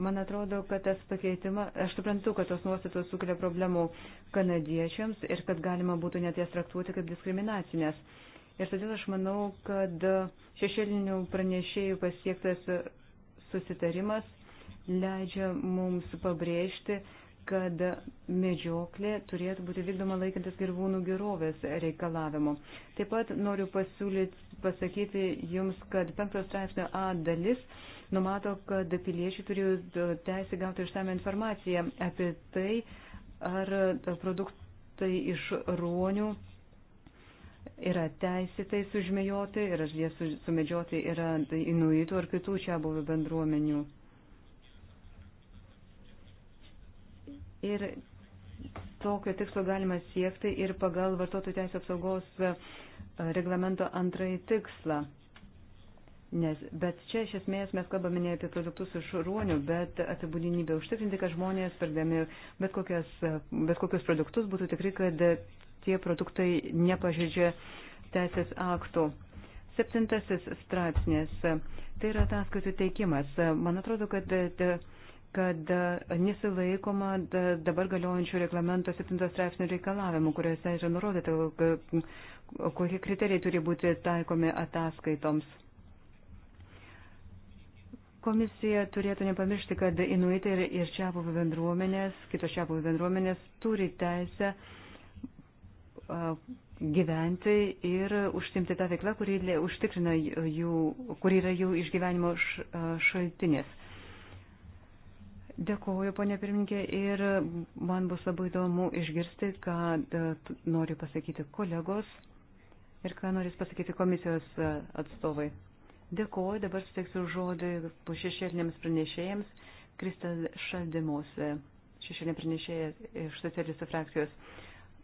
Man atrodo, kad tas pakeitimas, aš suprantu, kad tos nuostatos sukelia problemų kanadiečiams ir kad galima būtų net jas traktuoti kaip diskriminacinės. Ir todėl aš manau, kad šešėlinių pranešėjų pasiektas susitarimas leidžia mums pabrėžti, kad medžioklė turėtų būti vykdoma laikantis gyvūnų gerovės reikalavimo. Taip pat noriu pasiūlyti, pasakyti Jums, kad 5 straipsnio A dalis numato, kad piliečiai turi teisę gauti išsame informaciją apie tai, ar produktai iš ruonių yra teisėtai sužmėjoti ir ar jie sumedžioti yra inuitų ar kitų čia buvę bendruomenių. Ir tokio tikslo galima siekti ir pagal vartotojų teisų apsaugos e, reglamento antrąjį tikslą. Nes, bet čia iš esmės mes kalbame ne apie produktus iš ruonių, bet apie būdinybę užtikrinti, kad žmonės, pardami bet, kokias, e, bet kokius produktus, būtų tikri, kad tie produktai nepažeidžia teisės aktų. Septintasis straipsnės. Tai yra ataskaitų teikimas. Man atrodo, kad. De, de, kad e, nesilaikoma dabar galiojančių reglamento 7 straipsnių reikalavimų, kuriuose yra nurodyta, kokie kriterijai turi būti taikomi ataskaitoms. Komisija turėtų nepamiršti, kad inuitai ir čia buvę bendruomenės, kitos čia buvę bendruomenės turi teisę gyventi ir užsimti tą veiklą, kuri, užtikrina jų, kuri yra jų išgyvenimo šaltinis. Dėkuoju, ponė pirmininkė, ir man bus labai įdomu išgirsti, ką e, nori pasakyti kolegos ir ką norės pasakyti komisijos e, atstovai. Dėkuoju, dabar suteiksiu žodį šešėlinėms pranešėjams. Krista Šaldimose, šešėlinė pranešėja iš socialistų frakcijos.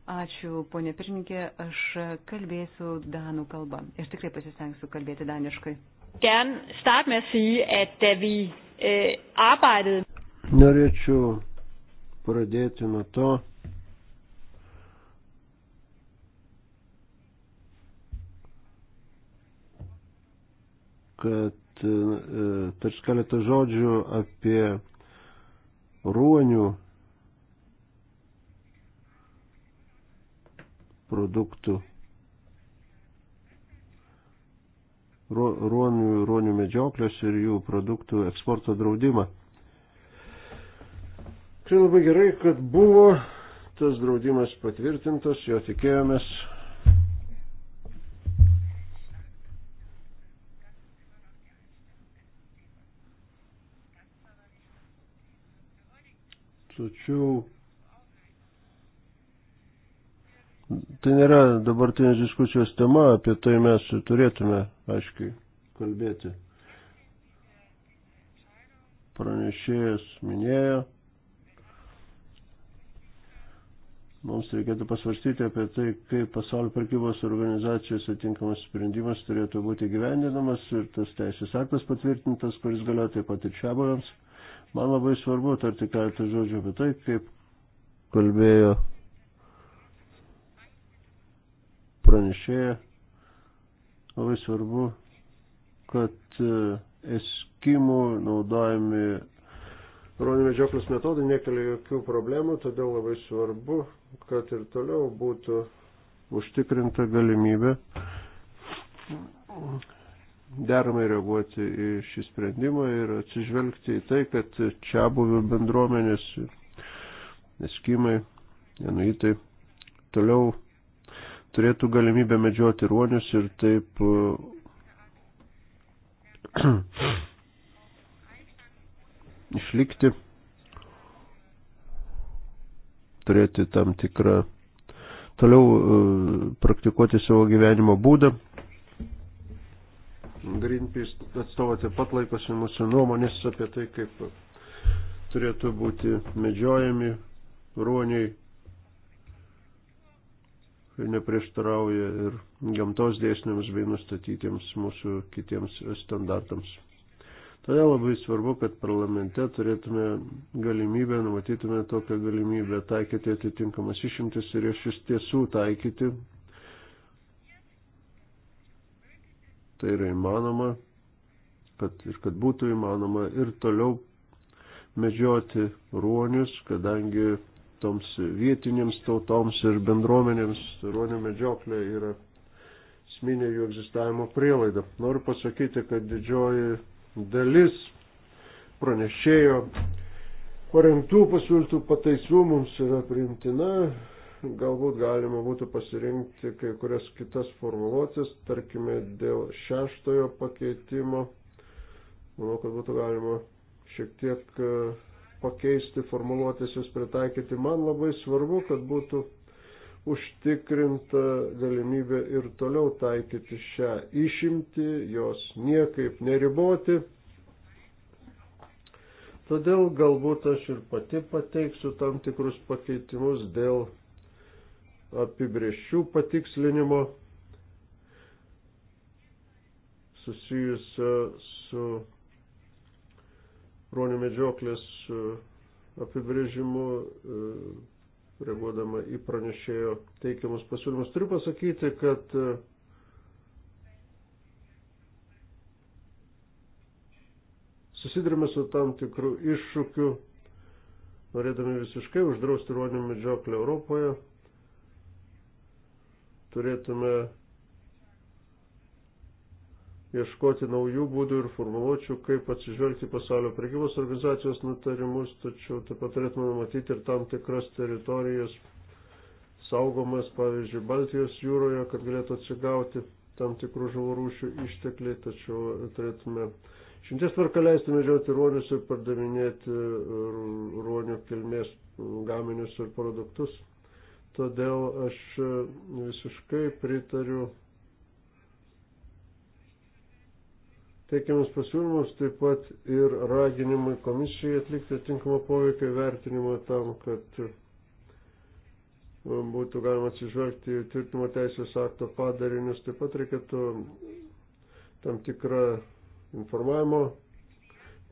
Ačiū, ponė pirmininkė, aš kalbėsiu danų kalbą ir tikrai pasistengsiu kalbėti daniškai. Gerne starte med at sige, at da vi øh, arbejdede Norėčiau pradėti nuo to, kad e, tarsi keletą žodžių apie ruonių produktų, ruonių, ruonių medžioklės ir jų produktų eksporto draudimą. Tai labai gerai, kad buvo tas draudimas patvirtintas, jo tikėjomės. Tačiau tai nėra dabartinės diskusijos tema, apie tai mes turėtume, aiškiai, kalbėti. Pranešėjas minėjo Mums reikėtų pasvarstyti apie tai, kaip pasaulio prekybos organizacijos atinkamas sprendimas turėtų būti gyvendinamas ir tas teisės aktas patvirtintas, kuris galioja taip pat ir čiaboviams. Man labai svarbu tarti keletą žodžių apie tai, kaip kalbėjo pranešėja. Labai svarbu, kad e, eskimų naudojami Nurodomi medžioklės metodai nekelia jokių problemų, todėl labai svarbu, kad ir toliau būtų užtikrinta galimybė deramai reaguoti į šį sprendimą ir atsižvelgti į tai, kad čia buvių bendruomenės, eskimai, jenuitai toliau turėtų galimybę medžioti ruonius ir taip išlikti, turėti tam tikrą, toliau e, praktikuoti savo gyvenimo būdą. Greenpeace atstovai taip pat laikosi mūsų nuomonės apie tai, kaip turėtų būti medžiojami ruoniai, kai neprieštarauja ir gamtos dėsniams bei nustatytiems mūsų kitiems standartams. Todėl labai svarbu, kad parlamente turėtume galimybę, numatytume tokią galimybę taikyti atitinkamas išimtis ir iš iš tiesų taikyti. Tai yra įmanoma, kad ir kad būtų įmanoma ir toliau medžioti ruonius, kadangi toms vietinėms tautoms ir bendruomenėms ruonių medžioklė yra sminė jų egzistavimo prielaida. Noriu pasakyti, kad didžioji dalis pranešėjo parengtų pasiūlytų pataisų mums yra priimtina, galbūt galima būtų pasirinkti kai kurias kitas formuluotės, tarkime, dėl šeštojo pakeitimo. Manau, kad būtų galima šiek tiek e, pakeisti formuluotės, jas pritaikyti. Man labai svarbu, kad būtų užtikrinta galimybė ir toliau taikyti šią išimtį, jos niekaip neriboti. Todėl galbūt aš ir pati pateiksiu tam tikrus pakeitimus dėl apibrėžčių patikslinimo susijusio su ruonių medžioklės apibrėžimu reaguodama į pranešėjo teikiamus pasiūlymus. Turiu pasakyti, kad e, susidurime su tam tikrų iššūkių, norėdami visiškai uždrausti ruonių medžioklę Europoje. Turėtume ieškoti naujų būdų ir formuluočių, kaip atsižvelgti pasaulio prekybos organizacijos nutarimus, tačiau taip pat turėtume matyti ir tam tikras teritorijas saugomas, pavyzdžiui, Baltijos jūroje, kad galėtų atsigauti tam tikrų žuvų rūšių ištekliai, tačiau turėtume šimties tvarka leisti medžioti ruonius ir pardavinėti ruonių kilmės gaminius ir produktus. Todėl aš visiškai pritariu teikiamus pasiūlymus, taip pat ir raginimui komisijai atlikti tinkamą poveikio vertinimą tam, kad um, būtų galima atsižvelgti į tvirtimo teisės akto padarinius. Taip pat reikėtų tam tikrą informavimo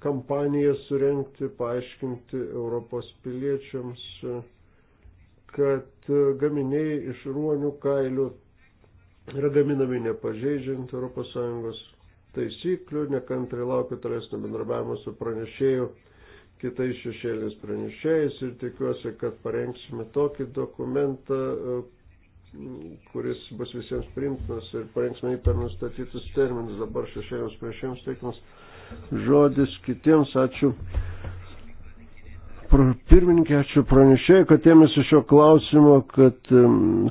kampaniją surenkti, paaiškinti Europos piliečiams, kad gaminiai iš ruonių kailių yra gaminami nepažeidžiant ES taisyklių, nekantri laukiu tolesnio bendravimo su pranešėju, kitais šešėlės pranešėjais ir tikiuosi, kad parengsime tokį dokumentą, e, kuris bus visiems primtinas ir parengsime jį per nustatytus terminus. Dabar šešėlėms priešėms teikimas žodis kitiems. Ačiū. Pirmininkė, ačiū pranešėjai, kad ėmėsi šio klausimo, kad, e,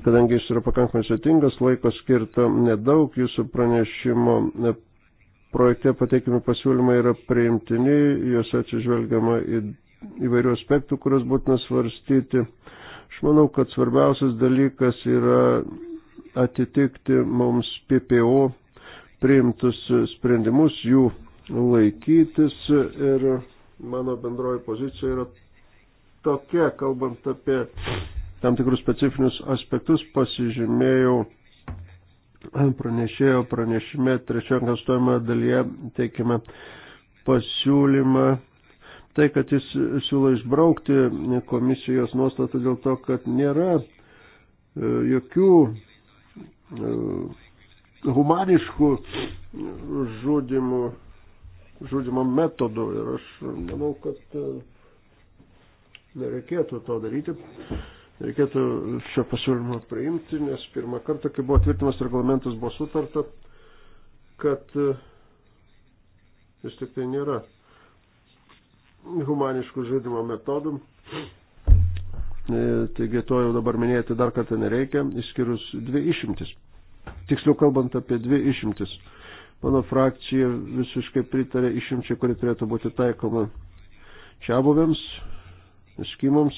kadangi jis yra pakankamai sėtingas, laiko skirta nedaug, jūsų pranešimo projekte pateikimi pasiūlymai yra priimtini, juose atsižvelgiama į įvairių aspektų, kuriuos būtina svarstyti. Aš manau, kad svarbiausias dalykas yra atitikti mums PPO priimtus sprendimus, jų laikytis ir mano bendroji pozicija yra tokia, kalbant apie tam tikrus specifinius aspektus, pasižymėjau pranešėjo pranešime trečioje konstatuojamoje dalyje teikiame pasiūlymą. Tai, kad jis siūlo išbraukti komisijos nuostatą dėl to, kad nėra e, jokių e, humaniškų žudimų, žudimo metodų ir aš manau, kad e, nereikėtų to daryti reikėtų šio pasiūlymo priimti, nes pirmą kartą, kai buvo tvirtimas reglamentas, buvo sutarta, kad e, vis tik tai nėra humaniškų žaidimo metodų. E, taigi to jau dabar minėti dar kartą nereikia, išskyrus dvi išimtis. Tiksliau kalbant apie dvi išimtis. Mano frakcija visiškai pritarė išimčiai, kuri turėtų būti taikoma čiabuvėms, eskimams,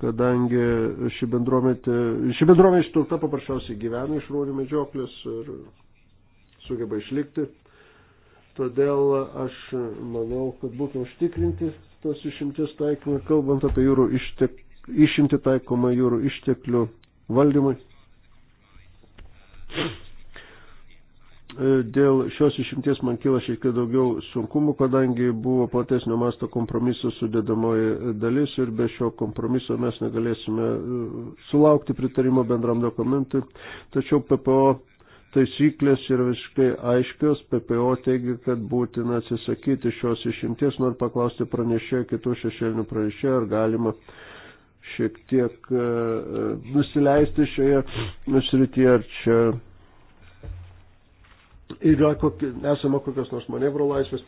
kadangi ši bendruomenė, ši bendruomenė išturta paprasčiausiai gyvena iš ruonių medžioklės ir sugeba išlikti. Todėl aš manau, kad būtų užtikrinti tos išimties taikymą, kalbant apie jūrų ištek, išimti taikomą jūrų išteklių valdymui. E, dėl šios išimties man kyla šiek tiek daugiau sunkumų, kadangi buvo platesnio masto kompromiso sudėdamoji dalis ir be šio kompromiso mes negalėsime e, sulaukti pritarimo bendram dokumentui. Tačiau PPO taisyklės yra visiškai aiškios. PPO teigia, kad būtina atsisakyti šios išimties. Noriu paklausti pranešėjo kitų šešėlinių pranešėjų, ar galima šiek tiek e, nusileisti šioje srityje, ar čia yra kokie, esama kokios nors manevro laisvės.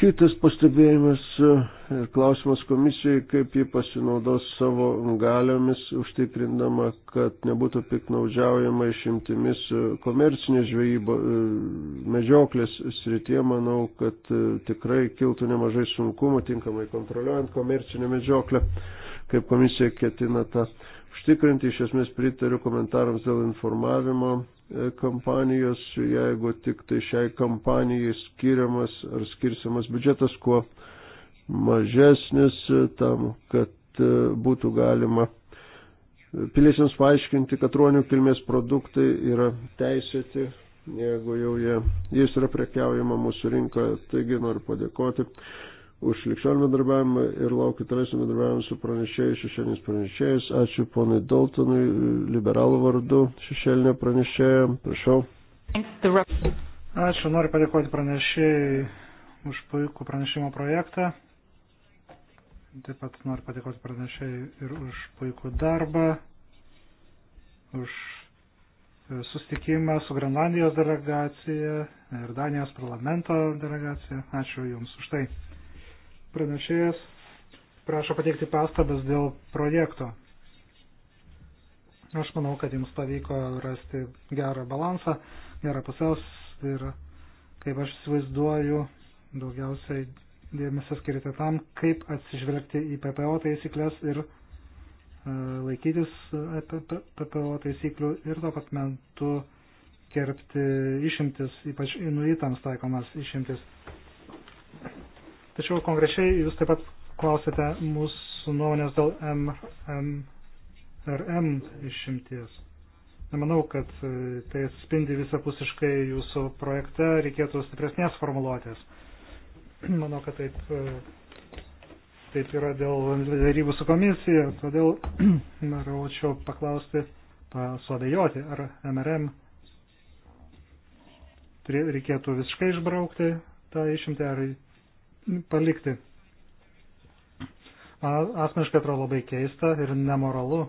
Kitas pastebėjimas ir e, klausimas komisijai, kaip ji pasinaudos savo galiomis, užtikrindama, kad nebūtų piknaudžiaujama išimtimis e, komercinės žvejybo e, medžioklės srityje. Manau, kad tikrai kiltų nemažai sunkumų tinkamai kontroliuojant komercinę medžioklę, kaip komisija ketina tą užtikrinti. Iš esmės pritariu komentarams dėl informavimo E, kampanijos, jeigu tik tai šiai kampanijai skiriamas ar skirsiamas biudžetas kuo mažesnis e, tam, kad e, būtų galima piliečiams paaiškinti, kad ruonių kilmės produktai yra teisėti, jeigu jau jie, jais yra prekiaujama mūsų rinkoje. Taigi noriu padėkoti už likščionį bendarbiavimą ir laukiu tolesnį bendarbiavimą su pranešėjais, šešėliniais pranešėjais. Ačiū ponui Daltonui, liberalų vardu, šešėlinė pranešėja. Prašau. Ačiū, noriu padėkoti pranešėjai už puikų pranešimo projektą. Taip pat noriu padėkoti pranešėjai ir už puikų darbą, už e, sustikimą su Grenlandijos delegacija ir Danijos parlamento delegacija. Ačiū Jums už tai. Pranešėjas prašo pateikti pastabas dėl projekto. Aš manau, kad jums pavyko rasti gerą balansą, gerą pusiausvyrą. Kaip aš įsivaizduoju, daugiausiai dėmesio skirite tam, kaip atsižvelgti į PPO taisyklės ir e, laikytis e, PPO taisyklių ir tuo pat metu kerpti išimtis, ypač inuitams taikomas išimtis. Tačiau konkrečiai jūs taip pat klausėte mūsų nuomonės dėl MMRM išimties. Nemanau, kad e, tai spindi visapusiškai jūsų projekte, reikėtų stipresnės formuluotės. (clears throat) Manau, kad taip, e, taip yra dėl darybų su komisija, todėl (clears throat) norėčiau paklausti, suabejoti, ar MRM reikėtų visiškai išbraukti tą išimtį, ar palikti. Man asmeniškai atrodo labai keista ir nemoralu,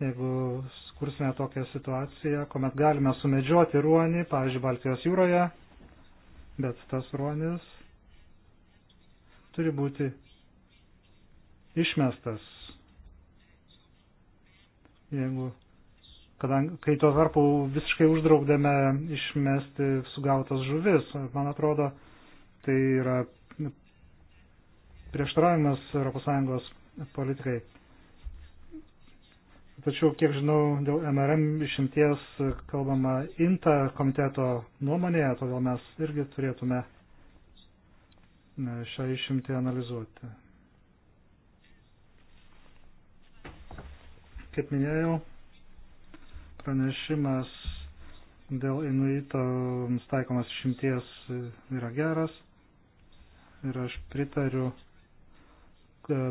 jeigu kursime tokią situaciją, kuomet galime sumedžioti ruonį, pavyzdžiui, Baltijos jūroje, bet tas ruonis turi būti išmestas. Jeigu kadangi kai tuo tarpu visiškai uždraudėme išmesti sugautas žuvis. Man atrodo, tai yra prieštaravimas ES politikai. Tačiau, kiek žinau, dėl MRM išimties kalbama INTA komiteto nuomonėje, todėl mes irgi turėtume šią išimtį analizuoti. Kaip minėjau, pranešimas dėl inuitams taikomas išimties yra geras ir aš pritariu e,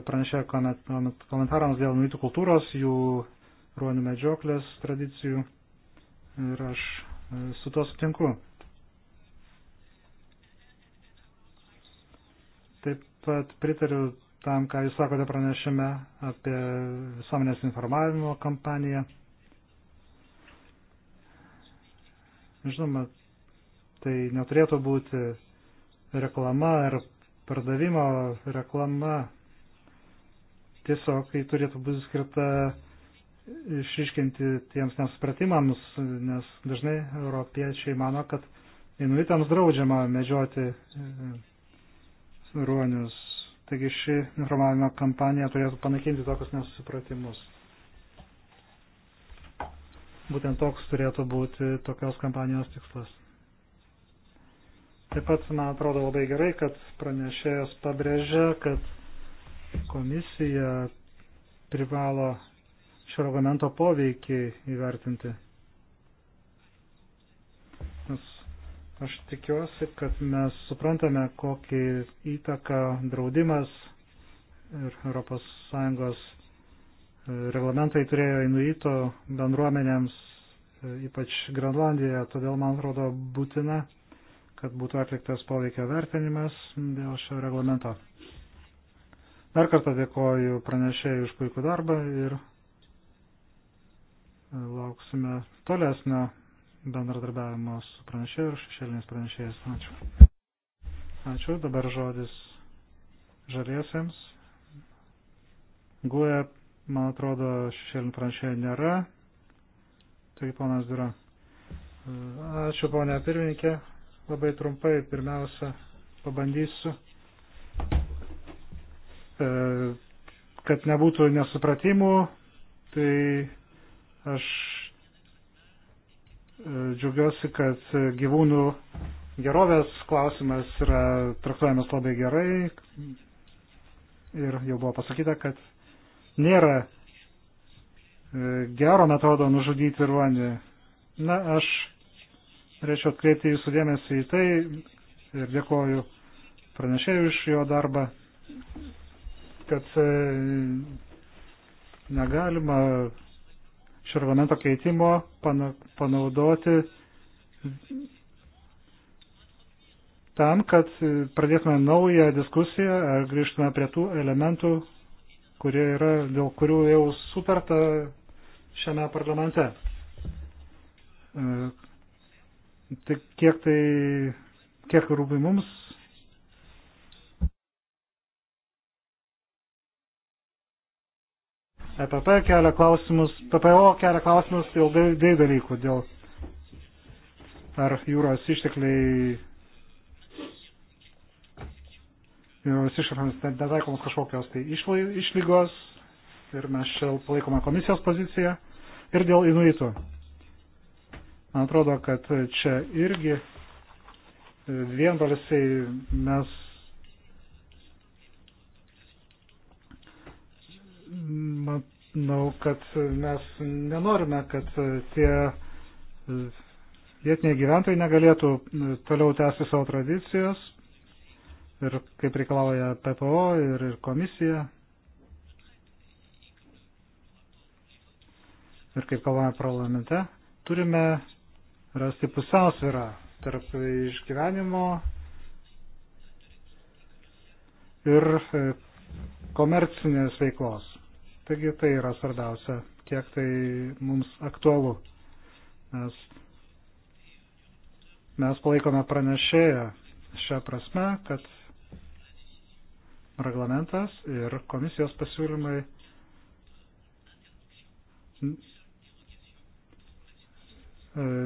pranešė komentarams dėl inuitų kultūros, jų ruonių medžioklės tradicijų ir aš e, su to sutinku. Taip pat pritariu tam, ką jūs sakote pranešime apie visuomenės informavimo kampaniją. Žinoma, tai neturėtų būti reklama ar pardavimo reklama. Tiesiog, kai turėtų būti skirta išriškinti tiems nesupratimams, nes dažnai europiečiai mano, kad inuitams draudžiama medžioti e, ruonius. Taigi ši informavimo kampanija turėtų panaikinti tokius nesusipratimus. Būtent toks turėtų būti tokios kampanijos tikslas. Taip pat, man atrodo, labai gerai, kad pranešėjas pabrėžia, kad komisija privalo šio argumento poveikį įvertinti. Nes aš tikiuosi, kad mes suprantame, kokį įtaką draudimas ir ES reglamentai turėjo inuito bendruomenėms, e, ypač Grenlandijoje, todėl man atrodo būtina, kad būtų atliktas poveikio vertinimas dėl šio reglamento. Dar kartą dėkoju pranešėjai už puikų darbą ir e, lauksime tolesnio bendradarbiavimo su pranešėju ir šešėlinės pranešėjas. Ačiū. Ačiū. Dabar žodis žaliesiems. Guoja Man atrodo, šiandien pranešėjų nėra. Taigi, ponas Dura. Ačiū, ponė pirmininkė. Labai trumpai, pirmiausia, pabandysiu, e, kad nebūtų nesupratimų. Tai aš e, džiaugiuosi, kad gyvūnų gerovės klausimas yra traktuojamas labai gerai. Ir jau buvo pasakyta, kad nėra e, gero metodo nužudyti ruonį. Na, aš norėčiau atkreipti jūsų dėmesį į tai ir dėkoju pranešėjui iš jo darbą, kad e, negalima šio reglamento keitimo panaudoti tam, kad e, pradėtume naują diskusiją ar grįžtume prie tų elementų, kurie yra, dėl kurių jau sutarta šiame parlamente. E, Tik kiek tai, kiek rūpi mums. EPP kelia klausimus, PPO kelia klausimus dėl dviejų dalykų, dėl ar jūros ištekliai jos išrams netaikomos kažkokios tai išlygos ir mes čia palaikome komisijos poziciją ir dėl inuitų. Man atrodo, kad čia irgi vienbalsiai mes manau, kad mes nenorime, kad tie vietiniai gyventojai negalėtų toliau tęsti savo tradicijos, ir kaip reikalauja PPO ir, ir komisija. Ir kaip kalbame parlamente, turime rasti pusiausvyrą tarp išgyvenimo ir e, komercinės veiklos. Taigi tai yra svarbiausia, kiek tai mums aktualu. Nes mes palaikome pranešėją šią prasme, kad reglamentas ir komisijos pasiūlymai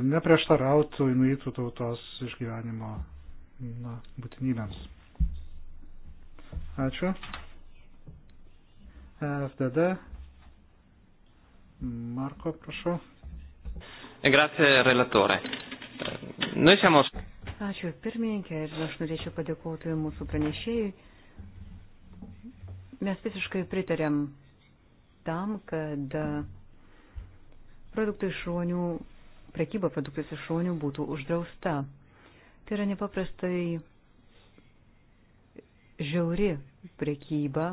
neprieštarautų inuitų tautos išgyvenimo na, būtinybėms. Ačiū. FDD. Marko, prašau. Grazie, relatore. Noi siamo... Ačiū pirmininkė ir aš norėčiau padėkoti mūsų pranešėjai Mes visiškai pritarėm tam, kad produktų iš šonių, prekyba produktus iš šonių būtų uždrausta. Tai yra nepaprastai žiauri prekyba.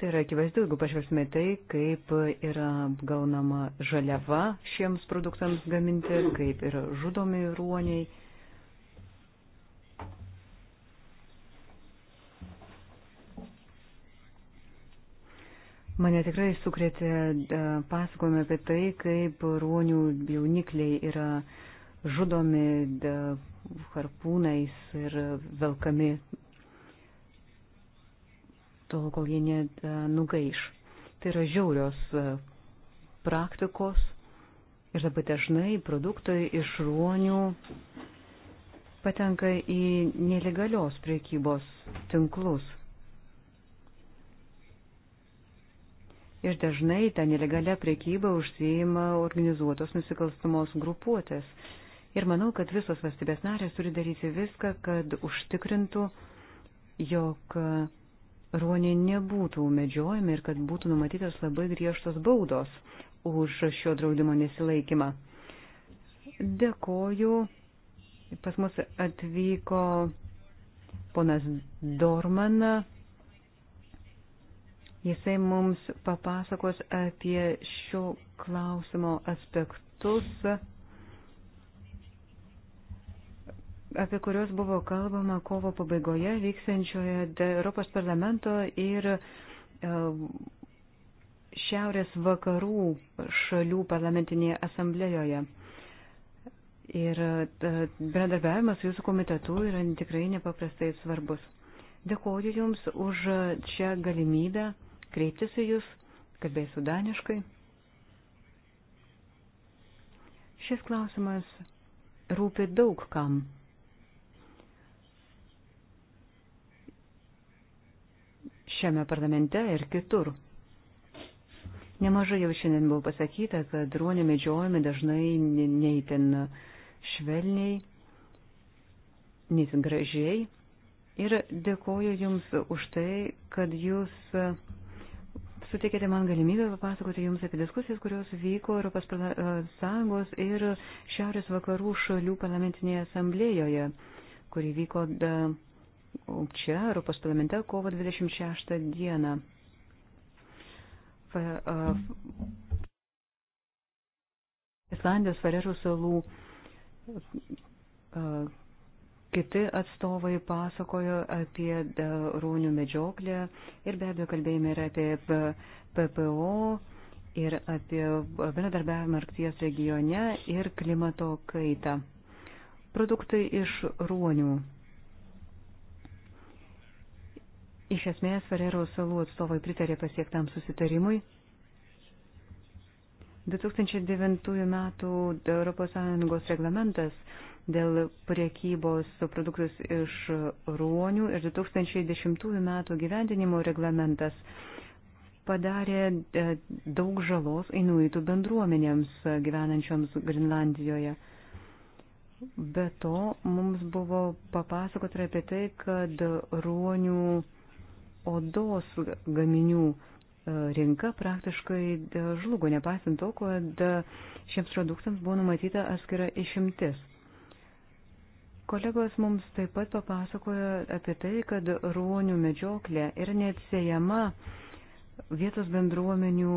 Tai yra akivaizdu, jeigu pažvelgsime tai, kaip yra gaunama žaliava šiems produktams gaminti, kaip yra žudomi ruoniai Mane tikrai sukrėtė e, pasakojimai apie tai, kaip ruonių jaunikliai yra žudomi e, harpūnais ir velkami tol, kol jie nenugaiš. E, tai yra žiaurios praktikos ir labai dažnai produktai iš ruonių patenka į nelegalios priekybos tinklus. ir dažnai tą nelegalę priekybą užsieima organizuotos nusikalstamos grupuotės. Ir manau, kad visos valstybės narės turi daryti viską, kad užtikrintų, jog ruoniai nebūtų medžiojami ir kad būtų numatytas labai griežtos baudos už šio draudimo nesilaikymą. Dėkoju. Pas mus atvyko ponas Dorman, Jisai mums papasakos apie šio klausimo aspektus, apie kurios buvo kalbama kovo pabaigoje vyksiančioje Europos parlamento ir e, Šiaurės vakarų šalių parlamentinėje asamblėjoje. Ir e, bendradarbiavimas su jūsų komitetu yra tikrai nepaprastai svarbus. Dėkoju Jums už šią galimybę kreiptis į Jūs, kalbėsiu daniškai. Šis klausimas rūpi daug kam. Šiame parlamente ir kitur. Nemažai jau šiandien buvo pasakyta, kad ruonį medžiojami dažnai neįtin švelniai, neįtin gražiai. Ir dėkoju Jums už tai, kad Jūs suteikėte man galimybę papasakoti Jums apie diskusijas, kurios vyko Europos e, Sąjungos ir Šiaurės vakarų šalių parlamentinėje asamblėjoje, kuri vyko da, e, čia, Europos parlamente, kovo 26 dieną. E, Islandijos Farerų salų Kiti atstovai pasakojo apie e, rūnių medžioklę ir be abejo kalbėjome ir apie PPO ir apie bendradarbiavimą Arkties regione ir klimato kaitą. Produktai iš ruonių. Iš esmės, Ferrero salų atstovai pritarė pasiektam susitarimui. 2009 m. ES reglamentas dėl priekybos produktus iš ruonių ir 2010 metų gyvendinimo reglamentas padarė e, daug žalos inuitų bendruomenėms gyvenančioms Grenlandijoje. Be to, mums buvo papasakota apie tai, kad ruonių odos gaminių e, rinka praktiškai e, žlugo, nepaisant to, kad šiems produktams buvo numatyta atskira išimtis. Kolegos mums taip pat papasakojo apie tai, kad ruonių medžioklė yra neatsiejama vietos bendruomenių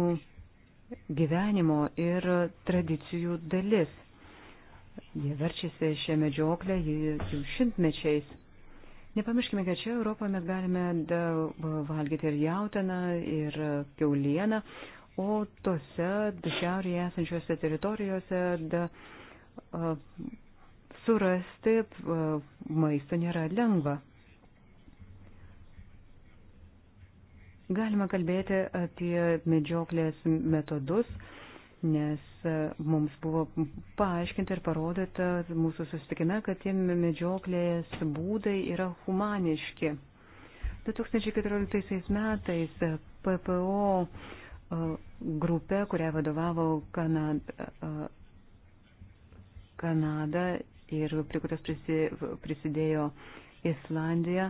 gyvenimo ir tradicijų dalis. Jie verčiasi šią medžioklę jau šimtmečiais. Nepamirškime, kad čia Europoje mes galime valgyti ir jautieną, ir keulieną, o tose šiaurėje esančiose teritorijose da, surasti maisto nėra lengva. Galima kalbėti apie medžioklės metodus, nes e, mums buvo paaiškinta ir parodyta mūsų susitikime, kad tie medžioklės būdai yra humaniški. 2014 metais e, PPO e, grupė, kurią vadovavo Kanada, Kanada ir prie kurios prisidėjo Islandija,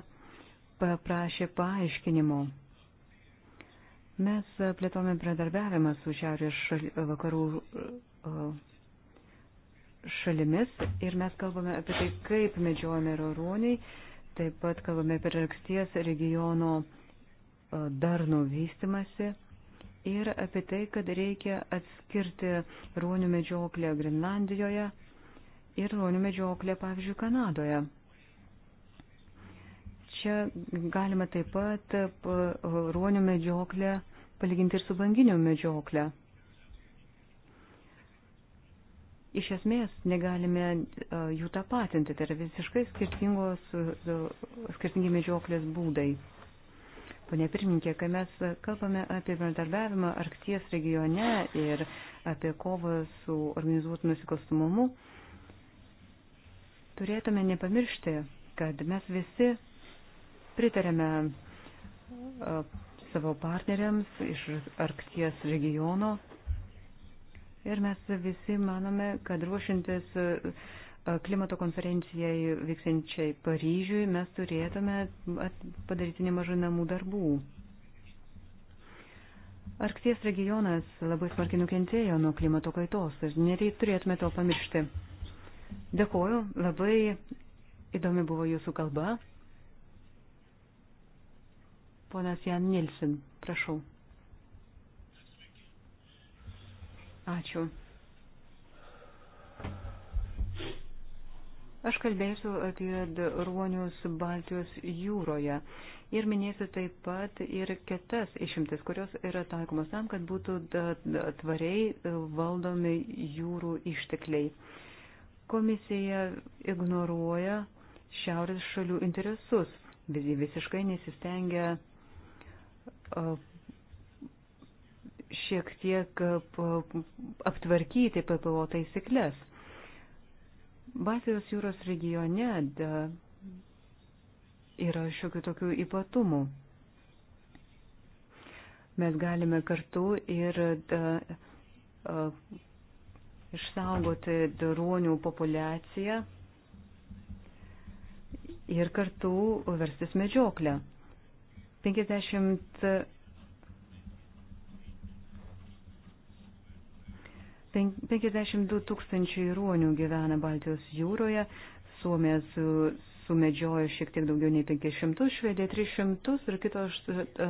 paprašė paaiškinimų. Mes plėtome bendradarbiavimą su šiaurės šali, vakarų šalimis ir mes kalbame apie tai, kaip medžiojame rorūnai, taip pat kalbame apie rakties regiono darnų vystimasi ir apie tai, kad reikia atskirti ruonių medžioklę Grenlandijoje ir ruonių medžioklė, pavyzdžiui, Kanadoje. Čia galima taip pat ruonių medžioklę palyginti ir su banginių medžioklė. Iš esmės negalime jų tapatinti, tai yra visiškai skirtingi medžioklės būdai. Pone pirmininkė, kai mes kalbame apie bendradarbiavimą Arkties regione ir apie kovą su organizuotų nusikalstumumu, turėtume nepamiršti, kad mes visi pritarėme savo partneriams iš Arkties regiono ir mes visi manome, kad ruošintis klimato konferencijai vyksančiai Paryžiui mes turėtume padaryti nemažai namų darbų. Arkties regionas labai smarkiai nukentėjo nuo klimato kaitos ir nereik turėtume to pamiršti. Dėkuoju, labai įdomi buvo jūsų kalba. Ponas Jan Nilsin, prašau. Ačiū. Aš kalbėsiu apie ruonius Baltijos jūroje ir minėsiu taip pat ir kitas išimtis, kurios yra taikomas tam, kad būtų tvariai valdomi jūrų ištekliai. Komisija ignoruoja šiaurės šalių interesus, vis, visiškai nesistengia šiek tiek aptvarkyti PPO taisyklės. Baltijos jūros regione yra šiokių tokių ypatumų. Mes galime kartu ir da, išsaugoti ruonių populiaciją ir kartu verstis medžioklę. 50 52 tūkstančiai ruonių gyvena Baltijos jūroje, Suomija su, sumedžiojo šiek tiek daugiau nei 500, Švedija 300 ir kitos e,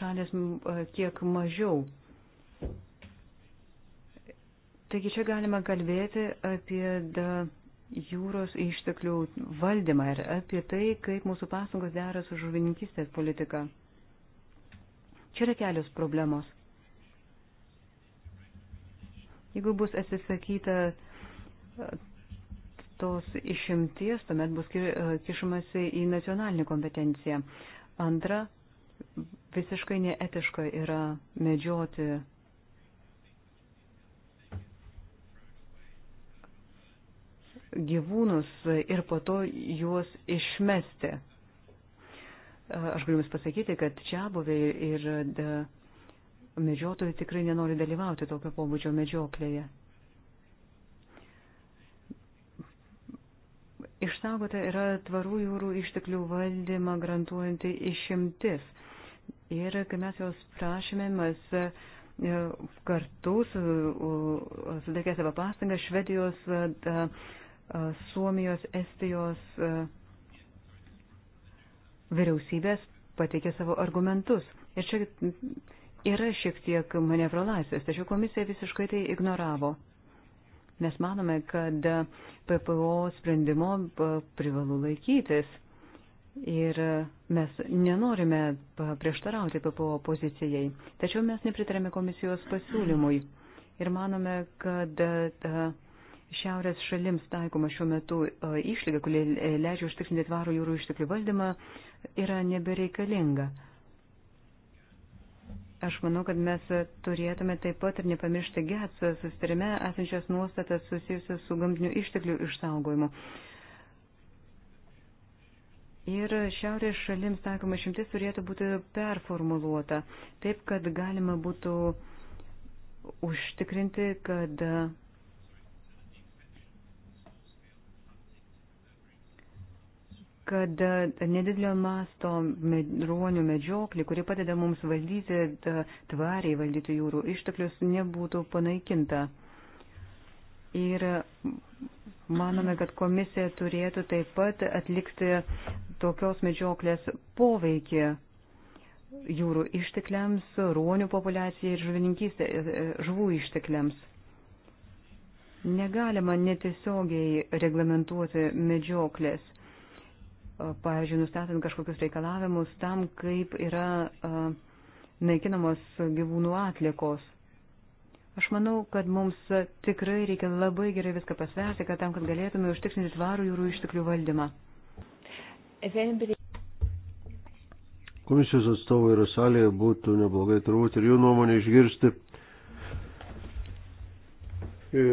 šalės e, kiek mažiau. Taigi čia galima kalbėti apie jūros išteklių valdymą ir apie tai, kaip mūsų pasangos dera su žuvininkistės politika. Čia yra kelios problemos. Jeigu bus atsisakyta tos išimties, tuomet bus kišamasi į nacionalinį kompetenciją. Antra, visiškai neetiška yra medžioti gyvūnus ir po to juos išmesti. Aš galiu Jums pasakyti, kad čia buviai ir medžiotojai tikrai nenori dalyvauti tokio pobūdžio medžioklėje. Išsaugota yra tvarų jūrų išteklių valdymą garantuojanti išimtis. Ir kai mes jos prašėme, mes e, kartu sudėkė savo pastangą Švedijos e, Suomijos, Estijos vyriausybės pateikė savo argumentus. Ir čia yra šiek tiek manevro laisvės, tačiau komisija visiškai tai ignoravo. Mes manome, kad PPO sprendimo privalu laikytis. Ir mes nenorime prieštarauti PPO pozicijai, tačiau mes nepritarėme komisijos pasiūlymui. Ir manome, kad šiaurės šalims taikoma šiuo metu e, išlyga, kuri leidžia užtikrinti tvarų jūrų išteklių valdymą, yra nebereikalinga. Aš manau, kad mes turėtume taip pat ir nepamiršti GETS susitarime esančias nuostatas susijusias su gamtinių išteklių išsaugojimu. Ir šiaurės šalims taikoma šimtis turėtų būti performuluota, taip kad galima būtų užtikrinti, kad kad e, nedidelio masto ruonių medžioklė, kuri padeda mums valdyti, e, tvariai valdyti jūrų išteklius, nebūtų panaikinta. Ir manome, kad komisija turėtų taip pat atlikti tokios medžioklės poveikį jūrų ištekliams, ruonių populiacijai ir žuvininkystė, e, žuvų ištekliams. Negalima netiesiogiai reglamentuoti medžioklės pavyzdžiui, nustatant kažkokius reikalavimus tam, kaip yra naikinamos gyvūnų atlikos. Aš manau, kad mums tikrai reikia labai gerai viską pasverti, kad tam, kad galėtume užtikrinti tvarų jūrų išteklių valdymą. Komisijos atstovai yra salėje, būtų neblogai turbūt ir jų nuomonę išgirsti. E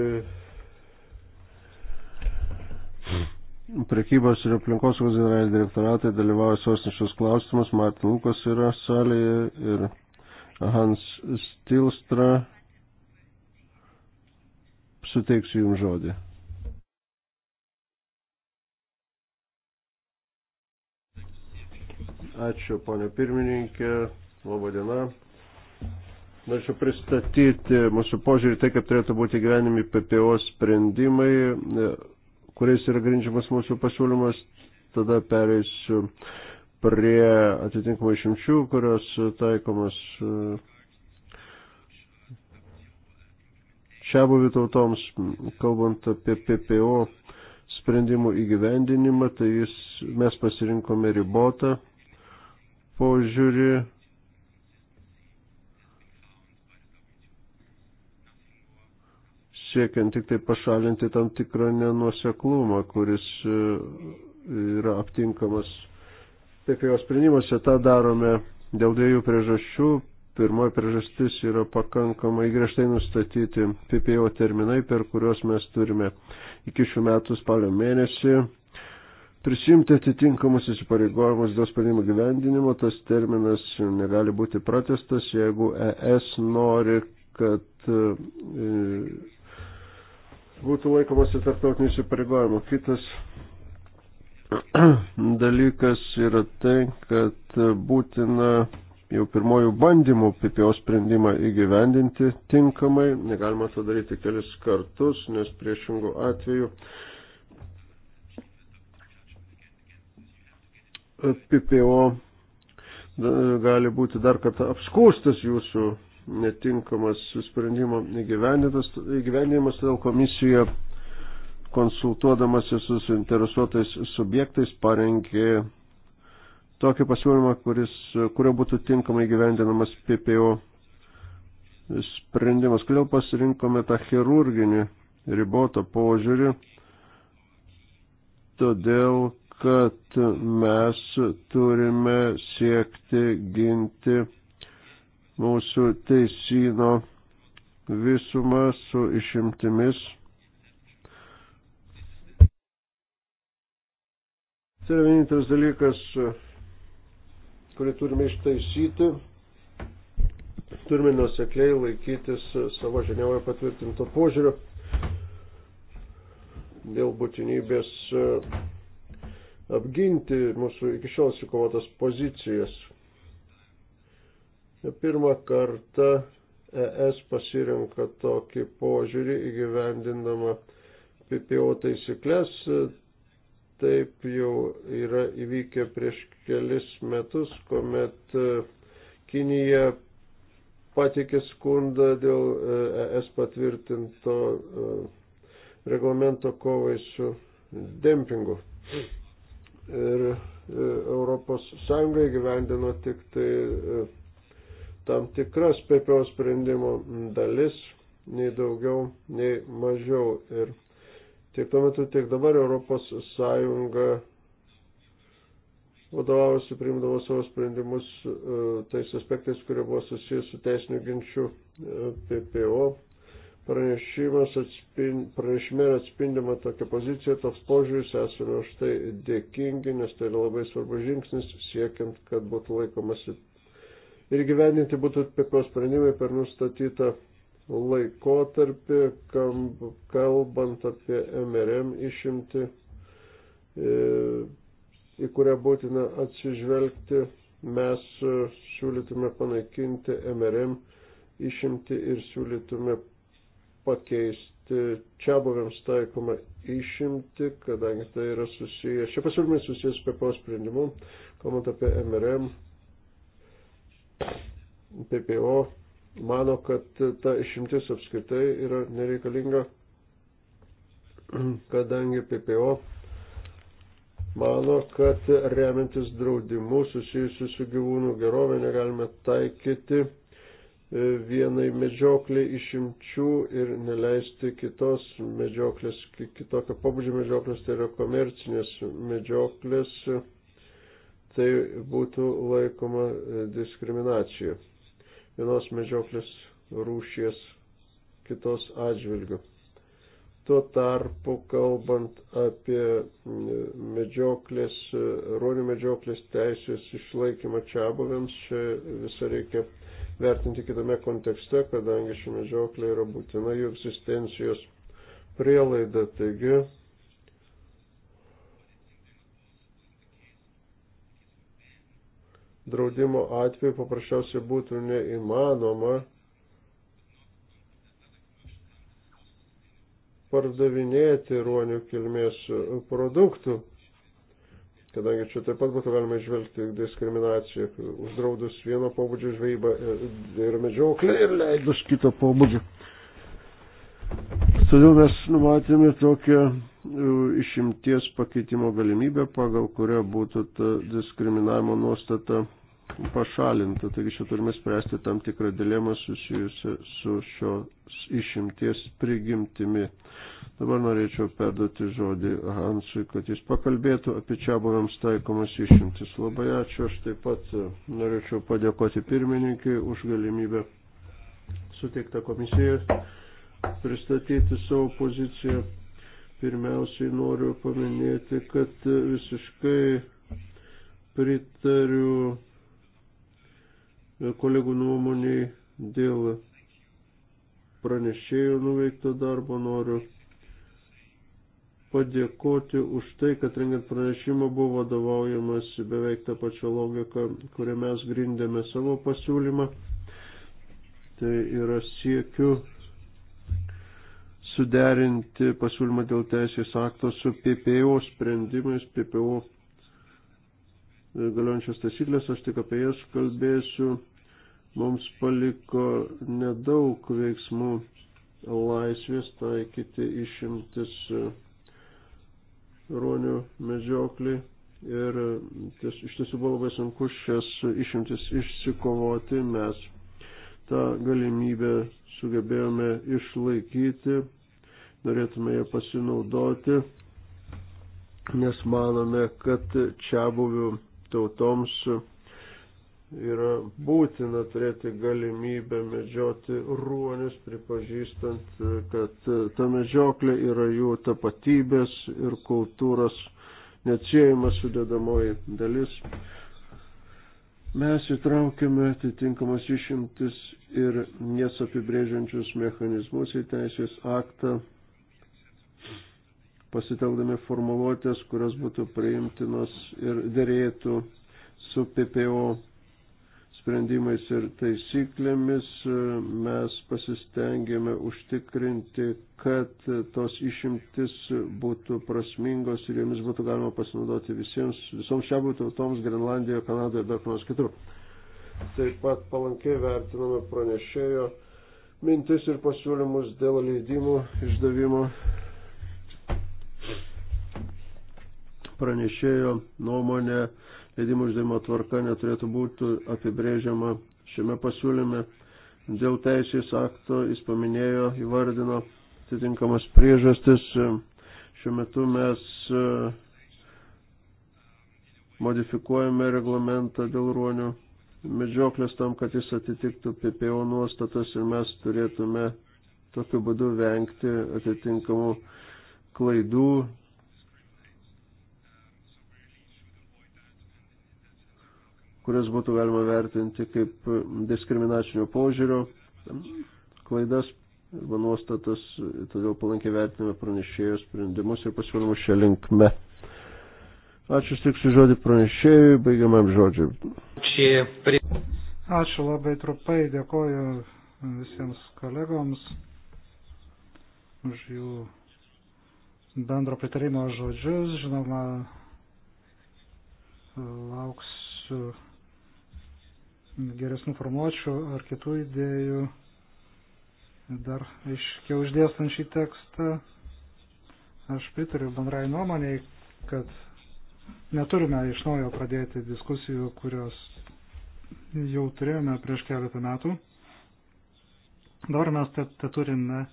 Prekybos ir aplinkosaugos generaliniai direktoratai dalyvauja sostinčius klausimus. Martin Lukas yra salėje ir Hans Stilstra. Suteiksiu jums žodį. Ačiū, ponė pirmininkė. Labą dieną. Norėčiau pristatyti mūsų požiūrį tai, kaip turėtų būti gyvenimi PPO sprendimai kuriais yra grindžiamas mūsų pasiūlymas, tada pereisiu prie atitinkamų išimčių, kurios taikomas čia e, buvių tautoms, kalbant apie PPO sprendimų įgyvendinimą, tai jis, mes pasirinkome ribotą požiūrį siekiant tik tai pašalinti tam tikrą nenuoseklumą, kuris e, yra aptinkamas PPO sprendimuose. Ta darome dėl dviejų priežasčių. Pirmoji priežastis yra pakankamai griežtai nustatyti PPO terminai, per kuriuos mes turime iki šių metų spalio mėnesį prisimti atitinkamus įsipareigojimus dėl sprendimo gyvendinimo. Tas terminas negali būti pratestas, jeigu ES nori, kad e, būtų laikomasi tarptautinių įsipareigojimų. Kitas (clears throat) dalykas yra tai, kad būtina jau pirmojų bandymų PPO sprendimą įgyvendinti tinkamai. Negalima to daryti kelis kartus, nes priešingų atveju PPO gali būti dar kartą apskūstas jūsų netinkamas sprendimo įgyvenimas, todėl komisija konsultuodamasi su suinteresuotais subjektais parengė tokį pasiūlymą, kuris, kurio būtų tinkamai gyvendinamas PPO sprendimas. Kodėl pasirinkome tą chirurginį ribotą požiūrį? Todėl, kad mes turime siekti ginti mūsų teisino visumą su išimtimis. Tai yra vienintelis dalykas, kurį turime ištaisyti. Turime nusekliai laikytis savo žiniavoje patvirtinto požiūrio dėl būtinybės apginti mūsų iki šiol sikovotas pozicijas Pirmą kartą ES pasirinka tokį požiūrį įgyvendindama PPO taisyklės. Taip jau yra įvykę prieš kelis metus, kuomet e, Kinija patikė skundą dėl ES e patvirtinto e, reglamento kovai su dempingu. Ir Europos Sąjunga gyvendino tik tai tam tikras PPO sprendimo dalis, nei daugiau, nei mažiau. Ir tiek tuo metu, tiek dabar Europos Sąjunga vadovavosi priimdavo savo sprendimus e, tais aspektais, kurie buvo susijęs su teisiniu ginčiu e, PPO. Pranešimas atspin, pranešime atspindima tokia pozicija, toks požiūris, esame už tai dėkingi, nes tai yra labai svarbus žingsnis siekiant, kad būtų laikomasi ir gyveninti būtų PPO sprendimai per nustatytą laikotarpį, kalbant apie MRM išimti, e, į kurią būtina atsižvelgti, mes siūlytume panaikinti MRM išimti ir siūlytume pakeisti čia buvėms taikomą išimti, kadangi tai yra susiję, šie pasiūlymai susijęs PPO sprendimu, kalbant apie MRM PPO mano, kad ta išimtis apskritai yra nereikalinga, (clears throat) kadangi PPO mano, kad remiantis draudimu susijusiu su gyvūnų gerovė negalime taikyti e, vienai medžiokliai išimčių ir neleisti kitos medžioklės, kitokio pobūdžio medžioklės, tai yra komercinės medžioklės, tai būtų laikoma e, diskriminacija vienos medžioklės rūšies kitos atžvilgių. Tuo tarpu, kalbant apie medžioklės, e, ruonių medžioklės teisės išlaikymą čia buvėms, čia visą reikia vertinti kitame kontekste, kadangi ši medžioklė yra būtina jų egzistencijos prielaida. Taigi, draudimo atveju paprasčiausiai būtų neįmanoma pardavinėti ruonių kilmės produktų, kadangi čia taip pat būtų galima išvelgti diskriminaciją, uždraudus vieno pobūdžio žvejybą e, ir medžioklę ir leidus kito pobūdžio. Todėl mes numatėme tokią išimties pakeitimo galimybę, pagal kurią būtų ta diskriminavimo nuostata pašalinta. Taigi čia turime spręsti tam tikrą dilemą susijusią su šios išimties prigimtimi. Dabar norėčiau perduoti žodį Hansui, kad jis pakalbėtų apie čia buvams taikomas išimtis. Labai ačiū, aš taip pat norėčiau padėkoti pirmininkai už galimybę suteiktą komisiją pristatyti savo poziciją Pirmiausiai noriu paminėti, kad visiškai pritariu kolegų nuomoniai dėl pranešėjų nuveikto darbo. Noriu padėkoti už tai, kad rengiant pranešimą buvo vadovaujamas beveik tą pačią logiką, kurią mes grindėme savo pasiūlymą. Tai yra siekiu suderinti pasiūlymą dėl teisės akto su PPO sprendimais, PPO galiojančias taisyklės, aš tik apie jas kalbėsiu. Mums paliko nedaug veiksmų laisvės taikyti išimtis ruonių medžioklį ir ties, iš tiesų buvo labai sunku šias išimtis išsikovoti, mes tą galimybę sugebėjome išlaikyti, norėtume ją pasinaudoti, nes manome, kad čia buvių tautoms yra būtina turėti galimybę medžioti ruonius, pripažįstant, kad ta medžioklė yra jų tapatybės ir kultūros neatsiejama sudėdamoji dalis. Mes įtraukėme atitinkamas išimtis ir jas apibrėžiančius mechanizmus į teisės aktą pasitelkdami formuluotės, kurios būtų priimtinos ir dėrėtų su PPO sprendimais ir taisyklėmis, mes pasistengėme užtikrinti, kad tos išimtis būtų prasmingos ir jomis būtų galima pasinaudoti visiems, visoms čia būtų toms Grenlandijoje, Kanadoje, bet nors kitur. Taip pat palankiai vertiname pranešėjo mintis ir pasiūlymus dėl leidimų išdavimo pranešėjo nuomonė leidimų išdavimo tvarka neturėtų būti apibrėžiama šiame pasiūlyme. Dėl teisės akto jis paminėjo, įvardino atitinkamas priežastis. Šiuo metu mes e, modifikuojame reglamentą dėl ruonių medžioklės tam, kad jis atitiktų PPO nuostatas ir mes turėtume tokiu būdu vengti atitinkamų klaidų, kurias būtų galima vertinti kaip diskriminacinio požiūrio klaidas arba nuostatas, todėl palankiai vertiname pranešėjo sprendimus ir pasiūlymus šią linkme. Ačiū stiksiu žodį pranešėjui, baigiamam žodžiu. Ačiū labai trupai, dėkoju visiems kolegoms už jų bendro pritarimo žodžius. Žinoma, lauksiu geresnių formuočių ar kitų idėjų, dar aiškiau išdėstant šį tekstą, aš pritariu bendrai nuomoniai, kad neturime iš naujo pradėti diskusijų, kurios jau turėjome prieš keletą metų. Dabar mes te, te turime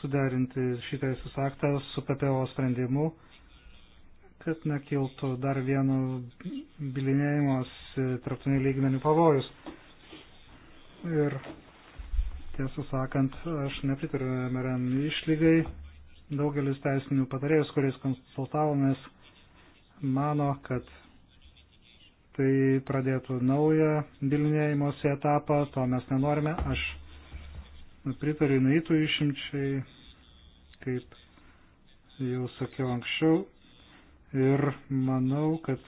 suderinti šį teisės aktą su PPO sprendimu kad nekiltų dar vieno bilinėjimos tarptautinių lygmenių pavojus. Ir tiesą sakant, aš nepritariu MRN išlygai. Daugelis teisinių patarėjus, kuriais konsultavomės, mano, kad tai pradėtų naują bilinėjimosi etapą, to mes nenorime. Aš pritariu naitų išimčiai, kaip jau sakiau anksčiau, ir manau, kad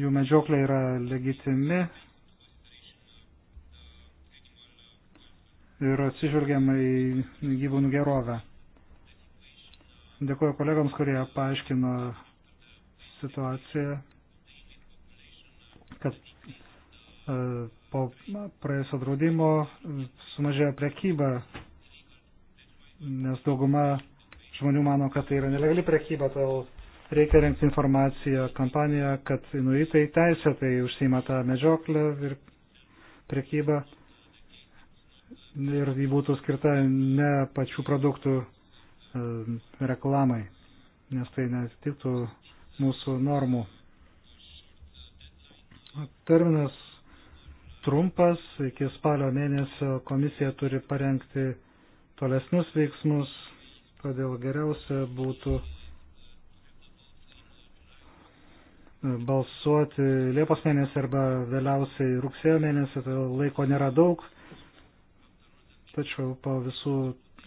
jų medžioklė yra legitimi ir atsižvelgiama į gyvūnų gerovę. Dėkuoju kolegams, kurie paaiškino situaciją, kad e, po praėjusio draudimo sumažėjo prekyba, nes dauguma žmonių mano, kad tai yra nelegali prekyba, todėl Reikia renkti informaciją kampaniją, kad inuitai teisėtai užsima tą medžioklę ir prekybą ir jį būtų skirta ne pačių produktų e, reklamai, nes tai netitiktų mūsų normų. Terminas trumpas, iki spalio mėnesio komisija turi parengti tolesnius veiksmus, todėl geriausia būtų balsuoti Liepos mėnesį arba vėliausiai rugsėjo mėnesį, tai laiko nėra daug. Tačiau po visų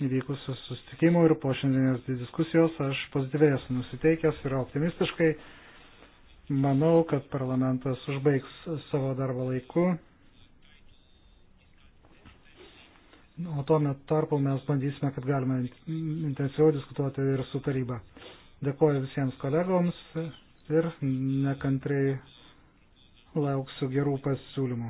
įvykusių susitikimų ir po šiandienės diskusijos aš pozityviai esu nusiteikęs ir optimistiškai. Manau, kad parlamentas užbaigs savo darbą laiku. O tuo metu tarpu mes bandysime, kad galime intensyviau diskutuoti ir su taryba. Dėkuoju visiems kolegoms ir nekantrai lauksiu gerų pasiūlymų.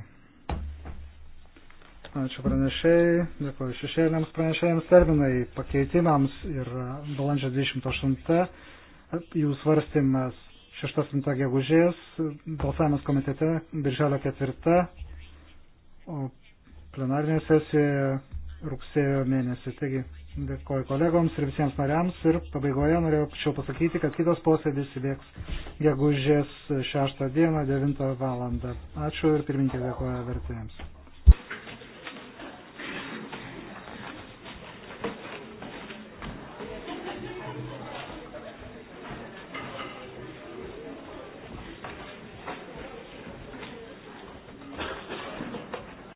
Ačiū pranešėjai, dėkuoju šešėliams pranešėjams terminai pakeitimams ir balandžio 28 jų svarstymas 6-7 gegužės, balsavimas komitete birželio 4, o plenarinė sesija rugsėjo mėnesį. Taigi Dėkoju kolegoms ir visiems nariams. Ir pabaigoje norėjau pasakyti, kad kitas posėdis įvyks gegužės 6 dieną 9 valandą. Ačiū ir pirmininkė dėkoja vertėjams.